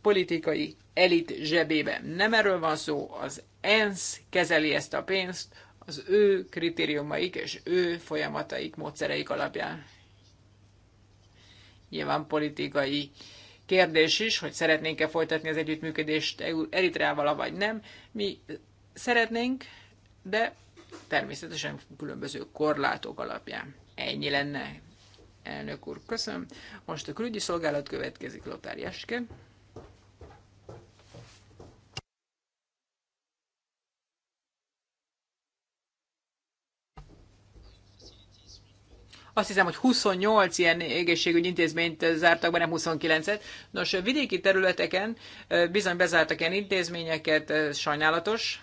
politikai elit zsebébe. Nem erről van szó, az ENSZ kezeli ezt a pénzt az ő kritériumaik és ő folyamataik, módszereik alapján. Nyilván politikai kérdés is, hogy szeretnénk-e folytatni az együttműködést Eritreával, vagy nem. Mi szeretnénk, de természetesen különböző korlátok alapján. Ennyi lenne, elnök úr. Köszönöm. Most a külügyi szolgálat következik, Lothar Jeske. azt hiszem, hogy 28 ilyen egészségügyi intézményt zártak be, nem 29-et. Nos, vidéki területeken bizony bezártak ilyen intézményeket, sajnálatos.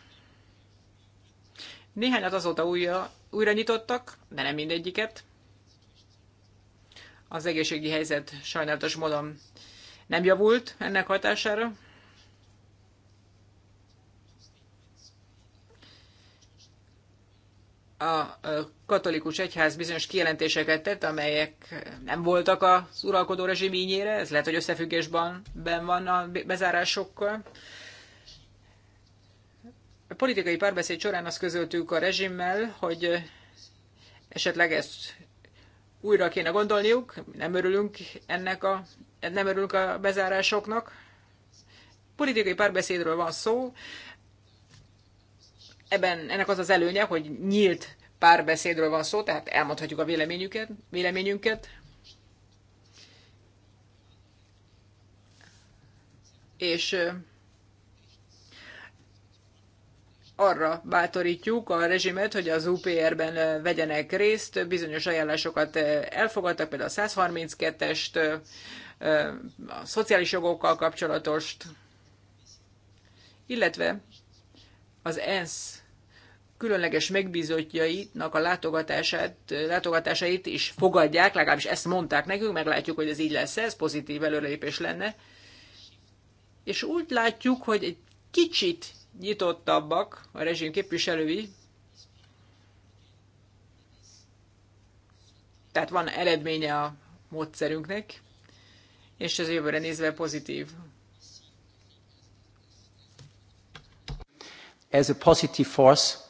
Néhányat azóta újra, újra nyitottak, de nem mindegyiket. Az egészségügyi helyzet sajnálatos módon nem javult ennek hatására. a katolikus egyház bizonyos kijelentéseket tett, amelyek nem voltak az uralkodó rezsiményére, ez lehet, hogy összefüggésben van a bezárásokkal. A politikai párbeszéd során azt közöltük a rezsimmel, hogy esetleg ezt újra kéne gondolniuk, nem örülünk ennek a, nem örülünk a bezárásoknak. Politikai párbeszédről van szó, ebben, ennek az az előnye, hogy nyílt párbeszédről van szó, tehát elmondhatjuk a véleményünket, véleményünket. És arra bátorítjuk a rezsimet, hogy az UPR-ben vegyenek részt, bizonyos ajánlásokat elfogadtak, például a 132-est, a szociális jogokkal kapcsolatost, illetve az ENSZ különleges megbízottjainak a látogatását, látogatásait is fogadják, legalábbis ezt mondták nekünk, meglátjuk, hogy ez így lesz, ez pozitív előrelépés lenne. És úgy látjuk, hogy egy kicsit nyitottabbak a rezsim képviselői, tehát van eredménye a módszerünknek, és ez jövőre nézve pozitív. as a positive force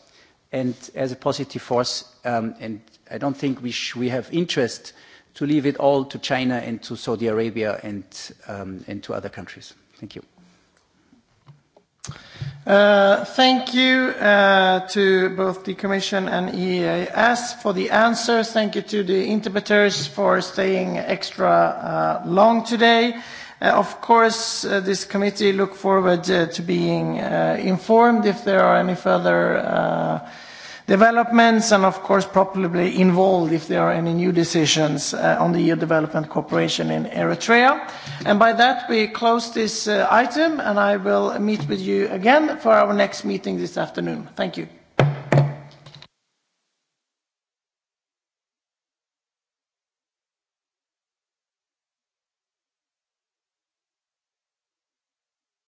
and as a positive force um, and I don't think we, sh we have interest to leave it all to China and to Saudi Arabia and, um, and to other countries. Thank you. Uh, thank you uh, to both the Commission and EAS for the answers. Thank you to the interpreters for staying extra uh, long today. Uh, of course, uh, this committee look forward uh, to being uh, informed if there are any further uh, developments and, of course, probably involved if there are any new decisions uh, on the EU development cooperation in Eritrea. And by that, we close this uh, item, and I will meet with you again for our next meeting this afternoon. Thank you.